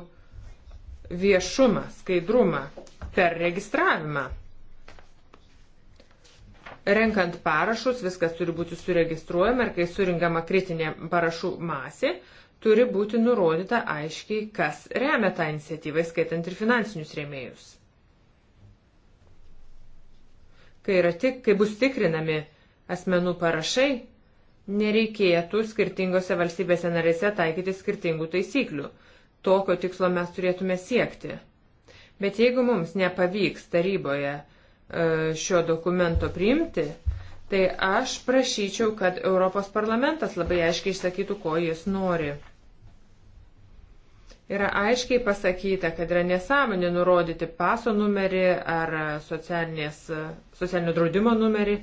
viešumą, skaidrumą per registravimą? Renkant parašus, viskas turi būti suregistruojama ir kai surinkama kritinė parašų masė, turi būti nurodyta aiškiai, kas remia tą iniciatyvą, skaitant ir finansinius rėmėjus. Kai, tik, kai bus tikrinami asmenų parašai, nereikėtų skirtingose valstybėse narėse taikyti skirtingų taisyklių. Tokio tikslo mes turėtume siekti. Bet jeigu mums nepavyks taryboje e, šio dokumento priimti, tai aš prašyčiau, kad Europos parlamentas labai aiškiai išsakytų, ko jis nori yra aiškiai pasakyta, kad yra nesąmonė nurodyti paso numerį ar socialinio draudimo numerį.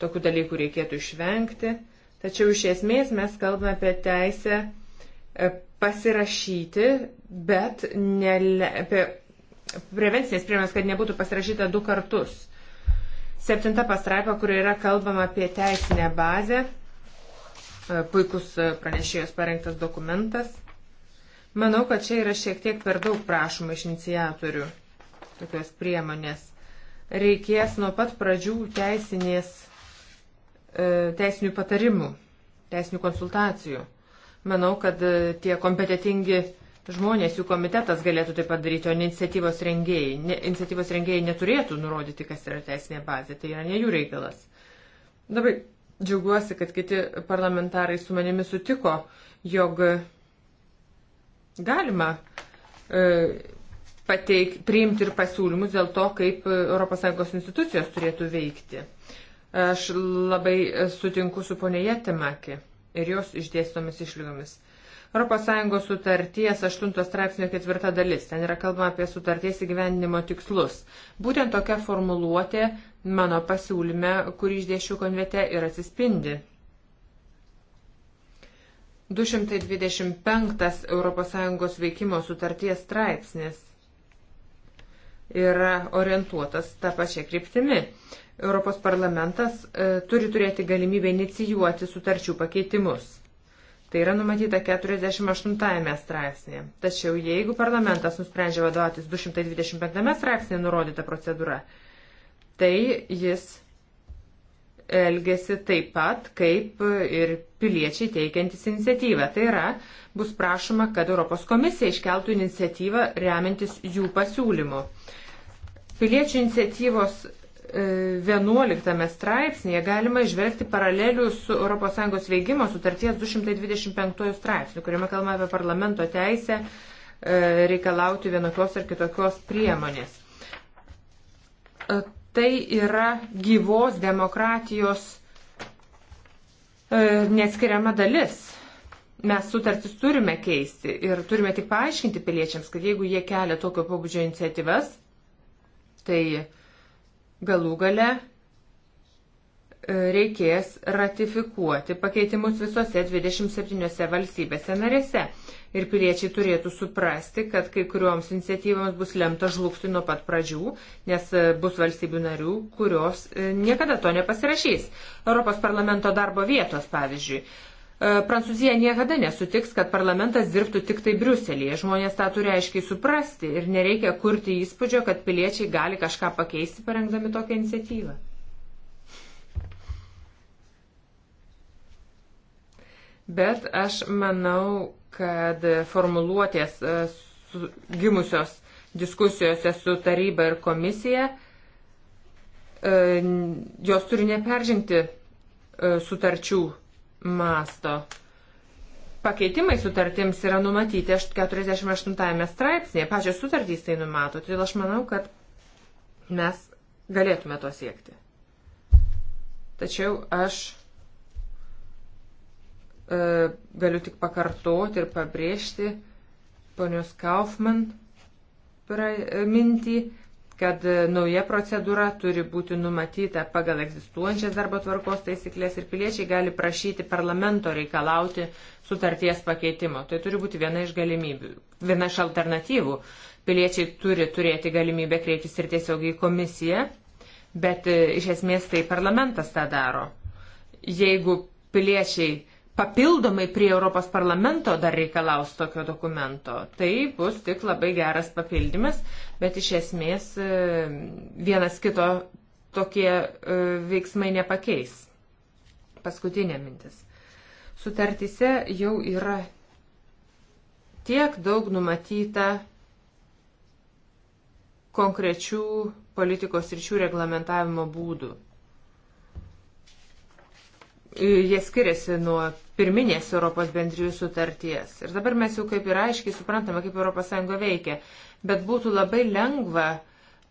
Tokių dalykų reikėtų išvengti. Tačiau iš esmės mes kalbame apie teisę e, pasirašyti, bet nele, apie prevencinės priemonės, kad nebūtų pasirašyta du kartus. Septinta pastraipa, kurioje yra kalbama apie teisinę bazę, e, puikus e, pranešėjos parengtas dokumentas. Manau, kad čia yra šiek tiek per daug prašoma iš inicijatorių tokios priemonės. Reikės nuo pat pradžių teisinės, e, teisinių patarimų, teisinių konsultacijų. Manau, kad e, tie kompetitingi žmonės, jų komitetas galėtų tai padaryti, o ne iniciatyvos rengėjai. Ne, iniciatyvos rengėjai neturėtų nurodyti, kas yra teisinė bazė, tai yra ne jų reikalas. Dabar džiaugiuosi, kad kiti parlamentarai su manimi sutiko, jog Galima e, pateik, priimti ir pasiūlymus dėl to, kaip ES institucijos turėtų veikti. Aš labai sutinku su ponė Jetemaki ir jos išdėstomis išlygomis. ES sutarties 8 straipsnio 4 dalis. Ten yra kalbama apie sutarties įgyvendinimo tikslus. Būtent tokia formuluotė mano pasiūlyme, kurį išdėšiu konvete, ir atsispindi. 225 ES veikimo sutarties straipsnis yra orientuotas tą pačią kryptimį. Europos parlamentas e, turi turėti galimybę inicijuoti sutarčių pakeitimus. Tai yra numatyta 48 straipsnėje. Tačiau jeigu parlamentas nusprendžia vadovautis 225 straipsnėje nurodyta procedūra, tai jis elgesi taip pat, kaip ir piliečiai teikiantis iniciatyvą. Tai yra, bus prašoma, kad Europos komisija iškeltų iniciatyvą remiantis jų pasiūlymu. Piliečių iniciatyvos 11 e, straipsnėje galima išvelgti paralelių su ES veikimo sutarties 225 straipsniu, kuriame kalbama apie parlamento teisę e, reikalauti vienokios ar kitokios priemonės e, Tai yra gyvos demokratijos e, neatskiriama dalis. Mes sutartis turime keisti ir turime tik paaiškinti piliečiams, kad jeigu jie kelia tokio pobūdžio iniciatyvas, tai galų gale E, reikės ratifikuoti pakeitimus visose 27 valstybėse narėse. Ir piliečiai turėtų suprasti, kad kai kuriuoms iniciatyvams bus lemta žlugti nuo pat pradžių, nes e, bus valstybių narių, kurios e, niekada to nepasirašys. Europos parlamento darbo vietos, pavyzdžiui. Prancūzija niekada nesutiks, kad parlamentas dirbtų tik tai Briuselėje. Žmonės tą turi aiškiai suprasti ir nereikia kurti įspūdžio, kad piliečiai gali kažką pakeisti parengdami tokią iniciatyvą. bet aš manau, kad formuluotės e, gimusios diskusijose su taryba ir komisija, e, jos turi neperžengti e, sutarčių masto. Pakeitimai sutartims yra numatyti 48 straipsnėje, pačios sutartys tai numato, todėl aš manau, kad mes galėtume to siekti. Tačiau aš E, galiu tik pakartoti ir pabrėžti ponios Kaufman e, mintį, kad e, nauja procedūra turi būti numatyta pagal egzistuojančias darbo tvarkos taisyklės ir piliečiai gali prašyti parlamento reikalauti sutarties pakeitimo. Tai turi būti viena iš galimybių, viena iš alternatyvų. Piliečiai turi turėti galimybę kreiptis ir tiesiog į komisiją, bet iš esmės tai parlamentas tą daro. Jeigu piliečiai papildomai prie Europos parlamento dar reikalaus tokio dokumento. Tai bus tik labai geras papildymas, bet iš esmės e, vienas kito tokie e, veiksmai nepakeis. Paskutinė mintis. Sutartyse jau yra tiek daug numatyta konkrečių politikos ryčių reglamentavimo būdų jie skiriasi nuo pirminės Europos bendrijų sutarties. Ir dabar mes jau kaip ir aiškiai suprantame, kaip ES veikia. Bet būtų labai lengva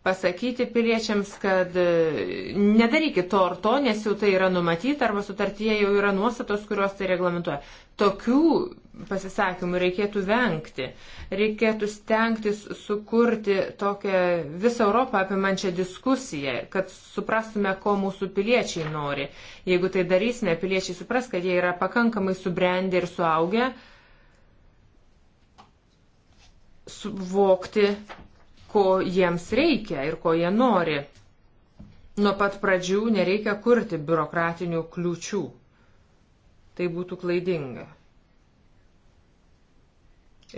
pasakyti piliečiams, kad e, nedarykit to ar to, nes jau tai yra numatyta arba sutartyje jau yra nuostatos, kurios tai reglamentuoja. Tokių pasisakymų reikėtų vengti. Reikėtų stengtis sukurti tokią visą Europą apimančią diskusiją, kad suprastume, ko mūsų piliečiai nori. Jeigu tai darysime, piliečiai supras, kad jie yra pakankamai subrendę ir suaugę suvokti ko jiems reikia ir ko jie nori. Nuo pat pradžių nereikia kurti biurokratinių kliučių. Tai būtų klaidinga.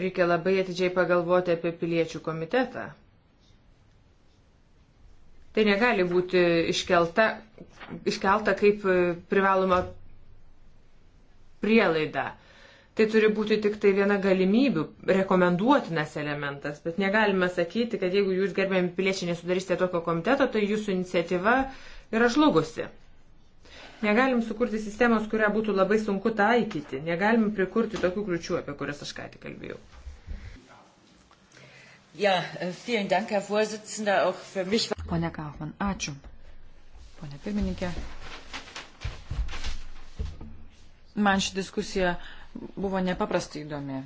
Reikia labai atidžiai pagalvoti apie piliečių komitetą. Tai negali būti iškelta, iškelta kaip privaloma prielaida. Tai turi būti tik tai viena galimybių, rekomenduotinas elementas, bet negalime sakyti, kad jeigu jūs gerbėjami piliečiai nesudarysite tokio komiteto, tai jūsų iniciatyva yra žlugusi. Negalim sukurti sistemos, kurią būtų labai sunku taikyti. Negalim prikurti tokių kliučių, apie kurias aš ką tik kalbėjau. Ja, vielen Dank, Herr Vorsitzender, auch für mich. Pone Kaufmann, ačiū. Pone pirmininkė. Man ši diskusija uh, buvo nepaprastai įdomi.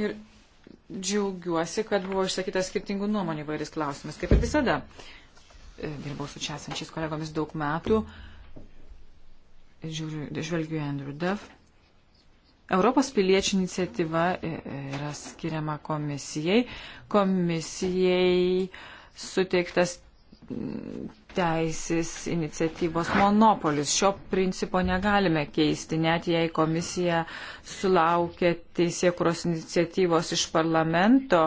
Ir džiaugiuosi, kad buvo išsakyta skirtingų nuomonių įvairis klausimas, kaip ir visada. E, dirbau su čia esančiais kolegomis daug metų. Žiūriu, žvelgiu Andrew Duff. Europos piliečių iniciatyva e, e, yra skiriama komisijai. Komisijai suteiktas teisės iniciatyvos monopolis. Šio principo negalime keisti, net jei komisija sulaukia teisėkuros iniciatyvos iš parlamento.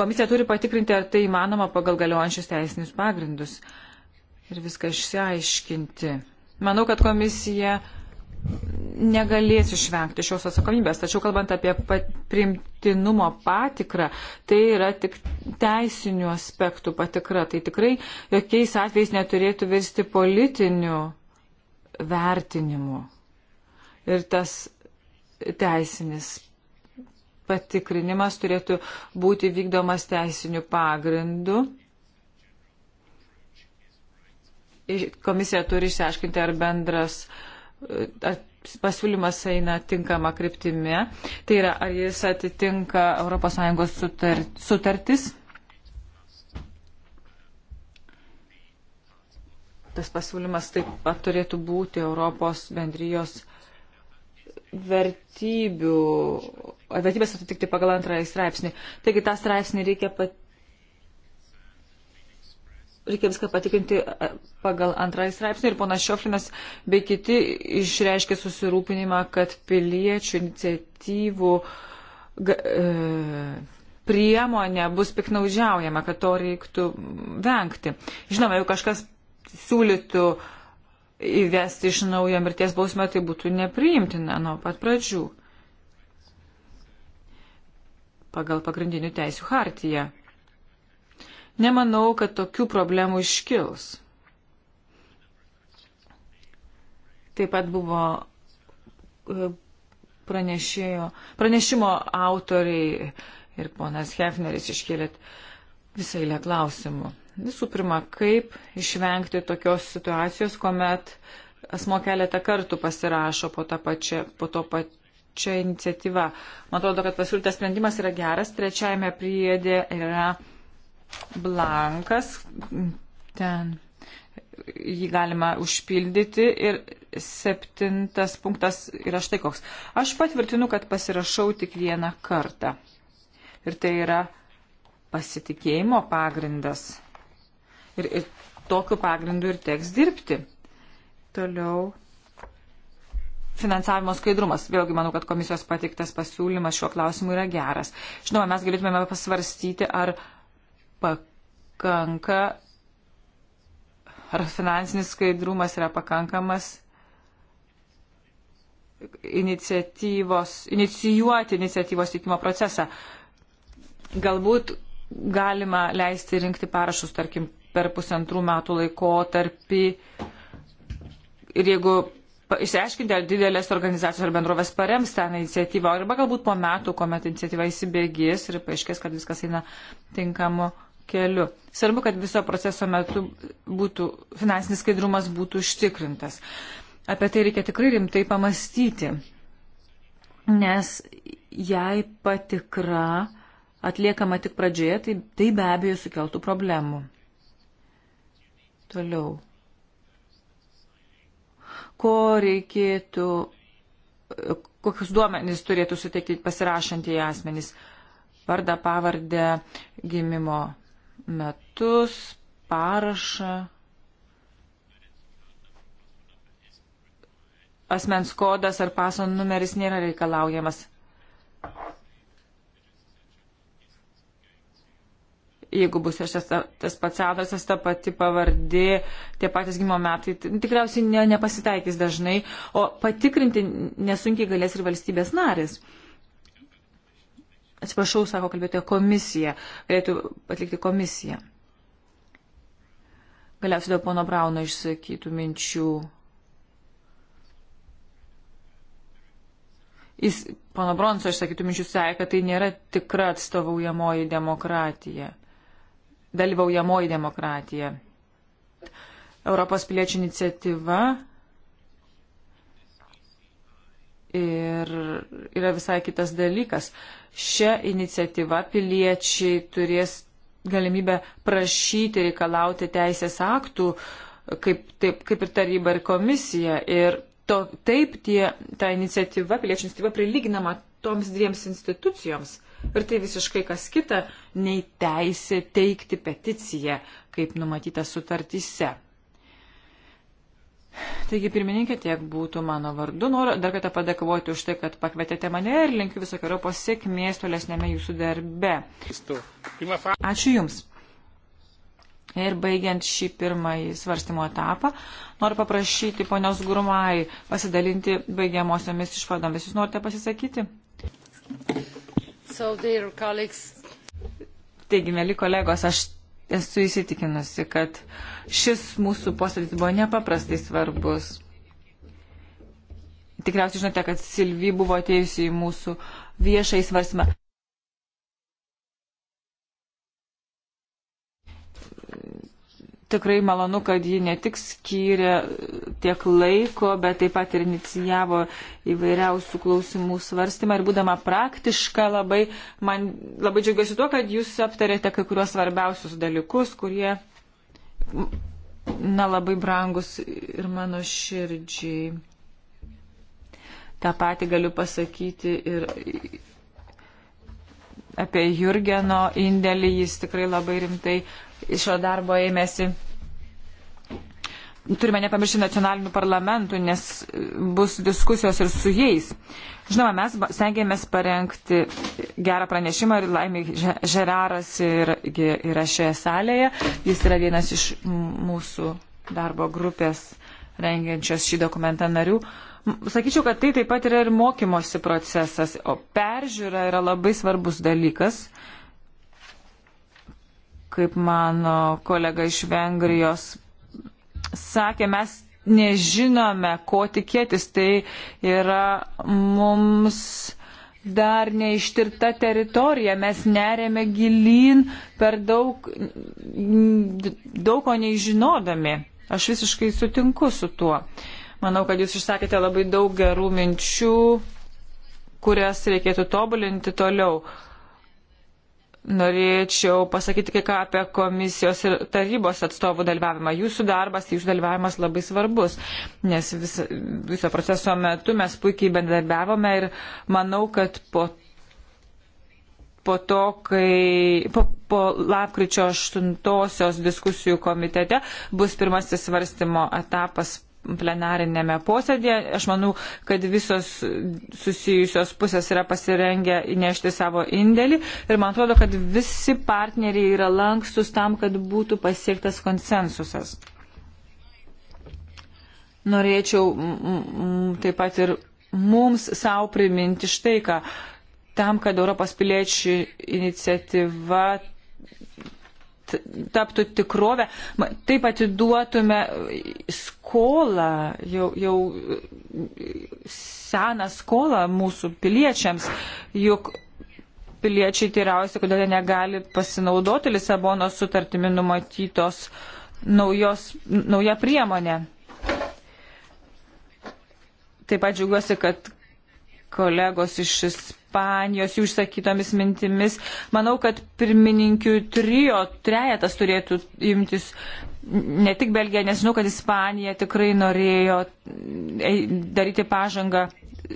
Komisija turi patikrinti, ar tai įmanoma pagal galiojančius teisinius pagrindus ir viską išsiaiškinti. Manau, kad komisija negalės išvengti šios atsakomybės. Tačiau kalbant apie primtinumo patikrą, tai yra tik teisinių aspektų patikra. Tai tikrai jokiais atvejais neturėtų virsti politiniu vertinimu. Ir tas teisinis patikrinimas turėtų būti vykdomas teisiniu pagrindu. Komisija turi išsiaiškinti, ar bendras uh, pasiūlymas eina tinkama kryptimi. Tai yra, ar jis atitinka ES sutartis? Tas pasiūlymas taip pat turėtų būti Europos bendrijos vertybių, vertybės atitikti pagal antrąjį straipsnį. Taigi tą straipsnį reikia pat reikia viską patikrinti e, pagal antrąjį straipsnį ir ponas Šioflinas bei kiti išreiškė susirūpinimą, kad piliečių iniciatyvų e, priemonė bus piknaudžiaujama, kad to reiktų vengti. Žinoma, jeigu kažkas siūlytų įvesti iš naujo mirties bausmę, tai būtų nepriimtina nuo pat pradžių pagal pagrindinių teisų hartiją. Nemanau, kad tokių problemų iškils. Taip pat buvo e, pranešėjo, pranešimo autoriai ir ponas Hefneris iškėlėt visai lė klausimų. Visų pirma, kaip išvengti tokios situacijos, kuomet asmo keletą kartų pasirašo po, pačia, po to pačią iniciatyvą. Man atrodo, kad pasiūlytas sprendimas yra geras. Trečiajame priedė yra blankas, ten jį galima užpildyti ir septintas punktas yra štai koks. Aš patvirtinu, kad pasirašau tik vieną kartą. Ir tai yra pasitikėjimo pagrindas. Ir, ir tokiu pagrindu ir teks dirbti. Toliau finansavimo skaidrumas. Vėlgi manau, kad komisijos pateiktas pasiūlymas šiuo klausimu yra geras. Žinoma, mes galėtume pasvarstyti, ar pakanka, ar finansinis skaidrumas yra pakankamas iniciatyvos, inicijuoti iniciatyvos teikimo procesą. Galbūt galima leisti rinkti parašus, tarkim, per pusantrų metų laikotarpį ir jeigu išsiaiškinti, ar didelės organizacijos ar bendrovės parems tą iniciatyvą, arba galbūt po metų, kuomet iniciatyva įsibėgės ir paaiškės, kad viskas eina tinkamu keliu. Svarbu, kad viso proceso metu būtų, finansinis skaidrumas būtų užtikrintas. Apie tai reikia tikrai rimtai pamastyti, nes jei patikra atliekama tik pradžioje, tai, tai be abejo sukeltų problemų. Toliau. Ko reikėtų, kokius duomenys turėtų suteikti pasirašantieji asmenys? Vardą, pavardę, gimimo metus, parašą, asmens kodas ar paso numeris nėra reikalaujamas. Jeigu bus šis tas pats adresas, ta pati pavardė, tie patys gimimo metai, tai tikriausiai ne, nepasitaikys dažnai, o patikrinti nesunkiai galės ir valstybės narės. Atsiprašau, sako kalbėtoja, komisija. Galėtų atlikti komisiją. Galiausiai dėl pono Brauno išsakytų minčių. Jis, pono Bronso išsakytų minčių, sakė, kad tai nėra tikra atstovaujamoji demokratija. Dalyvaujamoji demokratija. Europos piliečių iniciatyva ir yra visai kitas dalykas šią iniciatyvą piliečiai turės galimybę prašyti, reikalauti teisės aktų, kaip, taip, kaip ir taryba ir komisija. Ir to, taip tie, ta iniciatyva, piliečių iniciatyva prilyginama toms dviems institucijoms. Ir tai visiškai kas kita nei teisė teikti peticiją, kaip numatyta sutartyse. Taigi, pirmininkė, tiek būtų mano vardu. Noriu dar kartą padėkoti už tai, kad pakvietėte mane ir linkiu visokio pasiekmės tolesnėme jūsų darbe. Ačiū Jums. Ir baigiant šį pirmąjį svarstymo etapą, noriu paprašyti ponios Gurmai pasidalinti baigiamosiomis išvadomis. Jūs norite pasisakyti? So, Taigi, mėly kolegos, aš esu įsitikinusi, kad šis mūsų posėdis buvo nepaprastai svarbus. Tikriausiai žinote, kad Silvi buvo atėjusi į mūsų viešą įsvarsmą. tikrai malonu, kad ji ne tik skyrė tiek laiko, bet taip pat ir inicijavo įvairiausių klausimų svarstymą. Ir būdama praktiška, labai, man, labai džiaugiuosi tuo, kad jūs aptarėte kai kuriuos svarbiausius dalykus, kurie na, labai brangus ir mano širdžiai. Ta pati galiu pasakyti ir apie Jurgeno indėlį, jis tikrai labai rimtai šio darbo ėmėsi. Turime nepamiršti nacionalinių parlamentų, nes bus diskusijos ir su jais. Žinoma, mes stengiamės parengti gerą pranešimą ir laimė Žeraras yra, yra šioje salėje. Jis yra vienas iš mūsų darbo grupės rengiančios šį dokumentą narių. Sakyčiau, kad tai taip pat yra ir mokymosi procesas, o peržiūra yra labai svarbus dalykas. Uh, kaip mano kolega iš Vengrijos sakė, mes nežinome, ko tikėtis. Tai yra mums dar neištirta teritorija, mes nerėme gilyn per daug, daug ko neižinodami. Aš visiškai sutinku su tuo. Manau, kad jūs išsakėte labai daug gerų minčių, kurias reikėtų tobulinti toliau norėčiau pasakyti kai ką apie komisijos ir tarybos atstovų dalyvavimą. Jūsų darbas, jūsų dalyvavimas labai svarbus, nes vis, viso proceso metu mes puikiai bendarbiavome ir manau, kad po, po to, kai po, po lapkričio 8-osios diskusijų komitete bus pirmasis svarstymo etapas plenarinėme posėdėje. Aš manau, kad visos susijusios pusės yra pasirengę įnešti savo indėlį ir man atrodo, kad visi partneriai yra lankstus tam, kad būtų pasiektas konsensusas. Norėčiau taip pat ir mums savo priminti štai ką tam, kad Europos piliečių iniciatyva taptų tikrovę, taip atiduotume skolą, jau, jau seną skolą mūsų piliečiams, juk piliečiai tyriausi, kodėl jie negali pasinaudoti Lisabonos sutartimi numatytos naujos, nauja priemonė. Taip pat džiaugiuosi, kad kolegos iš kampanijos, jų išsakytomis mintimis. Manau, kad pirmininkių trijo trejetas turėtų imtis. Ne tik Belgija, nes žinau, kad Ispanija tikrai norėjo mm, daryti pažangą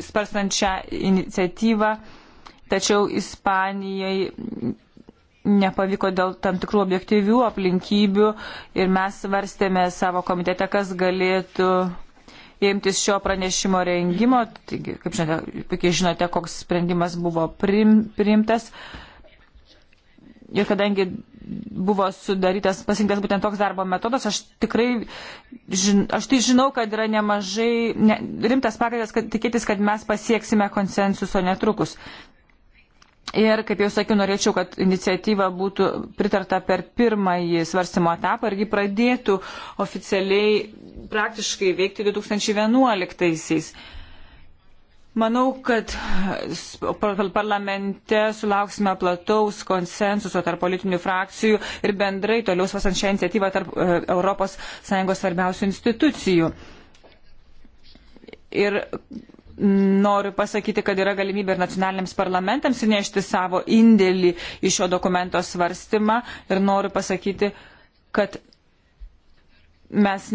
sparstant šią iniciatyvą, tačiau Ispanijai nepavyko dėl tam tikrų objektyvių aplinkybių ir mes svarstėme savo komitete, kas galėtų imtis šio pranešimo rengimo. Taigi, kaip žinote, puikiai žinote, koks sprendimas buvo prim, priimtas. Ir kadangi buvo sudarytas, pasirinktas būtent toks darbo metodas, aš tikrai, žin, aš tai žinau, kad yra nemažai, ne, rimtas pagrindas tikėtis, kad mes pasieksime konsensuso netrukus. Ir, kaip jau sakiau, norėčiau, kad iniciatyva būtų pritarta per pirmąjį svarstymo etapą ir ji pradėtų oficialiai praktiškai veikti 2011-aisiais. Manau, kad parlamente sulauksime plataus konsensuso tarp politinių frakcijų ir bendrai toliau svasant šią iniciatyvą tarp ES svarbiausių institucijų. Ir noriu pasakyti, kad yra galimybė ir nacionaliniams parlamentams įnešti savo indėlį į šio dokumento svarstymą ir noriu pasakyti, kad mes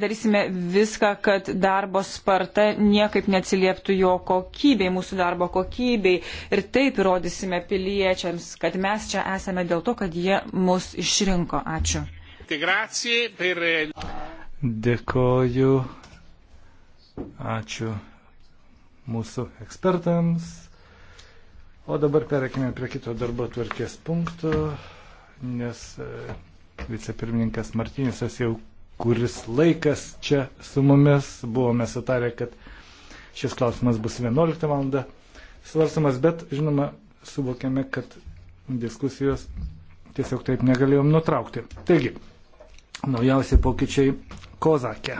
darysime viską, kad darbo sparta niekaip neatsilieptų jo kokybei, mūsų darbo kokybei ir taip įrodysime piliečiams, kad mes čia esame dėl to, kad jie mus išrinko. Ačiū. Dėkoju. Ačiū mūsų ekspertams. O dabar pereikime prie kito darbo tvarkės punkto, nes e, vicepirmininkas Martynėsas jau kuris laikas čia su mumis buvome sutarę, kad šis klausimas bus 11 val. svarstamas, bet žinoma, suvokėme, kad diskusijos tiesiog taip negalėjom nutraukti. Taigi, naujausi pokyčiai Kozakė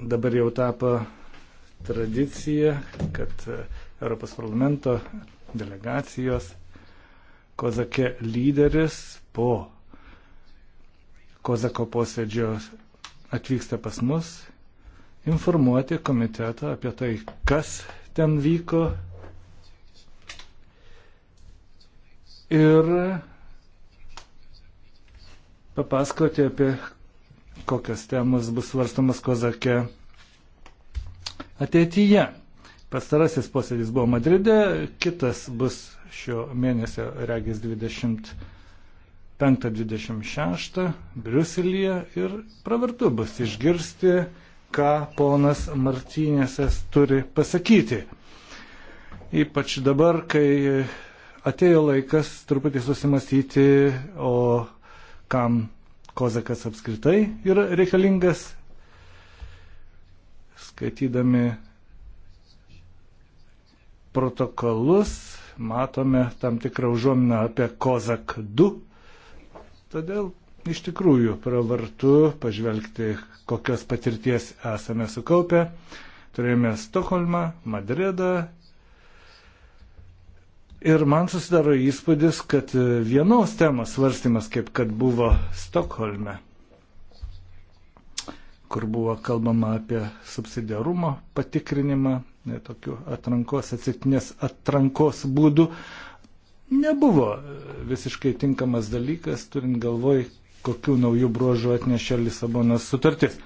dabar jau tapo tradicija, kad e, Europos parlamento delegacijos Kozakė lyderis po Kozako posėdžio atvyksta pas mus informuoti komitetą apie tai, kas ten vyko ir papasakoti apie kokios temos bus svarstomas Kozake ateityje. Pastarasis posėdis buvo Madride, kitas bus šio mėnesio regis 25-26 Briuselėje ir pravartu bus išgirsti, ką ponas Martynėsas turi pasakyti. Ypač dabar, kai atėjo laikas truputį susimastyti, o kam Kozakas apskritai yra reikalingas. Skaitydami protokolus matome tam tikrą užuominą apie Kozak 2. Todėl iš tikrųjų pravartu pažvelgti, kokios patirties esame sukaupę. Turėjome Stokholmą, Madridą, Ir man susidaro įspūdis, kad e, vienos temos svarstymas, kaip kad buvo Stokholme, kur buvo kalbama apie subsidiarumo patikrinimą, e, tokių atrankos, atsitiknės atrankos būdų, nebuvo e, visiškai tinkamas dalykas, turint galvoj, kokių naujų bruožų atnešė Lisabonas sutartis.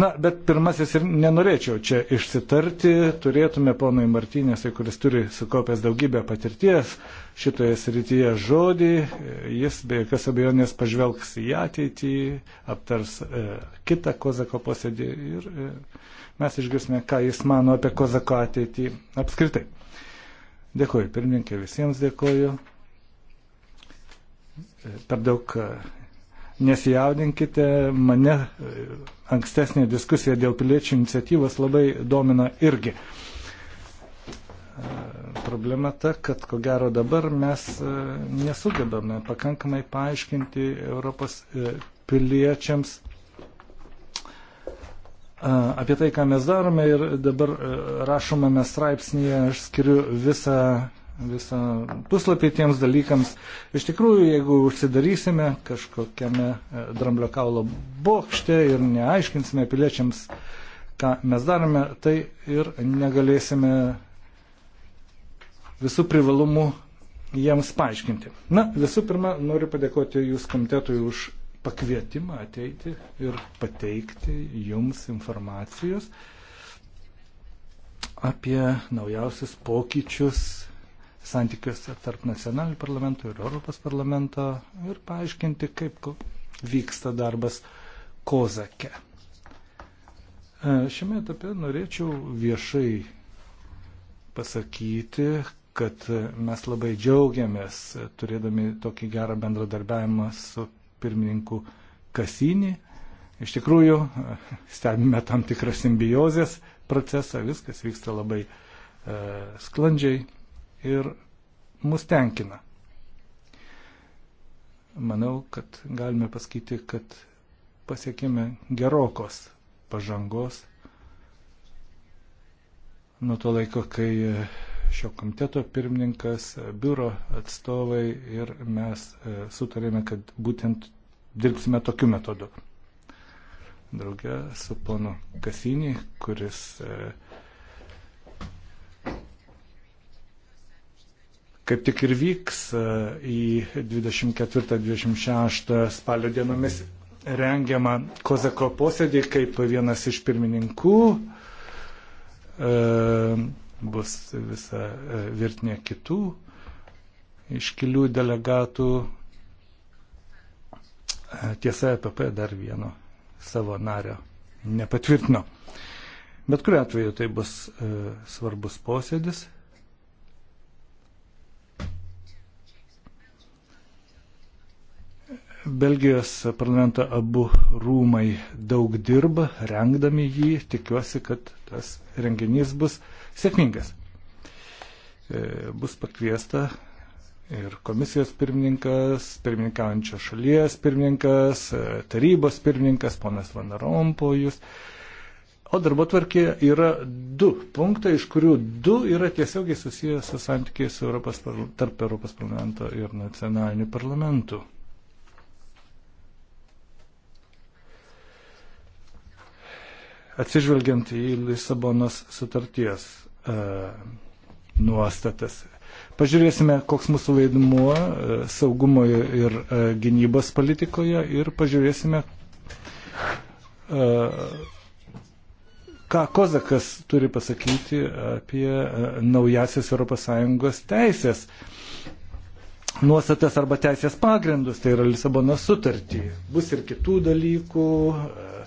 Na, bet pirmasis ir nenorėčiau čia išsitarti, turėtume ponui Martynėsui, kuris turi sukaupęs daugybę patirties šitoje srityje žodį, jis be jokios abejonės pažvelgs į ateitį, aptars e, kitą Kozako posėdį ir e, mes išgirsime, ką jis mano apie Kozako ateitį apskritai. Dėkuoju, pirmininkė, visiems dėkuoju. E, per daug e, nesijaudinkite, mane e, ankstesnė diskusija dėl piliečių iniciatyvos labai domina irgi. E, problema ta, kad ko gero dabar mes e, nesugebame pakankamai paaiškinti Europos piliečiams apie tai, ką mes darome ir dabar rašomame straipsnėje aš skiriu visą visą puslapį tiems dalykams. Iš tikrųjų, jeigu užsidarysime kažkokiame e, dramblio kaulo bokšte ir neaiškinsime piliečiams, ką mes darome, tai ir negalėsime visų privalumų jiems paaiškinti. Na, visų pirma, noriu padėkoti Jūs komitetui už pakvietimą ateiti ir pateikti Jums informacijos apie naujausius pokyčius santykiuose tarp nacionalinių parlamentų ir Europos parlamento ir paaiškinti, kaip vyksta darbas Kozake. E, šiame etape norėčiau viešai pasakyti, kad mes labai džiaugiamės e, turėdami tokį gerą bendradarbiavimą su pirmininku Kasinį. Iš tikrųjų, e, stebime tam tikrą simbiozės procesą, viskas vyksta labai e, sklandžiai, ir mus tenkina. Manau, kad galime pasakyti, kad pasiekėme gerokos pažangos nuo to laiko, kai šio komiteto pirmininkas, biuro atstovai ir mes e, sutarėme, kad būtent dirbsime tokiu metodu. Drauge su ponu Kasinį, kuris e, kaip tik ir vyks e, į 24-26 spalio dienomis rengiamą Kozako posėdį kaip vienas iš pirmininkų. E, bus visa e, virtinė kitų iškilių delegatų. Tiesa, EPP dar vieno savo nario nepatvirtino. Bet kuriu atveju tai bus e, svarbus posėdis. Belgijos parlamento abu rūmai daug dirba, rengdami jį, tikiuosi, kad tas renginys bus sėkmingas. E, bus pakviesta ir komisijos pirmininkas, pirmininkaujančios šalies pirmininkas, e, tarybos pirmininkas, ponas Van Rompojus. O darbo tvarkėje yra du punktai, iš kurių du yra tiesiogiai susijęs su santykiais Europos, tarp Europos parlamento ir nacionalinių parlamentų. atsižvelgiant į Lisabonos sutarties e, nuostatas. Pažiūrėsime, koks mūsų vaidmuo e, saugumo ir e, gynybos politikoje ir pažiūrėsime, e, ką Kozakas turi pasakyti apie e, naujasias ES teisės nuostatas arba teisės pagrindus, tai yra Lisabono sutartį. Bus ir kitų dalykų. E,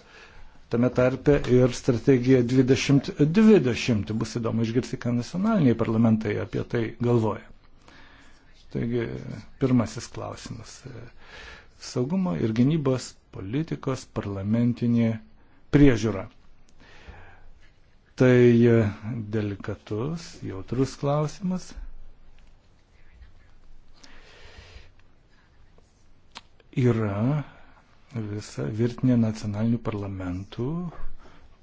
tame tarpe ir strategija 2020. Bus įdomu išgirsti, ką nacionaliniai parlamentai apie tai galvoja. Taigi, pirmasis klausimas. Saugumo ir gynybos politikos parlamentinė priežiūra. Tai delikatus, jautrus klausimas. Yra visa virtinė nacionalinių parlamentų,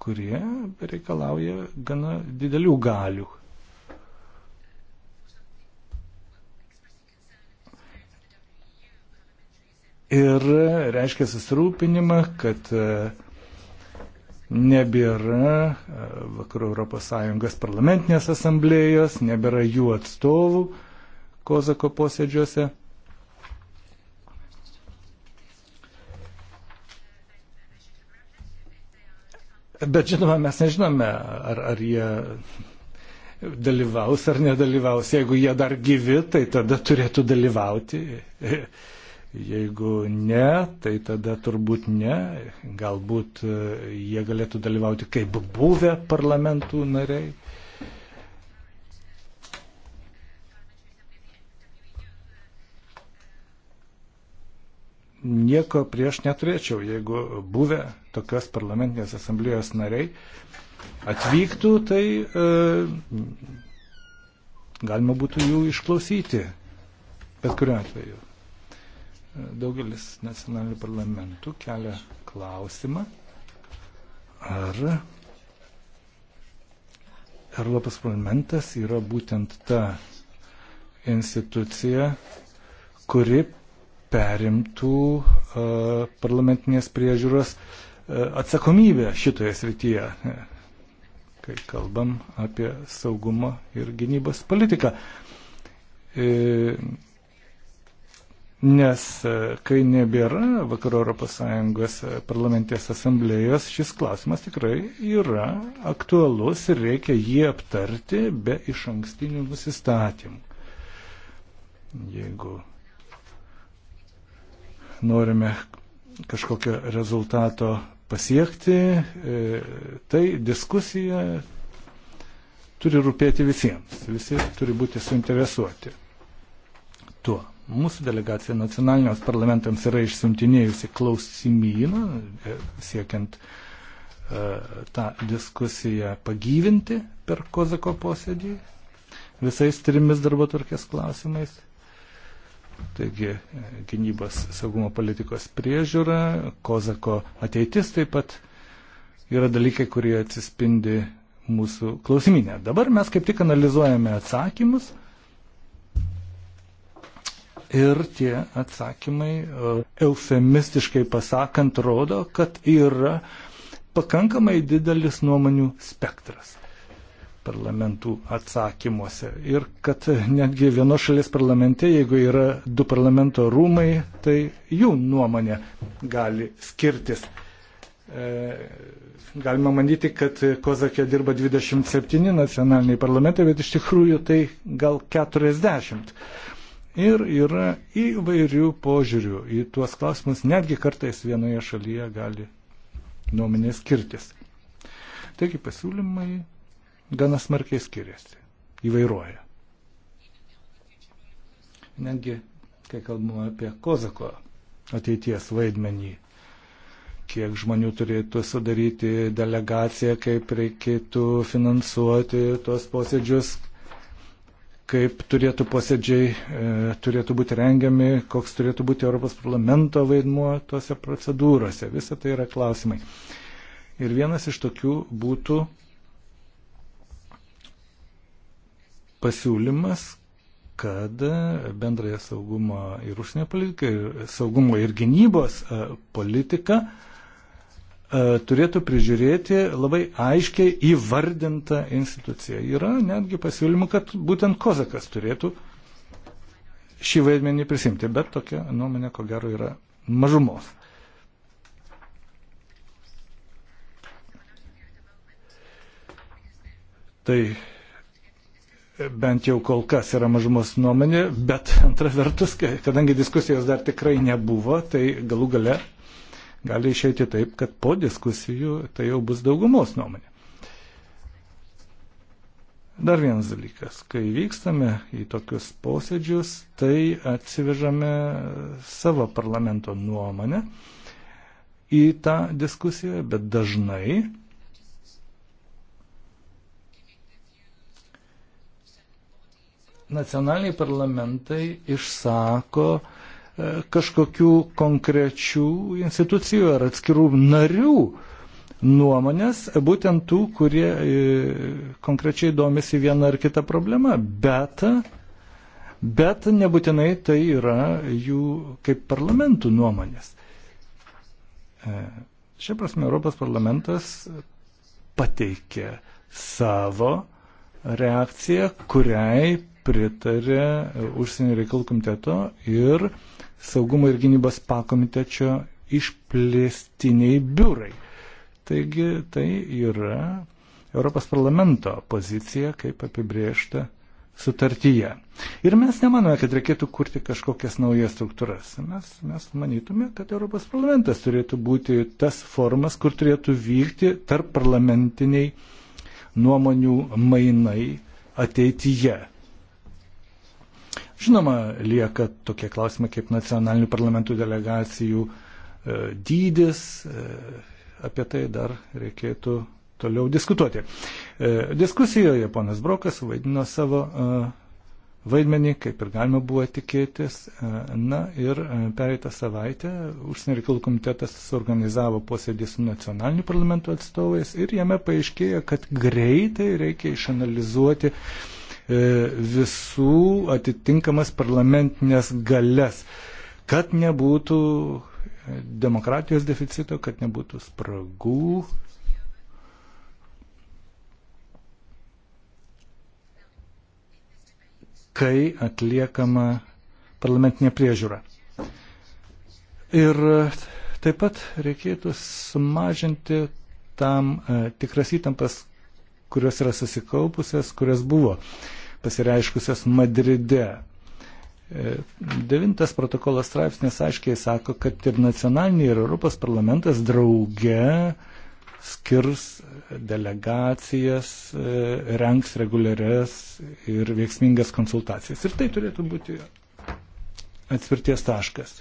kurie reikalauja gana didelių galių. Ir reiškia susirūpinimą, kad e, nebėra e, Vakarų Europos Sąjungos parlamentinės asamblėjos, nebėra jų atstovų Kozako posėdžiuose. Bet žinoma, mes nežinome, ar, ar jie dalyvaus ar nedalyvaus. Jeigu jie dar gyvi, tai tada turėtų dalyvauti. Jeigu ne, tai tada turbūt ne. Galbūt e, jie galėtų dalyvauti kaip buvę parlamentų nariai. nieko prieš neturėčiau, jeigu buvę tokios parlamentinės asamblėjos nariai atvyktų, tai e, galima būtų jų išklausyti, bet kuriuo atveju. E, daugelis nacionalinių parlamentų kelia klausimą, ar Europos parlamentas yra būtent ta institucija, kuri perimtų e, parlamentinės priežiūros e, atsakomybę šitoje srityje, e, kai kalbam apie saugumo ir gynybos politiką. Nes kai nebėra Vakarų Europos Sąjungos parlamentės asamblėjos, šis klausimas tikrai yra aktualus ir reikia jį aptarti be iš ankstinių nusistatymų. Jeigu norime kažkokio rezultato pasiekti, e, tai diskusija turi rūpėti visiems, visi turi būti suinteresuoti tuo. Mūsų delegacija nacionaliniams parlamentams yra išsiuntinėjusi klausimyną, e, siekiant uh, tą diskusiją pagyvinti per Kozako posėdį visais trimis darbo turkės klausimais. Taigi gynybos saugumo politikos priežiūra, Kozako ateitis taip pat yra dalykai, kurie atsispindi mūsų klausiminė. Dabar mes kaip tik analizuojame atsakymus ir tie atsakymai, e, eufemistiškai pasakant, rodo, kad yra pakankamai didelis nuomonių spektras parlamentų atsakymuose. Ir kad netgi vienos šalies parlamente, jeigu yra du parlamento rūmai, tai jų nuomonė gali skirtis. E, galima manyti, kad Kozakė dirba 27 nacionaliniai parlamentai, bet iš tikrųjų tai gal 40. Ir yra įvairių požiūrių į tuos klausimus, netgi kartais vienoje šalyje gali nuomonės skirtis. Taigi pasiūlymai gana smarkiai skiriasi, įvairuoja. Netgi, kai kalbame apie Kozako ateities vaidmenį, kiek žmonių turėtų sudaryti delegaciją, kaip reikėtų finansuoti tuos posėdžius, kaip turėtų posėdžiai e, turėtų būti rengiami, koks turėtų būti Europos parlamento vaidmuo tuose procedūrose. Visa tai yra klausimai. Ir vienas iš tokių būtų pasiūlymas, kad bendrąją saugumo ir užsienio politiką, ir saugumo ir gynybos e, politiką e, turėtų prižiūrėti labai aiškiai įvardinta institucija. Yra netgi pasiūlymų, kad būtent Kozakas turėtų šį vaidmenį prisimti, bet tokia nuomonė, ko gero, yra mažumos. Tai bent jau kol kas yra mažumos nuomonė, bet antra vertus, kadangi diskusijos dar tikrai nebuvo, tai galų gale gali išeiti taip, kad po diskusijų tai jau bus daugumos nuomonė. Dar vienas dalykas, kai vykstame į tokius posėdžius, tai atsivežame savo parlamento nuomonę į tą diskusiją, bet dažnai nacionaliniai parlamentai išsako e, kažkokių konkrečių institucijų ar atskirų narių nuomonės, būtent tų, kurie e, konkrečiai domisi vieną ar kitą problemą. Bet, bet nebūtinai tai yra jų kaip parlamentų nuomonės. E, šia prasme, Europos parlamentas pateikė savo reakciją, kuriai pritarė užsienio reikalų komiteto ir saugumo ir gynybos pakomitečio išplėstiniai biurai. Taigi tai yra Europos parlamento pozicija, kaip apibriešta sutartyje. Ir mes nemanome, kad reikėtų kurti kažkokias naujas struktūras. Mes, mes manytume, kad Europos parlamentas turėtų būti tas formas, kur turėtų vykti tarp parlamentiniai nuomonių mainai ateityje. Žinoma, lieka tokie klausimai kaip nacionalinių parlamentų delegacijų e, dydis, e, apie tai dar reikėtų toliau diskutuoti. E, diskusijoje ponas Brokas vaidino savo vaidmenį, kaip ir galima buvo tikėtis. Na ir pereitą savaitę užsienio reikalų komitetas suorganizavo posėdį su nacionaliniu parlamentu atstovais ir jame paaiškėjo, kad greitai reikia išanalizuoti uh, E, visų atitinkamas parlamentinės galės, kad nebūtų demokratijos deficito, kad nebūtų spragų. kai atliekama parlamentinė priežiūra. Ir taip pat reikėtų sumažinti tam e, tikras įtampas, kurios yra susikaupusios, kurios buvo pasireiškusios Madride. E, devintas protokolas straipsnis aiškiai sako, kad ir nacionaliniai, ir Europos parlamentas drauge skirs delegacijas, e, renks reguliarias ir veiksmingas konsultacijas. Ir tai turėtų būti atspirties taškas.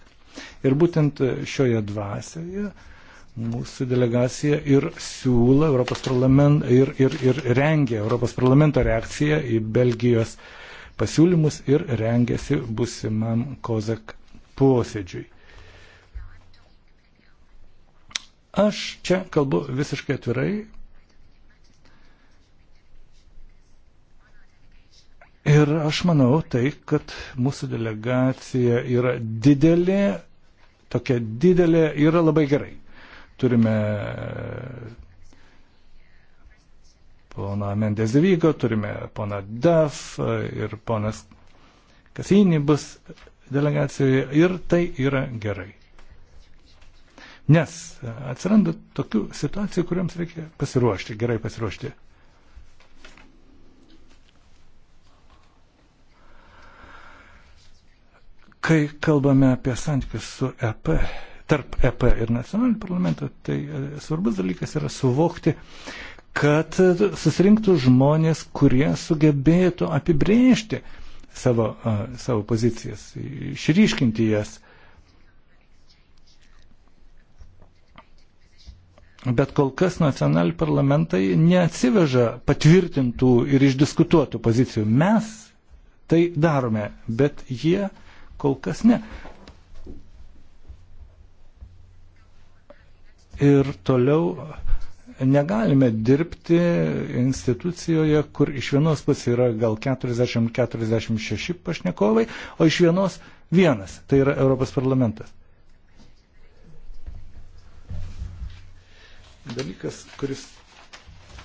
Ir būtent šioje dvasioje mūsų delegacija ir siūlo Europos parlamentą ir, ir, ir rengia Europos parlamento reakciją į Belgijos pasiūlymus ir rengiasi busimam Kozak posėdžiui. Aš čia kalbu visiškai atvirai. Ir aš manau tai, kad mūsų delegacija yra didelė, tokia didelė yra labai gerai Turime poną Mendezivygo, turime poną Daf e, ir ponas Kasinį bus delegacijoje ir tai yra gerai. Nes e, atsiranda tokių situacijų, kuriams reikia pasiruošti, gerai pasiruošti. Kai kalbame apie santykius su EP, tarp EP ir nacionalinių parlamentų, tai e, svarbus dalykas yra suvokti, kad susirinktų žmonės, kurie sugebėtų apibrėžti savo, e, savo pozicijas, išryškinti jas. Bet kol kas nacionaliniai parlamentai neatsiveža patvirtintų ir išdiskutuotų pozicijų. Mes tai darome, bet jie kol kas ne. ir toliau negalime dirbti institucijoje, kur iš vienos pusės yra gal 40-46 pašnekovai, o iš vienos vienas, tai yra Europos parlamentas. Dalykas, kuris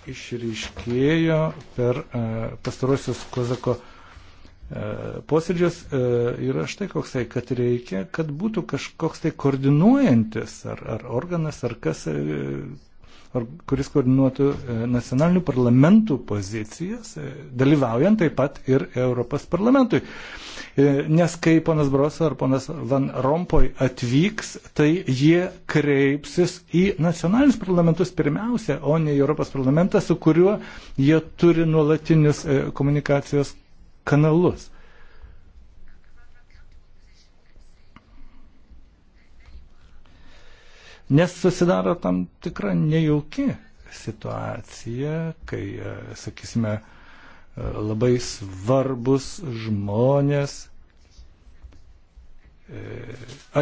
išryškėjo per e, pastarosius Kozako uh, E, posėdžius e, yra štai koksai, kad reikia, kad būtų kažkoks tai koordinuojantis ar, ar organas, ar kas, e, ar, kuris koordinuotų nacionalinių parlamentų pozicijas, dalyvaujant taip pat ir Europos parlamentui. Nes kai ponas Broso ar ponas Van Rompoj atvyks, tai jie kreipsis į nacionalinius parlamentus pirmiausia, o ne į Europos parlamentą, su kuriuo jie turi nuolatinius komunikacijos kanalus. Nes susidaro tam tikra nejauki situacija, kai, e, sakysime, e, labai svarbus žmonės e,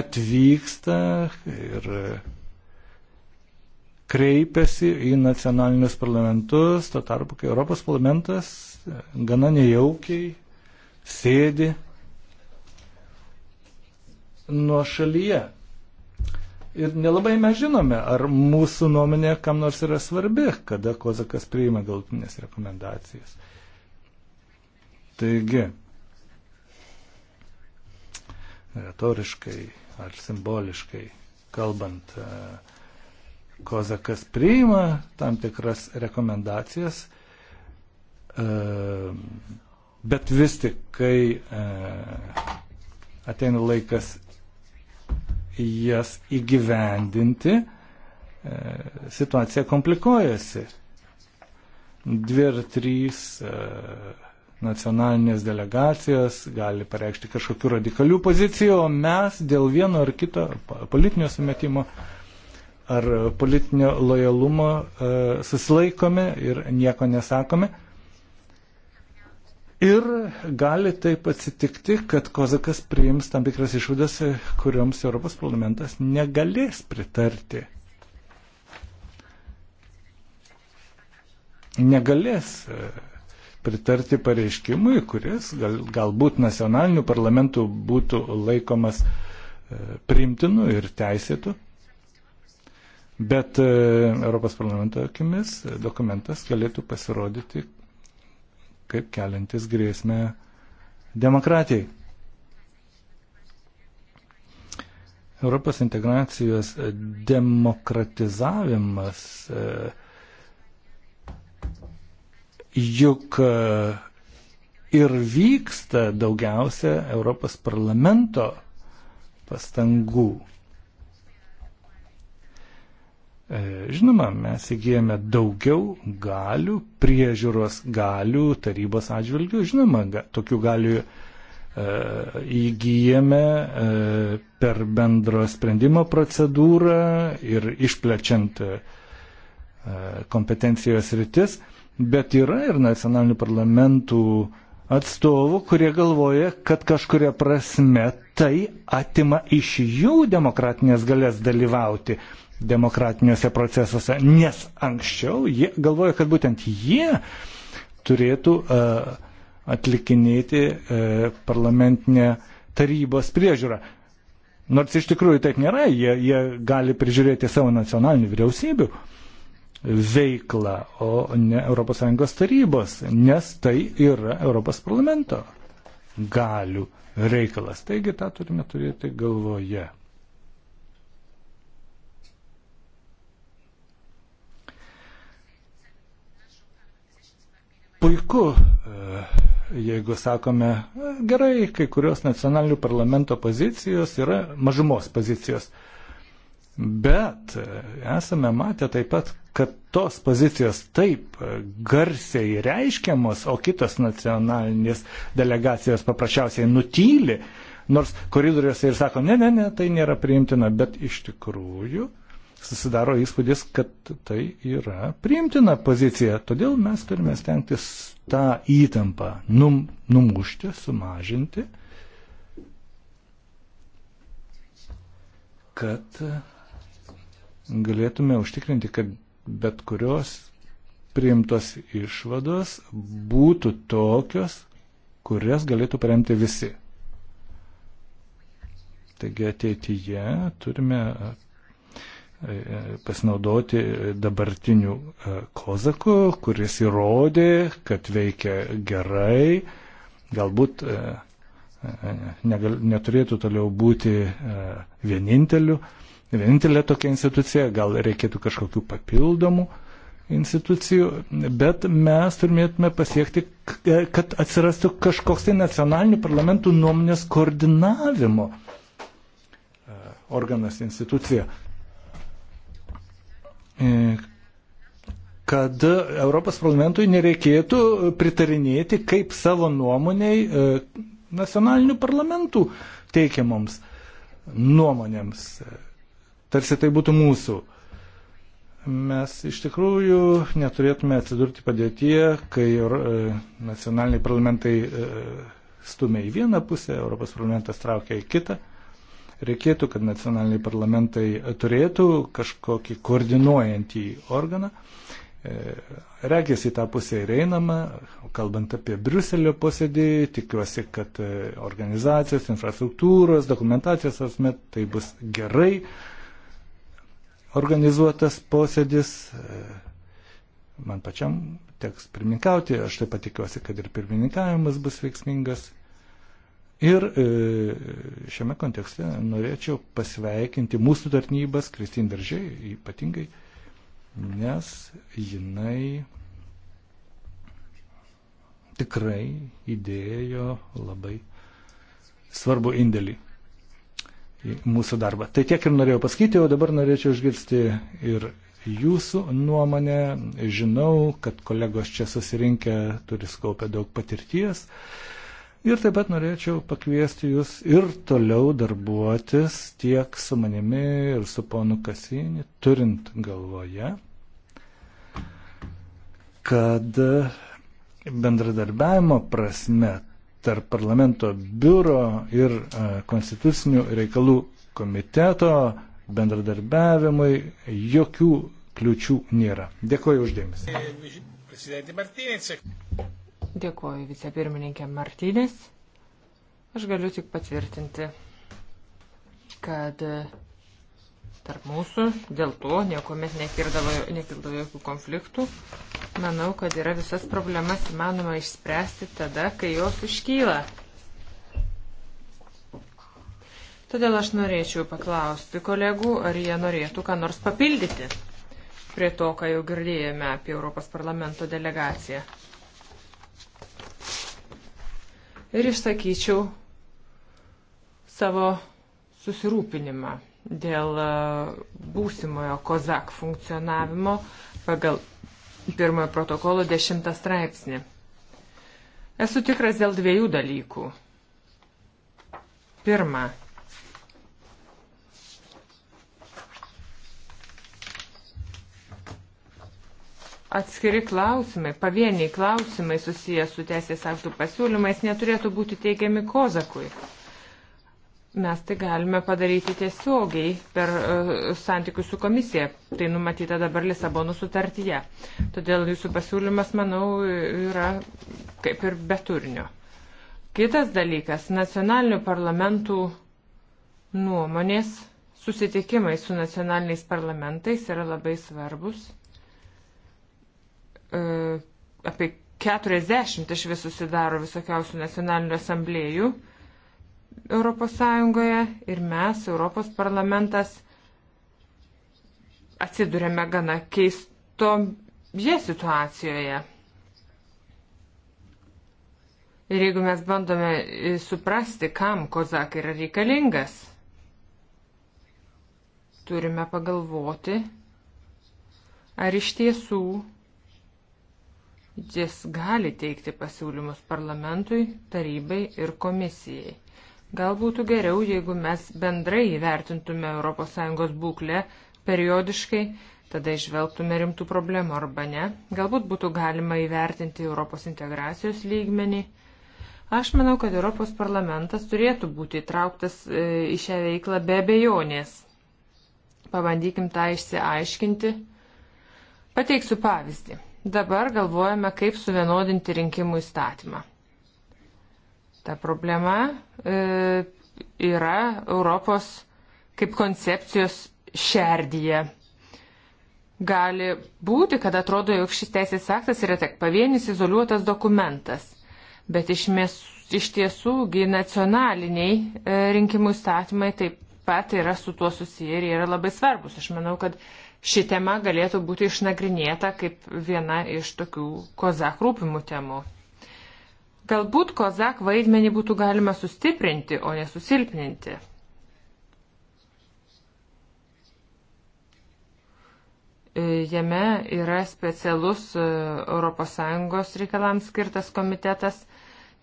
atvyksta ir kreipiasi į nacionalinius parlamentus, to tarpu, kai Europos parlamentas gana nejaukiai sėdi nuo šalyje. Ir nelabai mes žinome, ar mūsų nuomonė kam nors yra svarbi, kada Kozakas priima galtinės rekomendacijas. Taigi, retoriškai ar simboliškai kalbant, e, Kozakas priima tam tikras rekomendacijas Ehm, bet vis tik, kai ehm, ateina laikas jas įgyvendinti, ehm, situacija komplikuojasi. Dvi ar trys nacionalinės delegacijos gali pareikšti kažkokių radikalių pozicijų, o mes dėl vieno ar kito politinio sumetimo ar politinio lojalumo susilaikome ir nieko nesakome. Ir gali taip atsitikti, kad Kozakas priims tam tikras išvadas, kurioms Europos parlamentas negalės pritarti. Negalės e, pritarti pareiškimui, kuris gal, galbūt nacionalinių parlamentų būtų laikomas e, priimtinu ir teisėtu. Bet e, Europos parlamento akimis dokumentas galėtų pasirodyti kaip keliantis grėsmę demokratijai. Europos integracijos demokratizavimas e, juk e, ir vyksta daugiausia Europos parlamento pastangų. E, žinoma, mes įgyjame daugiau galių, priežiūros galių tarybos atžvilgių. Žinoma, tokių galių e, įgyjame e, per bendro sprendimo procedūrą ir išplečiant kompetencijos rytis, bet yra ir nacionalinių parlamentų atstovų, kurie galvoja, kad kažkuria prasme tai atima iš jų demokratinės galės dalyvauti demokratiniuose procesuose, nes anksčiau jie galvoja, kad būtent jie turėtų uh, atlikinėti uh, parlamentinę tarybos priežiūrą. Nors iš tikrųjų taip nėra, jie, jie gali prižiūrėti savo nacionalinių vyriausybių veiklą, o ne ES tarybos, nes tai yra ES parlamento galių reikalas. Taigi tą turime turėti galvoje. puiku, e, jeigu sakome, e, gerai, kai kurios nacionalinių parlamento pozicijos yra mažumos pozicijos. Bet e, esame matę taip pat, kad tos pozicijos taip garsiai reiškiamos, o kitos nacionalinės delegacijos paprasčiausiai nutyli, nors koridoriuose ir sako, ne, ne, ne, tai nėra priimtina, bet iš tikrųjų susidaro įspūdis, kad tai yra priimtina pozicija. Todėl mes turime stengtis tą įtampą num, numušti, sumažinti, kad galėtume užtikrinti, kad bet kurios priimtos išvados būtų tokios, kurias galėtų paremti visi. Taigi ateityje turime E, pasinaudoti dabartiniu e, kozaku, kuris įrodė, kad veikia gerai, galbūt e, negal, neturėtų toliau būti vieninteliu, vienintelė tokia institucija, gal reikėtų kažkokių papildomų institucijų, bet mes turėtume pasiekti, kad atsirastų kažkoks tai nacionalinių parlamentų nuomonės koordinavimo organas institucija. E, kad Europos parlamentui nereikėtų pritarinėti kaip savo nuomoniai e, nacionalinių parlamentų teikiamoms nuomonėms. Tarsi tai būtų mūsų. Mes iš tikrųjų neturėtume atsidurti padėtyje, kai e, nacionaliniai parlamentai stumia į vieną pusę, Europos parlamentas traukia į kitą. Reikėtų, kad nacionaliniai parlamentai turėtų kažkokį koordinuojantį organą. E, regis į tą pusę ir einama, kalbant apie Briuselio posėdį, tikiuosi, kad e, organizacijos, infrastruktūros, dokumentacijos asmet tai bus gerai organizuotas posėdis. E, man pačiam teks pirmininkauti, aš taip pat tikiuosi, kad ir pirmininkavimas bus veiksmingas. Ir e, šiame kontekste norėčiau pasveikinti mūsų tarnybas, Kristin Veržiai ypatingai, nes jinai tikrai įdėjo labai svarbu indėlį į mūsų darbą. Tai tiek ir norėjau pasakyti, o dabar norėčiau išgirsti ir jūsų nuomonę. Žinau, kad kolegos čia susirinkę turi skaupę daug patirties. Uh, Ir taip pat norėčiau pakviesti jūs ir toliau darbuotis tiek su manimi ir su ponu Kasinį, turint galvoje, kad bendradarbiavimo prasme tarp parlamento biuro ir e, konstitucinių reikalų komiteto bendradarbiavimui jokių kliučių nėra. Dėkuoju uždėmesi. Dėkuoju vicepirmininkė Martynės. Aš galiu tik patvirtinti, kad e, tarp mūsų dėl to niekuomet nekildavo jokių konfliktų. Manau, kad yra visas problemas įmanoma išspręsti tada, kai jos iškyla. Todėl aš norėčiau paklausti kolegų, ar jie norėtų ką nors papildyti prie to, ką jau girdėjome apie Europos parlamento delegaciją. ir išsakyčiau savo susirūpinimą dėl e, būsimojo kozak funkcionavimo pagal pirmojo protokolo dešimtą straipsnį. Esu tikras dėl dviejų dalykų. Pirma, atskiri klausimai, pavieniai klausimai susijęs su teisės aktų pasiūlymais neturėtų būti teikiami Kozakui. Mes tai galime padaryti tiesiogiai per uh, santykius su komisija. Tai numatyta dabar Lisabono sutartyje. Todėl jūsų pasiūlymas, manau, yra kaip ir beturinio. Kitas dalykas - nacionalinių parlamentų nuomonės susitikimai su nacionaliniais parlamentais yra labai svarbus E, apie 40 iš visų susidaro visokiausių nacionalinių asamblėjų ES ir mes, Europos parlamentas, atsidurėme gana keistoje situacijoje. Ir jeigu mes bandome e, suprasti, kam kozak yra reikalingas, turime pagalvoti, ar iš tiesų Jis gali teikti pasiūlymus parlamentui, tarybai ir komisijai. Gal būtų geriau, jeigu mes bendrai įvertintume ES būklę periodiškai, tada išvelgtume rimtų problemų arba ne. Galbūt būtų galima įvertinti Europos integracijos lygmenį. Aš manau, kad Europos parlamentas turėtų būti įtrauktas e, į šią veiklą be abejonės. Pabandykim tą išsiaiškinti. Pateiksiu pavyzdį. Dabar galvojame, kaip suvienodinti rinkimų įstatymą. Ta problema e, yra Europos kaip koncepcijos šerdyje. Gali būti, kad atrodo, jog šis teisės aktas yra tik pavienis izoliuotas dokumentas, bet iš, mes, iš tiesųgi nacionaliniai e, rinkimų įstatymai taip pat yra su tuo susiję ir yra labai svarbus. Aš manau, kad e, ši tema galėtų būti išnagrinėta kaip viena iš tokių kozak rūpimų temų. Galbūt kozak vaidmenį būtų galima sustiprinti, o nesusilpninti. Jame yra specialus ES reikalams skirtas komitetas –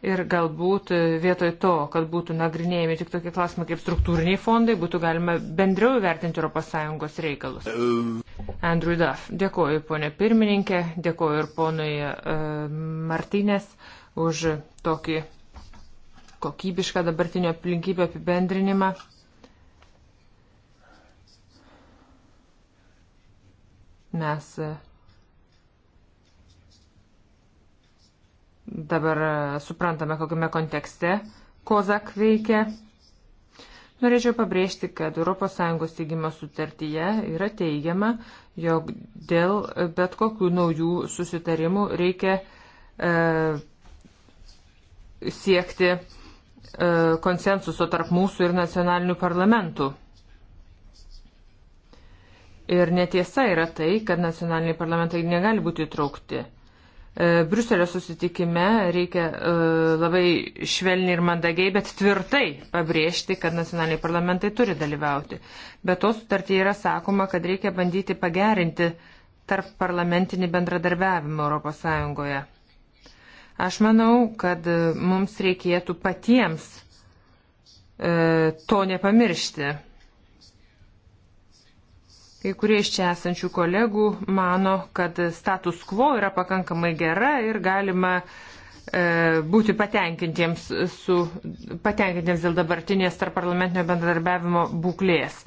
Ir galbūt e, vietoj to, kad būtų nagrinėjami tik tokie klausimai kaip struktūriniai fondai, būtų galima bendriau vertinti ES reikalus. Andrew Duff, dėkoju ponė pirmininkė, dėkoju ir ponui uh, Martinės už tokį kokybišką dabartinio aplinkybę apibendrinimą. Mes. Uh, Dabar suprantame, kokiame kontekste Kozak veikia. Norėčiau pabrėžti, kad ES teigimo sutartyje yra teigiama, jog dėl bet kokių naujų susitarimų reikia e, siekti e, konsensuso tarp mūsų ir nacionalinių parlamentų. Ir netiesa yra tai, kad nacionaliniai parlamentai negali būti įtraukti. E, Briuselio susitikime reikia e, labai švelniai ir mandagiai, bet tvirtai pabrėžti, kad nacionaliniai parlamentai turi dalyvauti. Bet to sutartyje yra sakoma, kad reikia bandyti pagerinti tarp parlamentinį bendradarbiavimą ES. Aš manau, kad mums reikėtų patiems e, to nepamiršti Kai kurie iš čia esančių kolegų mano, kad status quo yra pakankamai gera ir galima e, būti patenkintiems, su, patenkintiems dėl dabartinės tarp parlamentinio bendradarbiavimo būklės.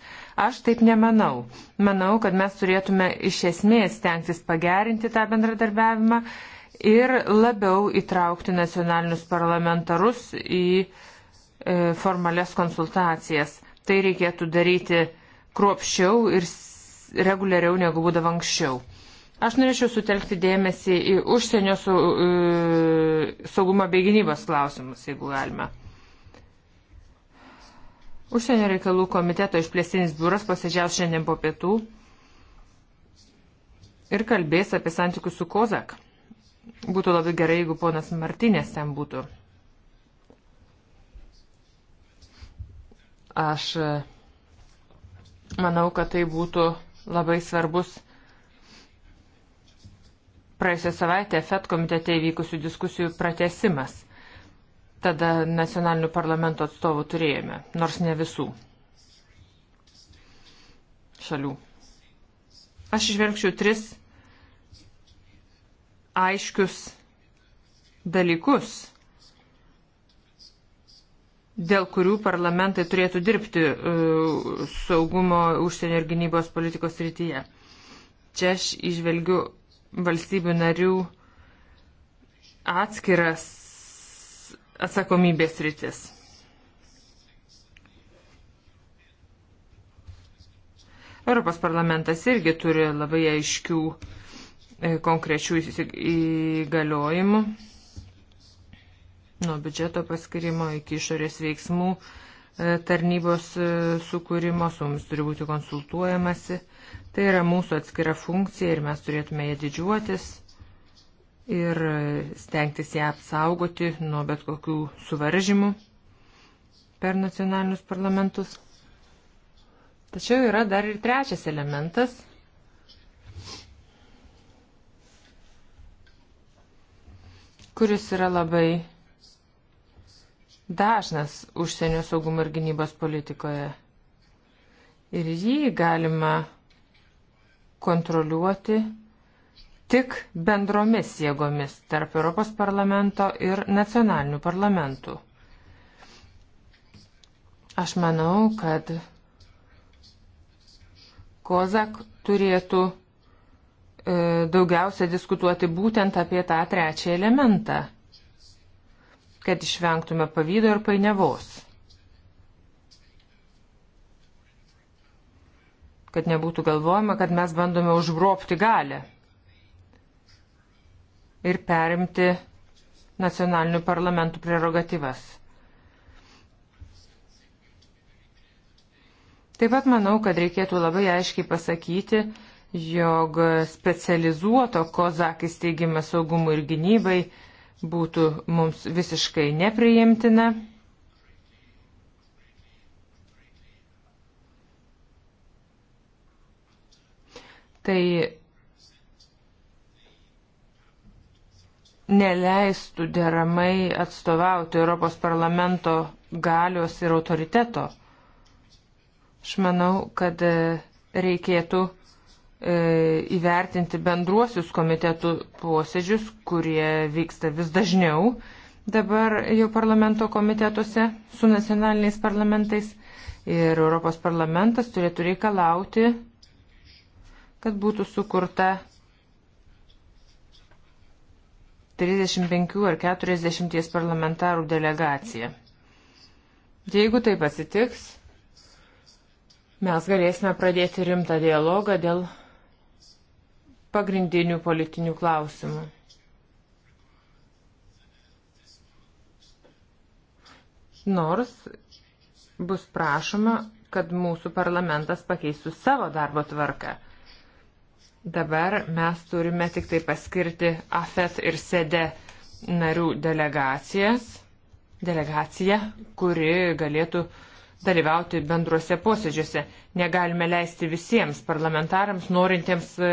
Aš taip nemanau. Manau, kad mes turėtume iš esmės stengtis pagerinti tą bendradarbiavimą ir labiau įtraukti nacionalinius parlamentarus į e, formalias konsultacijas. Tai reikėtų daryti kruopščiau ir reguliariau negu būdavo anksčiau. Aš norėčiau sutelkti dėmesį į užsienio su, e, saugumo bei gynybos klausimus, jeigu galima. Užsienio reikalų komiteto išplėstinis biuras posėdžiaus šiandien po pietų ir kalbės apie santykius su Kozak. Būtų labai gerai, jeigu ponas Martinės ten būtų. Aš e, manau, kad tai būtų labai svarbus praėjusią savaitę FED komitete įvykusių diskusijų pratesimas. Tada nacionalinių parlamento atstovų turėjome, nors ne visų šalių. Aš išvelgčiau tris aiškius dalykus dėl kurių parlamentai turėtų dirbti e, saugumo užsienio ir gynybos politikos rytyje. Čia aš išvelgiu valstybių narių atskiras atsakomybės rytis. Europos parlamentas irgi turi labai aiškių e, konkrečių įgaliojimų nuo biudžeto paskirimo iki išorės veiksmų e, tarnybos e, sukūrimo, su mums turi būti konsultuojamasi. Tai yra mūsų atskira funkcija ir mes turėtume ją didžiuotis ir e, stengtis ją apsaugoti nuo bet kokių suvaržymų per nacionalinius parlamentus. Tačiau yra dar ir trečias elementas. kuris yra labai dažnas užsienio saugumo ir gynybos politikoje. Ir jį galima kontroliuoti tik bendromis jėgomis tarp Europos parlamento ir nacionalinių parlamentų. Aš manau, kad Kozak turėtų e, daugiausia diskutuoti būtent apie tą trečią elementą kad išvengtume pavydo ir painiavos, kad nebūtų galvojama, kad mes bandome užgrobti galę ir perimti nacionalinių parlamentų prerogatyvas. Taip pat manau, kad reikėtų labai aiškiai pasakyti, jog specializuoto kozak įsteigimas saugumui ir gynybai būtų mums visiškai nepriimtina. Tai neleistų deramai atstovauti Europos parlamento galios ir autoriteto. Aš manau, kad reikėtų E, įvertinti bendruosius komitetų posėdžius, kurie vyksta vis dažniau dabar jau parlamento komitetuose su nacionaliniais parlamentais. Ir Europos parlamentas turėtų reikalauti, kad būtų sukurta 35 ar 40 parlamentarų delegacija. Jeigu taip atsitiks, mes galėsime pradėti rimtą dialogą dėl pagrindinių politinių klausimų. Nors bus prašoma, kad mūsų parlamentas pakeistų savo darbo tvarką. Dabar mes turime tik tai paskirti AFET ir SEDE narių delegacijas, delegaciją, kuri galėtų uh, dalyvauti bendruose posėdžiuose. Negalime leisti visiems parlamentarams, norintiems e,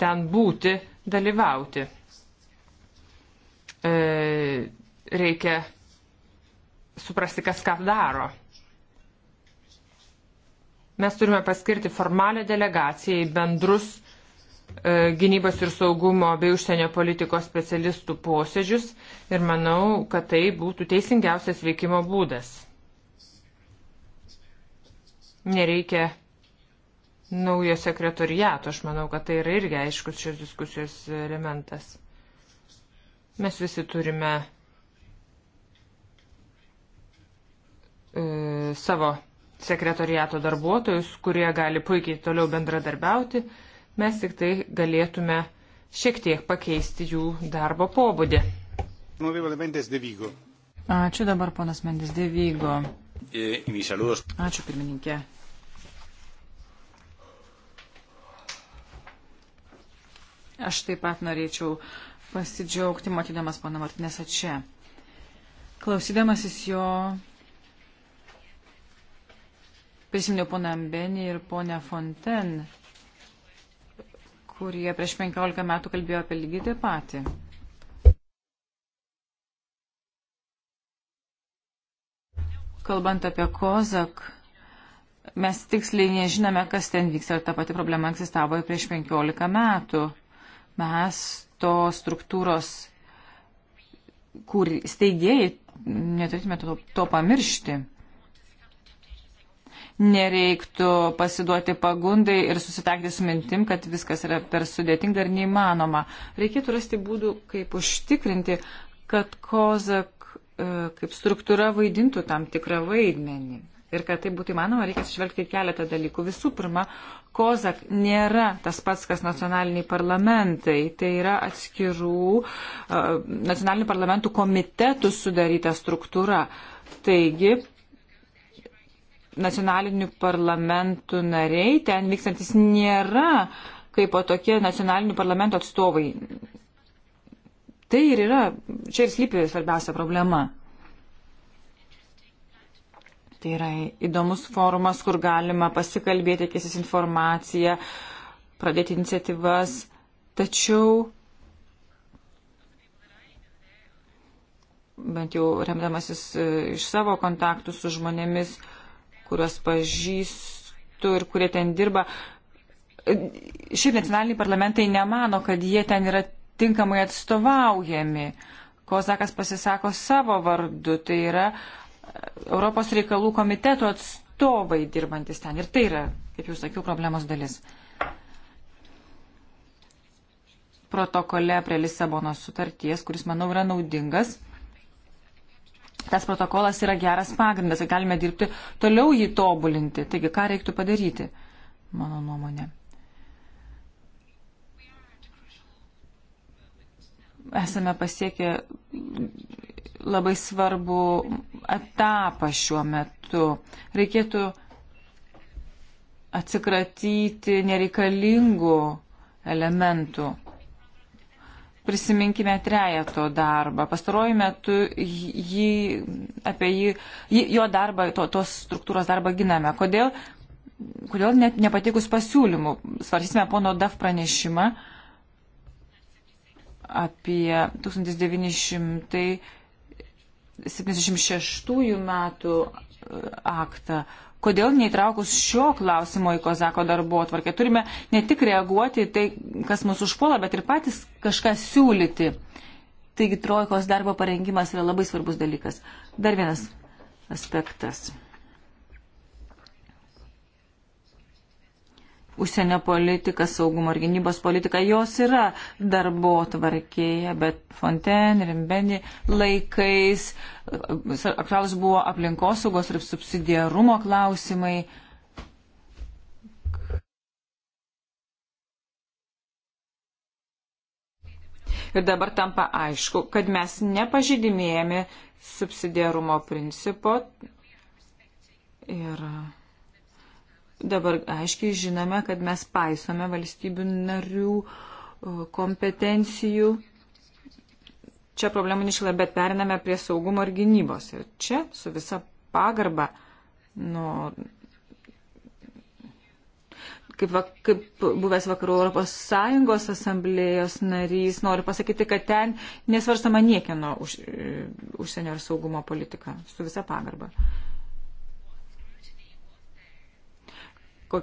ten būti, dalyvauti. E, reikia suprasti, kas ką daro. Mes turime paskirti formalią delegaciją į bendrus e, gynybos ir saugumo bei užsienio politikos specialistų posėdžius ir manau, kad tai būtų teisingiausias veikimo būdas. Nereikia naujo sekretoriato, aš manau, kad tai yra irgi aiškus šios diskusijos elementas. Mes visi turime e, savo sekretoriato darbuotojus, kurie gali puikiai toliau bendradarbiauti, mes tik tai galėtume šiek tiek pakeisti jų darbo pobūdį. Ačiū dabar ponas Mendes Devygo. Eh, Ačiū pirmininkė. Aš taip pat norėčiau pasidžiaugti, matydamas pana Martinėsą čia. Klausydamasis jo, prisiminiau poną Ambenį ir ponę Fonten, kurie prieš 15 metų kalbėjo apie lygiai tą patį. kalbant apie Kozak, mes tiksliai nežinome, kas ten vyks, ar ta pati problema egzistavo ir prieš 15 metų. Mes to struktūros, kur steigėjai, neturėtume to, to pamiršti. Nereiktų pasiduoti pagundai ir susitakti su mintim, kad viskas yra per sudėtinga ir neįmanoma. Reikėtų rasti būdų, kaip užtikrinti, kad Kozak E, kaip struktūra vaidintų tam tikrą vaidmenį. Ir kad tai būtų įmanoma, reikia atsižvelgti keletą dalykų. Visų pirma, Kozak nėra tas pats, kas nacionaliniai parlamentai. Tai yra atskirų uh, nacionalinių parlamentų komitetų sudaryta struktūra. Taigi, nacionalinių parlamentų nariai ten vykstantis nėra kaip o tokie nacionalinių parlamentų atstovai. Tai ir yra, čia ir slypi svarbiausia problema. Tai yra įdomus forumas, kur galima pasikalbėti, keisis informaciją, pradėti iniciatyvas, tačiau bent jau remdamasis e, iš savo kontaktų su žmonėmis, kuriuos pažįstu ir kurie ten dirba. E, šiaip nacionaliniai parlamentai nemano, kad jie ten yra tinkamai atstovaujami. Kozakas pasisako savo vardu, tai yra e, Europos reikalų komiteto atstovai dirbantis ten. Ir tai yra, kaip jau sakiau, problemos dalis. Protokole prie Lisabonos sutarties, kuris, manau, yra naudingas. Tas protokolas yra geras pagrindas ir galime dirbti toliau jį tobulinti. Taigi, ką reiktų padaryti, mano nuomonė. esame pasiekę labai svarbu etapą šiuo metu. Reikėtų atsikratyti nereikalingų elementų. Prisiminkime trejato darbą. Pastaruoju metu jį, apie jį, jį jo darbą, to, tos struktūros darbą giname. Kodėl, kodėl net nepatikus pasiūlymų? Svarsysime pono DAF pranešimą. Uh, apie 1976 metų e, aktą. Kodėl neįtraukus šio klausimo į Kozako darbo atvarkę? Turime ne tik reaguoti į tai, kas mūsų užpuola, bet ir patys kažką siūlyti. Taigi trojkos darbo parengimas yra labai svarbus dalykas. Dar vienas aspektas. užsienio politika, saugumo ir gynybos politika, jos yra darbo tvarkėje, bet Fonten, Rimbendi laikais aktualus buvo aplinkosaugos ir subsidiarumo klausimai. Ir dabar tampa aišku, kad mes nepažydimėjame subsidiarumo principo ir dabar aiškiai žinome, kad mes paisome valstybių narių kompetencijų. Čia problemų nešila, bet periname prie saugumo ir gynybos. Ir čia su visa pagarba, nu, kaip, va, kaip buvęs Vakarų Europos Sąjungos asamblėjos narys, noriu pasakyti, kad ten nesvarstama niekieno už, e, užsienio ir saugumo politika, su visa pagarba. Uh,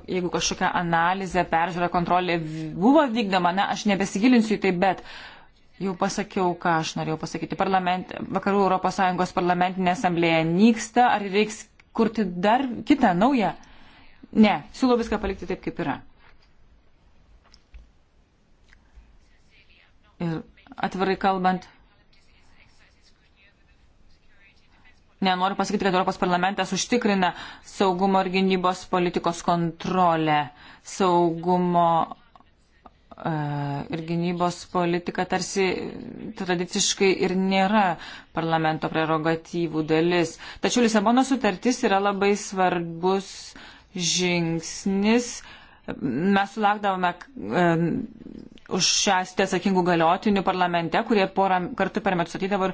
jeigu kažkokia analizė, peržiūra, kontrolė buvo vykdoma, na, aš nebesigilinsiu į tai, bet jau pasakiau, ką aš norėjau pasakyti. Parlament, vakarų ES parlamentinė asamblėje nyksta, ar reiks kurti dar kitą naują? Ne, siūlau viską palikti taip, kaip yra. Ir atvirai kalbant, nenoriu pasakyti, kad Europos parlamentas užtikrina saugumo ir gynybos politikos kontrolę. Saugumo e, ir gynybos politika tarsi tradiciškai ir nėra parlamento prerogatyvų dalis. Tačiau Lisabono sutartis yra labai svarbus žingsnis. Mes sulaukdavome e, už šią atsakingų galiotinių parlamente, kurie porą kartų per metus atydavo ir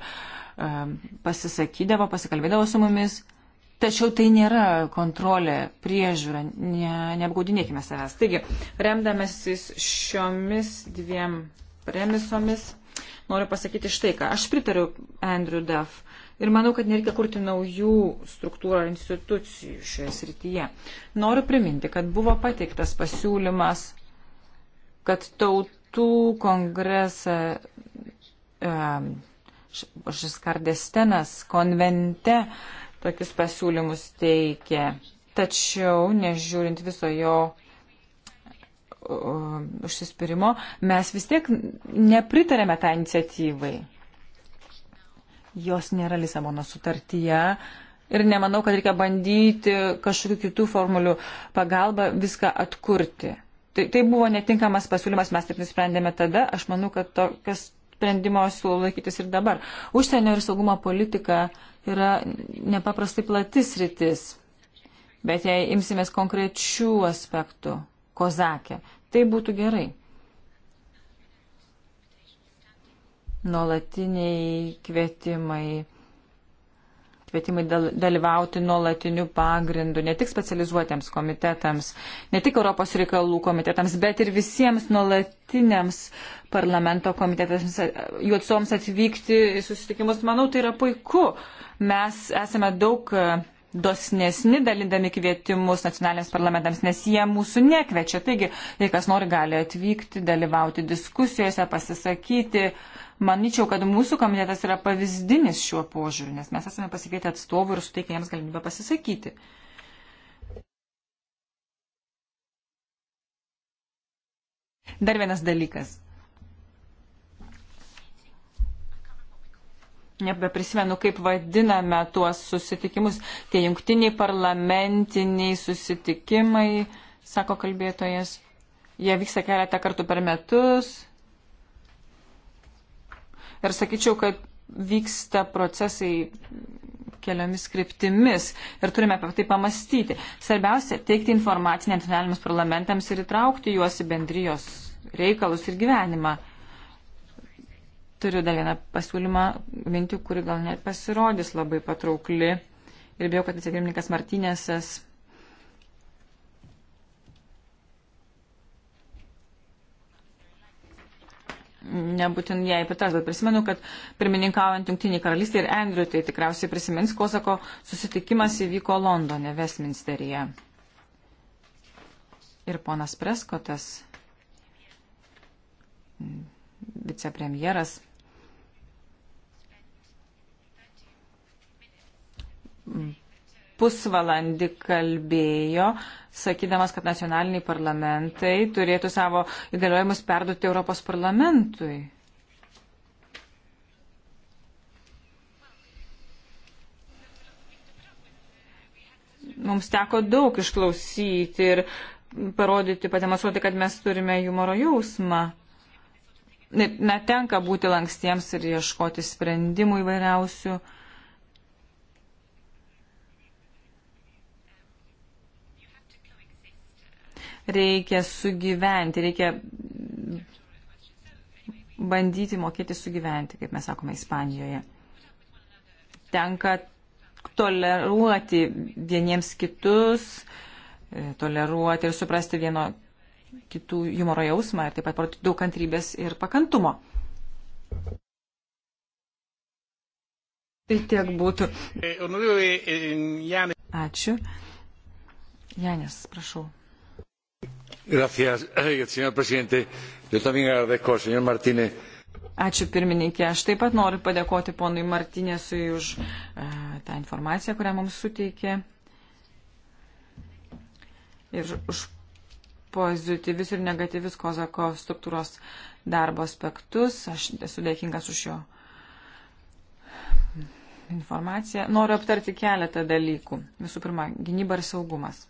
E, pasisakydavo, pasikalbėdavo su mumis, tačiau tai nėra kontrolė, priežiūra, ne, neapgaudinėkime savęs. Taigi, remdamasis šiomis dviem premisomis, noriu pasakyti štai ką. Aš pritariu Andrew Duff ir manau, kad nereikia kurti naujų struktūrų ar institucijų šioje srityje. Noriu priminti, kad buvo pateiktas pasiūlymas, kad tautų kongresą. Um, e, šis kardestenas konvente tokius pasiūlymus teikė. Tačiau, nežiūrint viso jo užsispyrimo, mes vis tiek nepritarėme tą tai iniciatyvai. Jos nėra Lisabono sutartyje ir nemanau, kad reikia bandyti kažkokių kitų formulių pagalba viską atkurti. Tai, tai buvo netinkamas pasiūlymas, mes taip nusprendėme tada. Aš manau, kad tokias sprendimo siūlau laikytis ir dabar. Užsienio ir saugumo politika yra nepaprastai platis rytis, bet jei imsimės konkrečių aspektų, kozakė, tai būtų gerai. Nuolatiniai kvietimai kvietimai dalyvauti nuolatiniu pagrindu, ne tik specializuotiems komitetams, ne tik Europos reikalų komitetams, bet ir visiems nuolatiniams parlamento komitetams, jų atstovams atvykti į susitikimus. Manau, tai yra puiku. Mes esame daug dosnesni dalindami kvietimus nacionaliniams parlamentams, nes jie mūsų nekvečia. Taigi, jei kas nori, gali atvykti, dalyvauti diskusijose, pasisakyti. Manyčiau, kad mūsų komitetas yra pavyzdinis šiuo požiūriu, nes mes esame pasikvietę atstovų ir suteikę jiems galimybę pasisakyti. Dar vienas dalykas. nebeprisimenu, kaip vadiname tuos susitikimus, tie jungtiniai parlamentiniai susitikimai, sako kalbėtojas. Jie vyksta keletą kartų per metus. Ir sakyčiau, kad vyksta procesai keliomis kryptimis ir turime apie tai pamastyti. Svarbiausia - teikti informaciją nacionaliniams parlamentams ir įtraukti juos į bendrijos reikalus ir gyvenimą. Turiu dar vieną pasiūlymą, mintį, kuri gal net pasirodys labai patraukli. Ir bijau, kad vicepirmininkas Martinėsas nebūtinai jai pritars, bet prisimenu, kad pirmininkaujant Junktiniai karalystė ir Andrew, tai tikriausiai prisimins, Kosako susitikimas įvyko Londone, Westminsteryje. Ir ponas Preskotas, vicepremjeras, pusvalandį kalbėjo, sakydamas, kad nacionaliniai parlamentai turėtų savo įgaliojimus perduoti Europos parlamentui. Mums teko daug išklausyti ir parodyti, pademonstruoti, kad mes turime humoro jausmą. Netenka būti lankstiems ir ieškoti sprendimų įvairiausių. reikia sugyventi, reikia bandyti mokėti sugyventi, kaip mes sakome Ispanijoje. Tenka toleruoti vieniems kitus, e, toleruoti ir suprasti vieno kitų humoro jausmą ir taip pat parodyti daug kantrybės ir pakantumo. Tai tiek būtų. Eh, eh, Ačiū. Janis, prašau. Gracias, señor presidente. Yo también agradezco al señor Martínez. Ačiū pirmininkė. Aš taip pat noriu padėkoti ponui Martinėsui už uh, tą informaciją, kurią mums suteikė. Ir už pozityvius ir negatyvius Kozako struktūros darbo aspektus. Aš esu dėkingas už jo informaciją. Noriu aptarti keletą dalykų. Visų pirma, gynyba ir saugumas.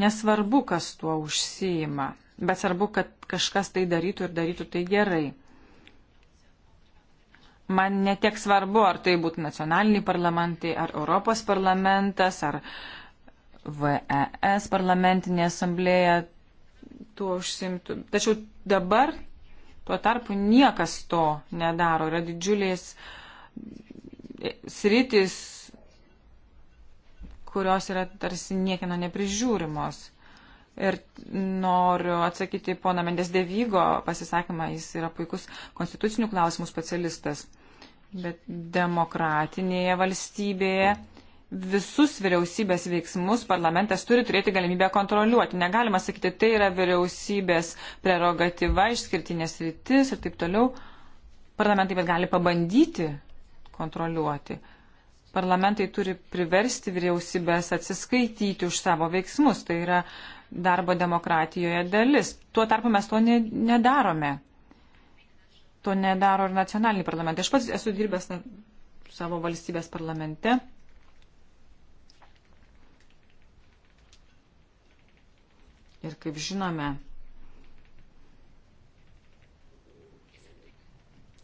Nesvarbu, kas tuo užsijima, bet svarbu, kad kažkas tai darytų ir darytų tai gerai. Man netiek svarbu, ar tai būtų nacionaliniai parlamentai, ar Europos parlamentas, ar VES parlamentinė asamblėja tuo užsimtų. Tačiau dabar tuo tarpu niekas to nedaro. Yra didžiulės sritis kurios yra tarsi niekino neprižiūrimos. Ir noriu atsakyti pono Mendes Devygo pasisakymą, jis yra puikus konstitucinių klausimų specialistas. Bet demokratinėje valstybėje visus vyriausybės veiksmus parlamentas turi turėti galimybę kontroliuoti. Negalima sakyti, tai yra vyriausybės prerogatyva, išskirtinės rytis ir taip toliau. Parlamentai bet gali pabandyti kontroliuoti parlamentai turi priversti vyriausybės atsiskaityti už savo veiksmus. Tai yra darbo demokratijoje dalis. Tuo tarpu mes to ne, nedarome. To nedaro ir nacionaliniai parlamentai. Aš pats esu dirbęs na, savo valstybės parlamente. Ir kaip žinome,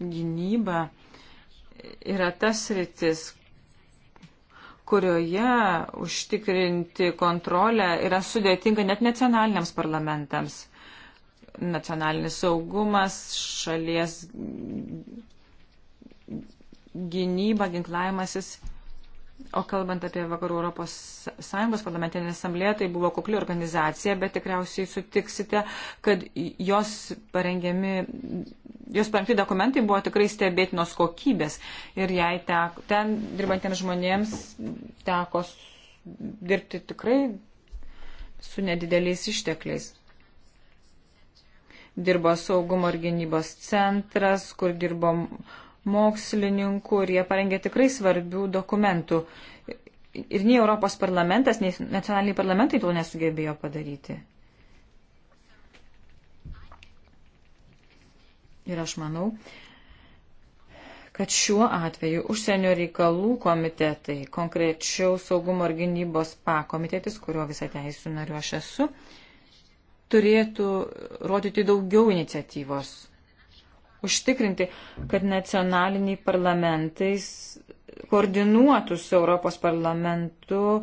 gynyba yra tas rytis, kurioje užtikrinti kontrolę yra sudėtinga net nacionaliniams parlamentams. Nacionalinis saugumas, šalies gynyba, ginklavimasis O kalbant apie Vakarų Europos Sąjungos parlamentinę asamblėją, tai buvo kukli organizacija, bet tikriausiai sutiksite, kad jos parengiami, jos parengti dokumentai buvo tikrai stebėtinos kokybės ir jai teko, ten dirbantiems žmonėms teko dirbti tikrai su nedideliais ištekliais. Dirbo saugumo ir gynybos centras, kur dirbom mokslininkų ir jie parengė tikrai svarbių dokumentų. Ir nei Europos parlamentas, nei nacionaliniai parlamentai to nesugebėjo padaryti. Ir aš manau, kad šiuo atveju užsienio reikalų komitetai, konkrečiau saugumo ir gynybos pakomitetis, kurio visą teisų nariu aš esu, turėtų rodyti daugiau iniciatyvos užtikrinti, kad nacionaliniai parlamentais koordinuotų su Europos parlamentu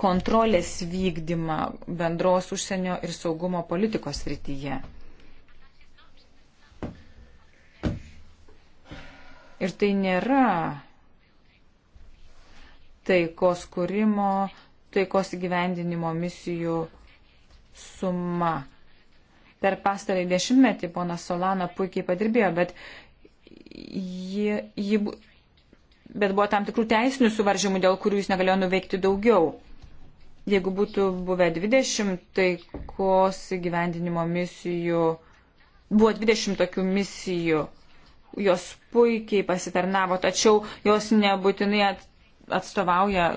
kontrolės vykdymą bendros užsienio ir saugumo politikos rytyje. Ir tai nėra taikos kūrimo, taikos įgyvendinimo misijų suma. Per pastarąjį dešimtmetį ponas Solana puikiai padirbėjo, bet, ji, ji, bet buvo tam tikrų teisinių suvaržymų, dėl kurių jis negalėjo nuveikti daugiau. Jeigu būtų buvę 20 taikos įgyvendinimo misijų, buvo 20 tokių misijų, jos puikiai pasitarnavo, tačiau jos nebūtinai at, atstovauja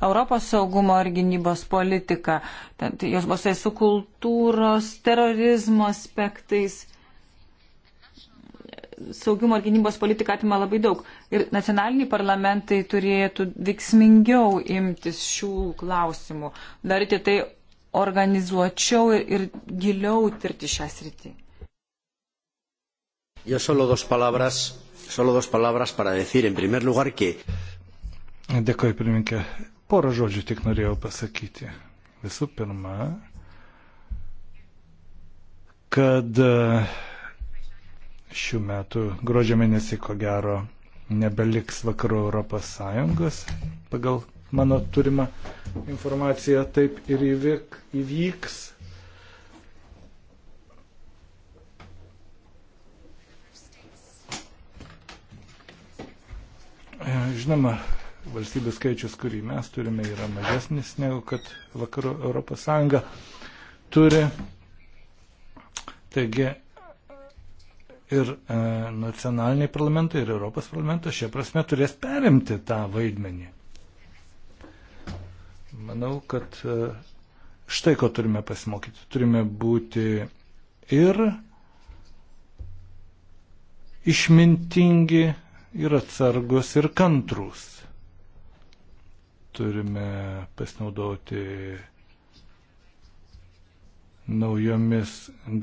Europos saugumo ir gynybos politika. Ten, tai jos bus su kultūros, terorizmo aspektais. Saugumo ir gynybos politika atima labai daug. Ir nacionaliniai parlamentai turėtų veiksmingiau imtis šių klausimų, daryti tai organizuočiau ir, ir giliau tirti šią sritį. Yo solo dos palabras, solo dos palabras para decir, en primer lugar, que. Dėkoju, pirmininkė. Porą žodžių tik norėjau pasakyti. Visų pirma, kad e, šių metų gruodžio mėnesį ko gero nebeliks vakarų Europos Sąjungos. Pagal mano turimą informaciją taip ir įvyk, įvyks. E, žinoma, valstybių skaičius, kurį mes turime, yra mažesnis negu kad vakarų Europos Sąjunga turi. Taigi ir e, nacionaliniai parlamentai, ir Europos parlamentas šia prasme turės perimti tą vaidmenį. Manau, kad e, štai ko turime pasimokyti. Turime būti ir išmintingi, ir atsargus, ir kantrus turime pasinaudoti naujomis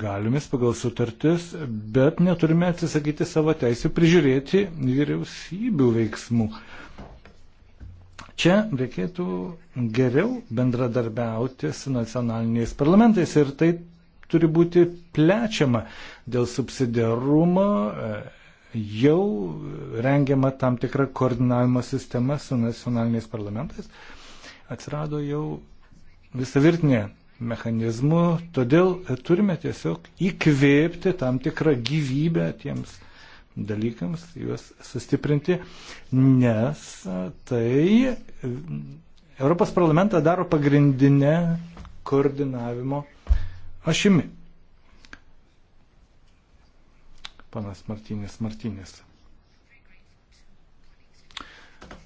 galiomis pagal sutartis, bet neturime atsisakyti savo teisę prižiūrėti vyriausybių veiksmų. Čia reikėtų geriau bendradarbiauti su nacionaliniais parlamentais ir tai turi būti plečiama dėl subsidiarumo jau rengiama tam tikra koordinavimo sistema su nacionaliniais parlamentais. Atsirado jau visavirtinė mechanizmų, todėl turime tiesiog įkvėpti tam tikrą gyvybę tiems dalykams, juos sustiprinti, nes tai Europos parlamentą daro pagrindinę koordinavimo ašimi. panas Martinis Martinis.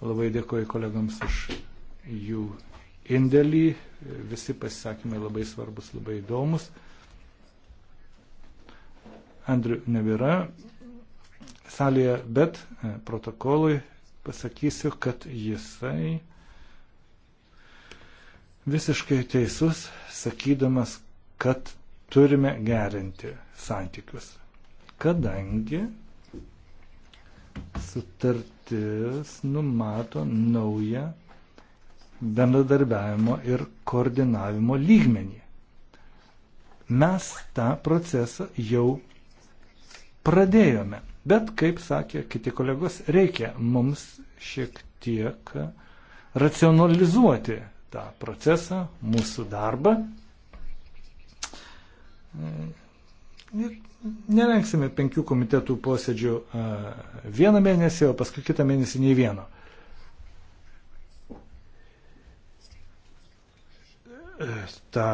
Labai dėkuoju kolegams už jų indėlį. Visi pasisakymai labai svarbus, labai įdomus. Andriu nebėra salėje, bet e, protokolui pasakysiu, kad jisai visiškai teisus, sakydamas, kad turime gerinti santykius kadangi sutartis numato naują bendradarbiavimo ir koordinavimo lygmenį. Mes tą procesą jau pradėjome. Bet, kaip sakė kiti kolegos, reikia mums šiek tiek racionalizuoti tą procesą, mūsų darbą nerengsime penkių komitetų posėdžių vieną mėnesį, o paskui kitą mėnesį nei vieno. Ta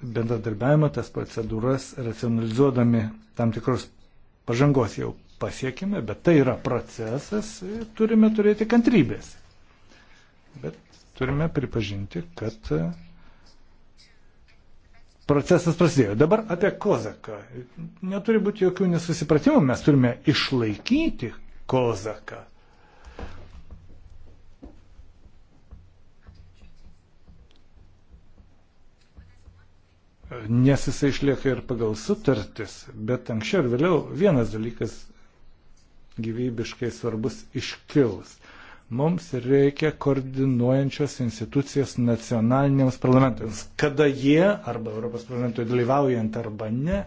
bendradarbiavimą, tas procedūras racionalizuodami tam tikros pažangos jau pasiekime, bet tai yra procesas, turime turėti kantrybės. Bet turime pripažinti, kad procesas prasidėjo. Dabar apie Kozaką. Neturi būti jokių nesusipratimų, mes turime išlaikyti Kozaką. Nes jisai išlieka ir pagal sutartis, bet anksčiau ir vėliau vienas dalykas gyvybiškai svarbus iškils. Mums reikia koordinuojančios institucijos nacionaliniams parlamentams, kada jie arba Europos parlamentui dalyvaujant arba ne,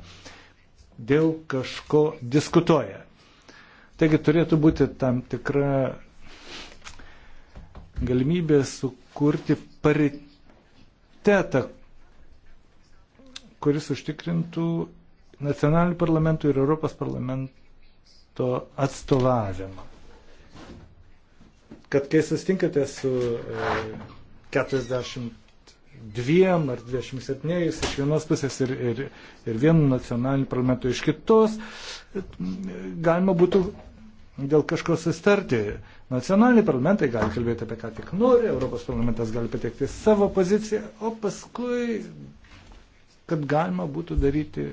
dėl kažko diskutuoja. Taigi turėtų būti tam tikra galimybė sukurti paritetą, kuris užtikrintų nacionalinių parlamentų ir Europos parlamento atstovavimą kad kai sustinkate su 42 e, ar 27 iš vienos pusės ir, ir, ir vienu nacionaliniu parlamentu iš kitos, e, galima būtų dėl kažko sustarti. Nacionaliniai parlamentai gali kalbėti apie ką tik nori, Europos parlamentas gali pateikti savo poziciją, o paskui, kad galima būtų daryti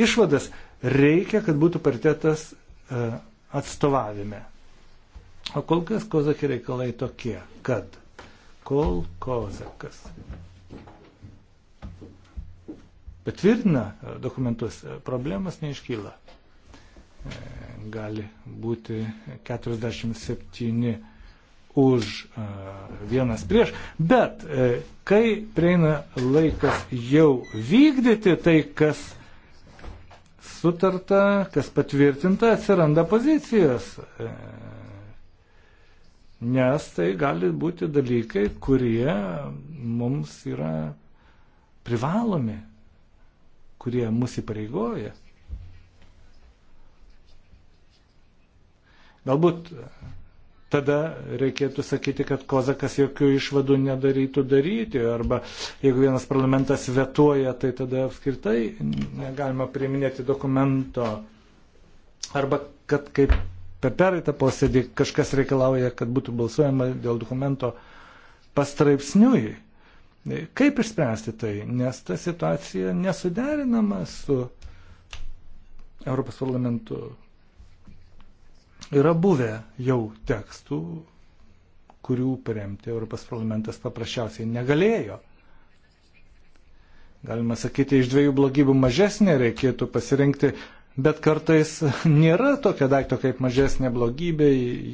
išvadas, reikia, kad būtų paritetas e, atstovavime. O kol kas kozakų reikalai tokie, kad kol kozakas patvirtina e, dokumentus, e, problemas neiškyla. E, gali būti 47 už vienas prieš, bet kai prieina laikas jau vykdyti tai, kas sutarta, kas patvirtinta, atsiranda pozicijos nes tai gali būti dalykai, kurie mums yra privalomi, kurie mus įpareigoja. Galbūt tada reikėtų sakyti, kad Kozakas jokių išvadų nedarytų daryti, arba jeigu vienas parlamentas vetuoja, tai tada apskritai negalima priminėti dokumento, arba kad kaip per pereitą posėdį kažkas reikalauja, kad būtų balsuojama dėl dokumento pastraipsniui. Kaip išspręsti tai? Nes ta situacija nesuderinama su Europos parlamentu. Yra buvę jau tekstų, kurių paremti Europos parlamentas paprasčiausiai negalėjo. Galima sakyti, iš dviejų blogybių mažesnė reikėtų pasirinkti bet kartais nėra tokio daikto kaip mažesnė blogybė,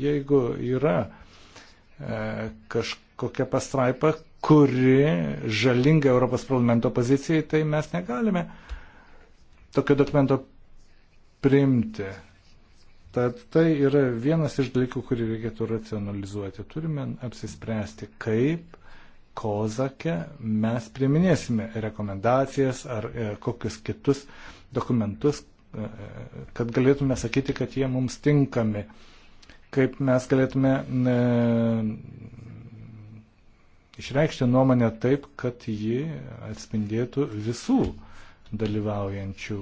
jeigu yra e, kažkokia pastraipa, kuri žalinga Europos parlamento pozicijai, tai mes negalime tokio dokumento priimti. Tad tai yra vienas iš dalykų, kurį reikėtų racionalizuoti. Turime apsispręsti, kaip Kozakė mes priminėsime rekomendacijas ar e, kokius kitus dokumentus, kad galėtume sakyti, kad jie mums tinkami, kaip mes galėtume ne, išreikšti nuomonę taip, kad ji atspindėtų visų dalyvaujančių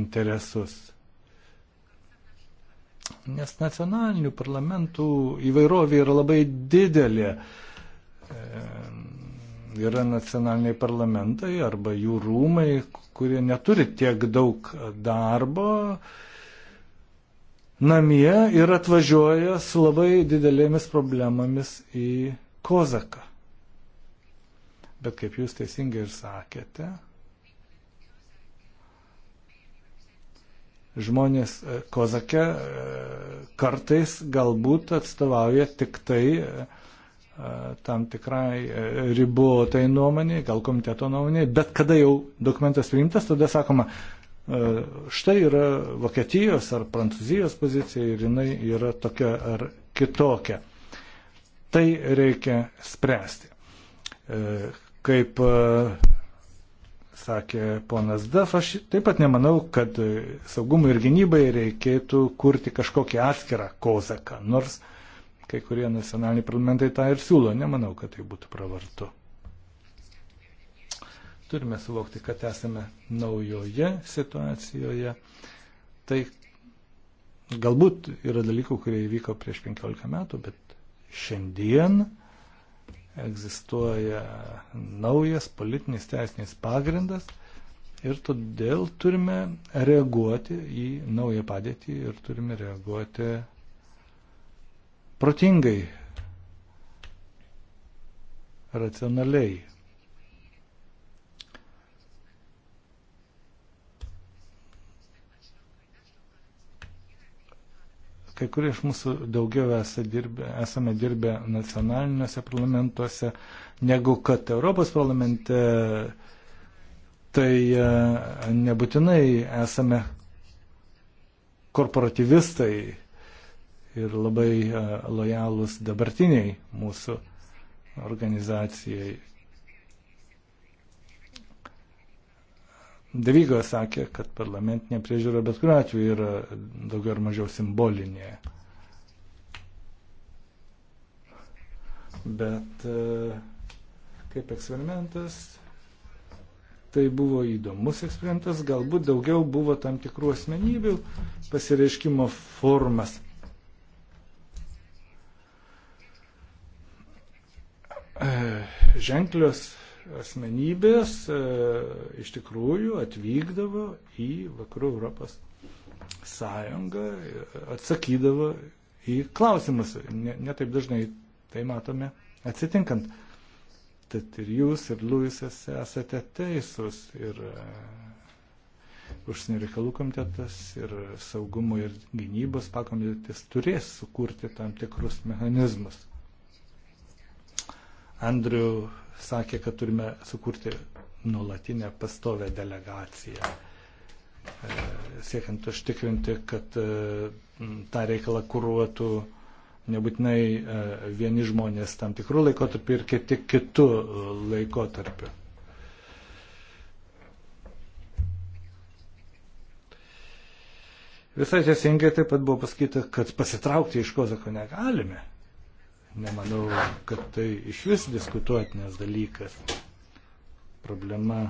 interesus. Nes nacionalinių parlamentų įvairovė yra labai didelė. E, yra nacionaliniai parlamentai arba jų rūmai, kurie neturi tiek daug darbo namie ir atvažiuoja su labai didelėmis problemomis į Kozaką. Bet kaip jūs teisingai ir sakėte, žmonės e, Kozake e, kartais galbūt atstovauja tik tai e, tam tikrai e, ribotai nuomonė, gal komiteto nuomonė, bet kada jau dokumentas priimtas, tada sakoma, e, štai yra Vokietijos ar Prancūzijos pozicija ir jinai yra tokia ar kitokia. Tai reikia spręsti. E, kaip sakė ponas Daf, aš taip pat nemanau, kad saugumui ir gynybai reikėtų kurti kažkokį atskirą kozaką, nors uh, Kai kurie nacionaliniai parlamentai tą ir siūlo, nemanau, kad tai būtų pravartu. Turime suvokti, kad esame naujoje situacijoje. Tai galbūt yra dalykų, kurie įvyko prieš 15 metų, bet šiandien egzistuoja naujas politinis teisinis pagrindas ir todėl turime reaguoti į naują padėtį ir turime reaguoti protingai, racionaliai. Kai kurie iš mūsų daugiau dirbę, esame dirbę nacionaliniuose parlamentuose negu kad Europos parlamente, tai e, nebūtinai esame korporatyvistai ir labai e, lojalūs dabartiniai mūsų organizacijai. Devygo sakė, kad parlamentinė priežiūra bet kuriuo atveju yra daugiau ar mažiau simbolinė. Bet e, kaip eksperimentas, tai buvo įdomus eksperimentas, galbūt daugiau buvo tam tikrų asmenybių pasireiškimo formas. E, ženklios asmenybės e, iš tikrųjų atvykdavo į Vakarų Europos sąjungą, atsakydavo į klausimus. Netaip ne dažnai tai matome atsitinkant. Tad ir jūs, ir Luisas esate teisūs, ir e, užsienio reikalų komitetas, ir saugumo ir gynybos pakomitetis turės sukurti tam tikrus mechanizmus. Andrew sakė, kad turime sukurti nuolatinę pastovę delegaciją, e, siekiant užtikrinti, kad e, tą reikalą kūruotų nebūtinai e, vieni žmonės tam tikrų laikotarpių ir kiti kitų laikotarpių. Visai tiesingai taip pat buvo pasakyta, kad pasitraukti iš kozako negalime. Nemanau, kad tai iš vis diskutuotinas dalykas. Problema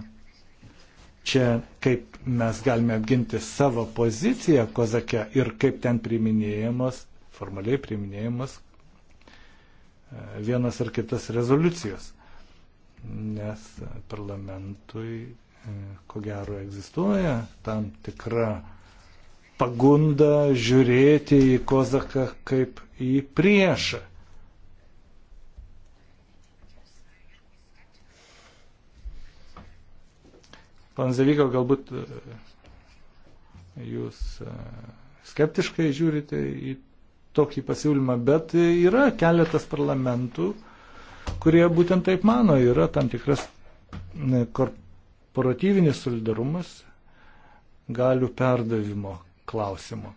čia, kaip mes galime apginti savo poziciją Kozake ir kaip ten priminėjamos, formaliai priminėjamos e, vienas ar kitas rezoliucijos. Nes parlamentui, e, ko gero, egzistuoja tam tikra pagunda žiūrėti į Kozaką kaip į priešą. Panas Zavyko, galbūt e, jūs e, skeptiškai žiūrite į tokį pasiūlymą, bet yra keletas parlamentų, kurie būtent taip mano, yra tam tikras e, korporatyvinis solidarumas galių perdavimo klausimo.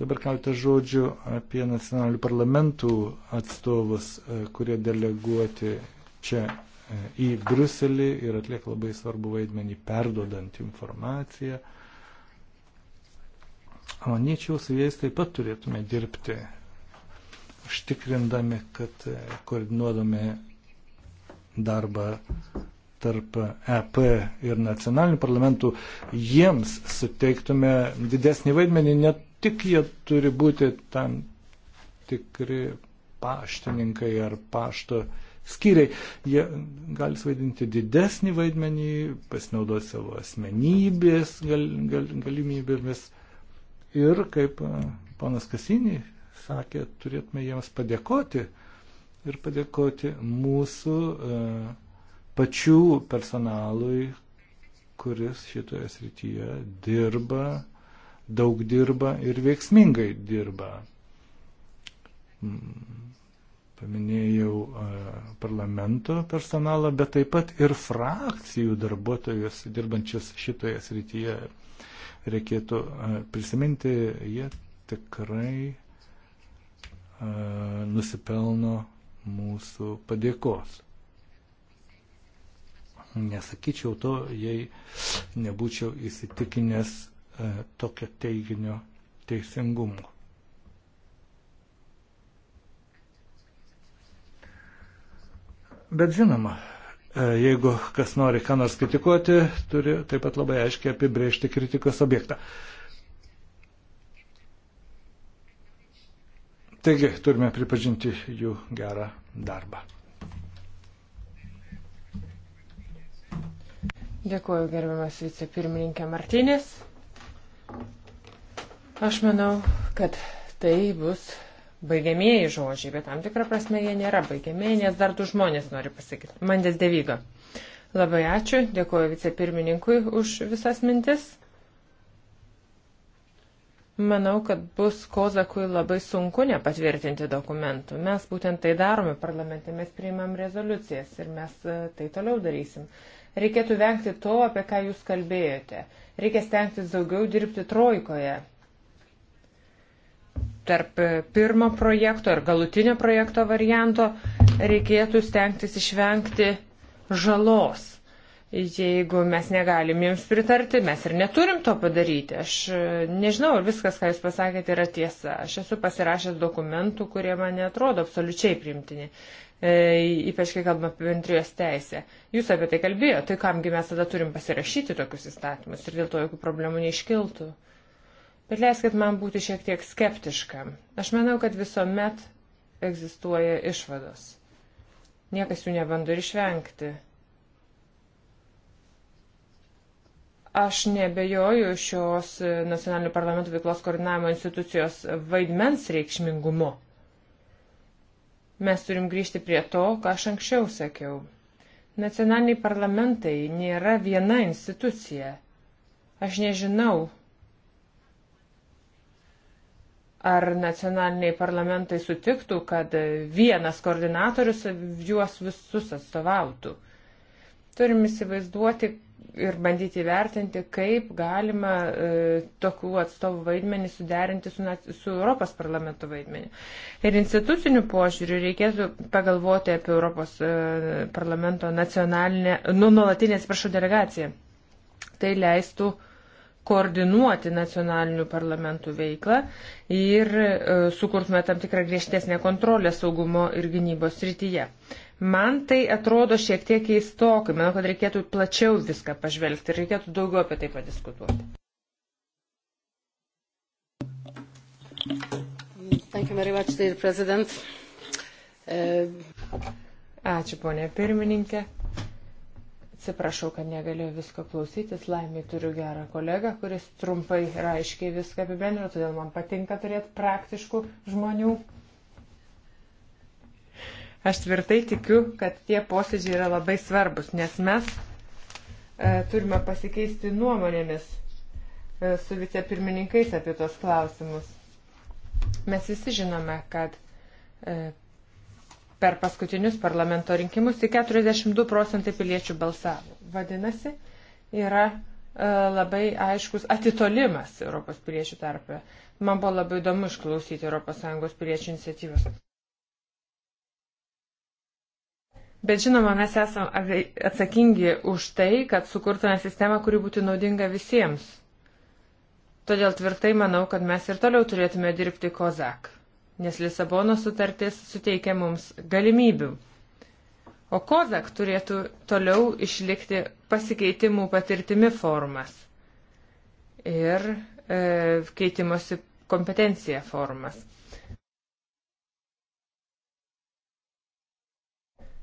Dabar keletą žodžių apie nacionalinių parlamentų atstovus, kurie deleguoti čia E, į Bruselį ir atlieka labai svarbu vaidmenį perdodant informaciją. Manyčiau, su jais taip pat turėtume dirbti, užtikrindami, kad e, koordinuodami darbą tarp EP ir nacionalinių parlamentų, jiems suteiktume didesnį vaidmenį, ne tik jie turi būti tam tikri paštininkai ar pašto uh, skyriai, jie gali suvaidinti didesnį vaidmenį, pasinaudoti savo asmenybės gal, gal, galimybėmis. Ir kaip e, ponas Kasinį sakė, turėtume jiems padėkoti ir padėkoti mūsų e, pačių personalui, kuris šitoje srityje dirba, daug dirba ir veiksmingai dirba mm paminėjau parlamento personalą, bet taip pat ir frakcijų darbuotojus dirbančius šitoje srityje reikėtų prisiminti, jie tikrai nusipelno mūsų padėkos. Nesakyčiau to, jei nebūčiau įsitikinęs tokio teiginio teisingumo. Bet žinoma, e, jeigu kas nori ką nors kritikuoti, turi taip pat labai aiškiai apibrėžti kritikos objektą. Taigi, turime pripažinti jų gerą darbą. Dėkuoju, gerbiamas vicepirmininkė Martinės. Aš manau, kad tai bus baigiamieji žodžiai, bet tam tikrą prasme jie nėra baigiamieji, nes dar du žmonės nori pasakyti. Mandės devyga. Labai ačiū, dėkuoju vicepirmininkui už visas mintis. Manau, kad bus Kozakui labai sunku nepatvirtinti dokumentų. Mes būtent tai darome parlamente, mes priimam rezoliucijas ir mes e, tai toliau darysim. Reikėtų vengti to, apie ką jūs kalbėjote. Reikia stengtis daugiau dirbti trojkoje, tarp pirmo projekto ir galutinio projekto varianto reikėtų stengtis išvengti žalos. Jeigu mes negalim jums pritarti, mes ir neturim to padaryti. Aš e, nežinau, ar viskas, ką jūs pasakėte, yra tiesa. Aš esu pasirašęs dokumentų, kurie man netrodo absoliučiai primtini, e, ypač kai kalbame apie bendrijos teisę. Jūs apie tai kalbėjote, tai kamgi mes tada turim pasirašyti tokius įstatymus ir dėl to jokių problemų neiškiltų. E, Bet leiskit man būti šiek tiek skeptiškam. Aš manau, kad visuomet egzistuoja išvados. Niekas jų nebando ir išvengti. Aš nebejoju šios nacionalinių parlamentų veiklos koordinavimo institucijos vaidmens reikšmingumu. Mes turim grįžti prie to, ką aš anksčiau sakiau. Nacionaliniai parlamentai nėra viena institucija. Aš nežinau, ar nacionaliniai parlamentai sutiktų, kad vienas koordinatorius juos visus atstovautų. Turim įsivaizduoti ir bandyti įvertinti, kaip galima e, tokių atstovų vaidmenį suderinti su, su Europos parlamento vaidmenį. Ir institucinių požiūrių reikėtų pagalvoti apie Europos e, parlamento nacionalinę, nu, nuolatinę, atsiprašau, delegaciją. Tai leistų e, koordinuoti nacionalinių parlamentų veiklą ir e, sukurtume tam tikrą griežtesnę kontrolę saugumo ir gynybos srityje. Man tai atrodo šiek tiek keistokai, manau, kad reikėtų plačiau viską pažvelgti ir reikėtų daugiau apie tai padiskutuoti. Much, uh... Ačiū, ponė pirmininkė. Atsiprašau, kad negalėjau visko klausytis. Laimiai turiu gerą kolegą, kuris trumpai ir aiškiai viską apibendrino, todėl man patinka turėti praktiškų žmonių. Aš tvirtai tikiu, kad tie posėdžiai yra labai svarbus, nes mes e, turime pasikeisti nuomonėmis e, su vicepirmininkais apie tos klausimus. Mes visi žinome, kad e, per paskutinius parlamento rinkimus tik 42 procentai piliečių balsavo. Vadinasi, yra e, labai aiškus atitolimas Europos piliečių tarpe. Man buvo labai įdomu išklausyti ES piliečių iniciatyvos. Bet žinoma, mes esame atsakingi už tai, kad sukurtume sistemą, kuri būtų naudinga visiems. Todėl tvirtai manau, kad mes ir toliau turėtume dirbti kozak nes Lisabono sutartis suteikia mums galimybių. O Kozak turėtų toliau išlikti pasikeitimų patirtimi formas ir e, keitimosi kompetencija formas.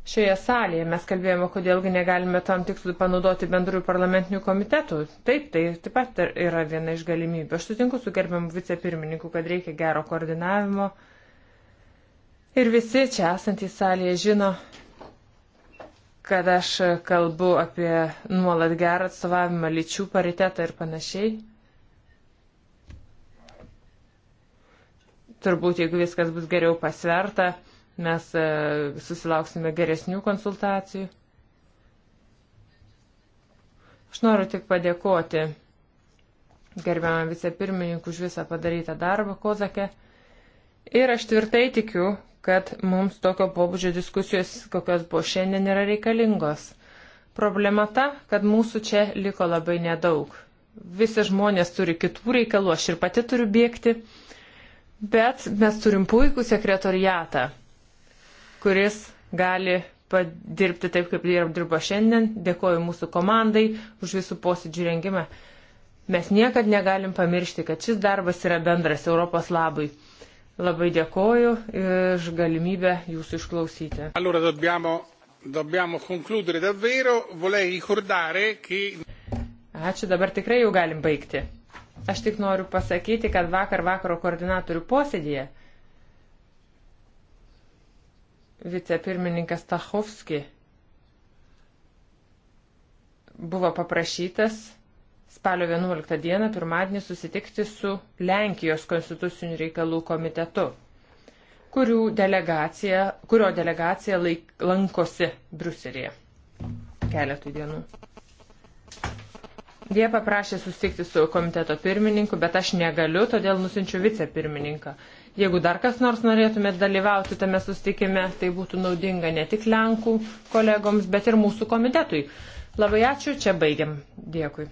šioje salėje. Mes kalbėjome, kodėlgi negalime tam tikslui panaudoti bendrųjų parlamentinių komitetų. Taip, tai taip pat yra viena iš galimybių. Aš sutinku su gerbiamu vicepirmininku, kad reikia gero koordinavimo. Ir visi čia esantys salėje žino, kad aš kalbu apie nuolat gerą atstovavimą, lyčių paritetą ir panašiai. Turbūt, jeigu viskas bus geriau pasverta, mes e, susilauksime geresnių konsultacijų. Aš noriu tik padėkoti gerbiamą vicepirmininkų už visą padarytą darbą Kozakė. Ir aš tvirtai tikiu, kad mums tokio pobūdžio diskusijos, kokios buvo šiandien, yra reikalingos. Problema ta, kad mūsų čia liko labai nedaug. Visi žmonės turi kitų reikalų, aš ir pati turiu bėgti, bet mes turim puikų sekretoriatą kuris gali padirbti taip, kaip dirba šiandien. Dėkoju mūsų komandai už visų posėdžių rengimą. Mes niekad negalim pamiršti, kad šis darbas yra bendras Europos labui. Labai dėkoju už galimybę jūsų išklausyti. Allora, dobbiamo, dobbiamo concludere davvero. Volei ricordare che... Ačiū, dabar tikrai jau galim baigti. Aš tik noriu pasakyti, kad vakar vakaro koordinatorių posėdėje vicepirmininkas Tachovski buvo paprašytas spalio 11 dieną pirmadienį susitikti su Lenkijos konstitucinių reikalų komitetu, delegacija, kurio delegacija laik, lankosi Bruselėje keletui dienų. Jie paprašė susitikti su komiteto pirmininku, bet aš negaliu, todėl nusinčiu vicepirmininką. Jeigu dar kas nors norėtumėt dalyvauti tame sustikime, tai būtų naudinga ne tik Lenkų kolegoms, bet ir mūsų komitetui. Labai ačiū, čia baigiam. Dėkui.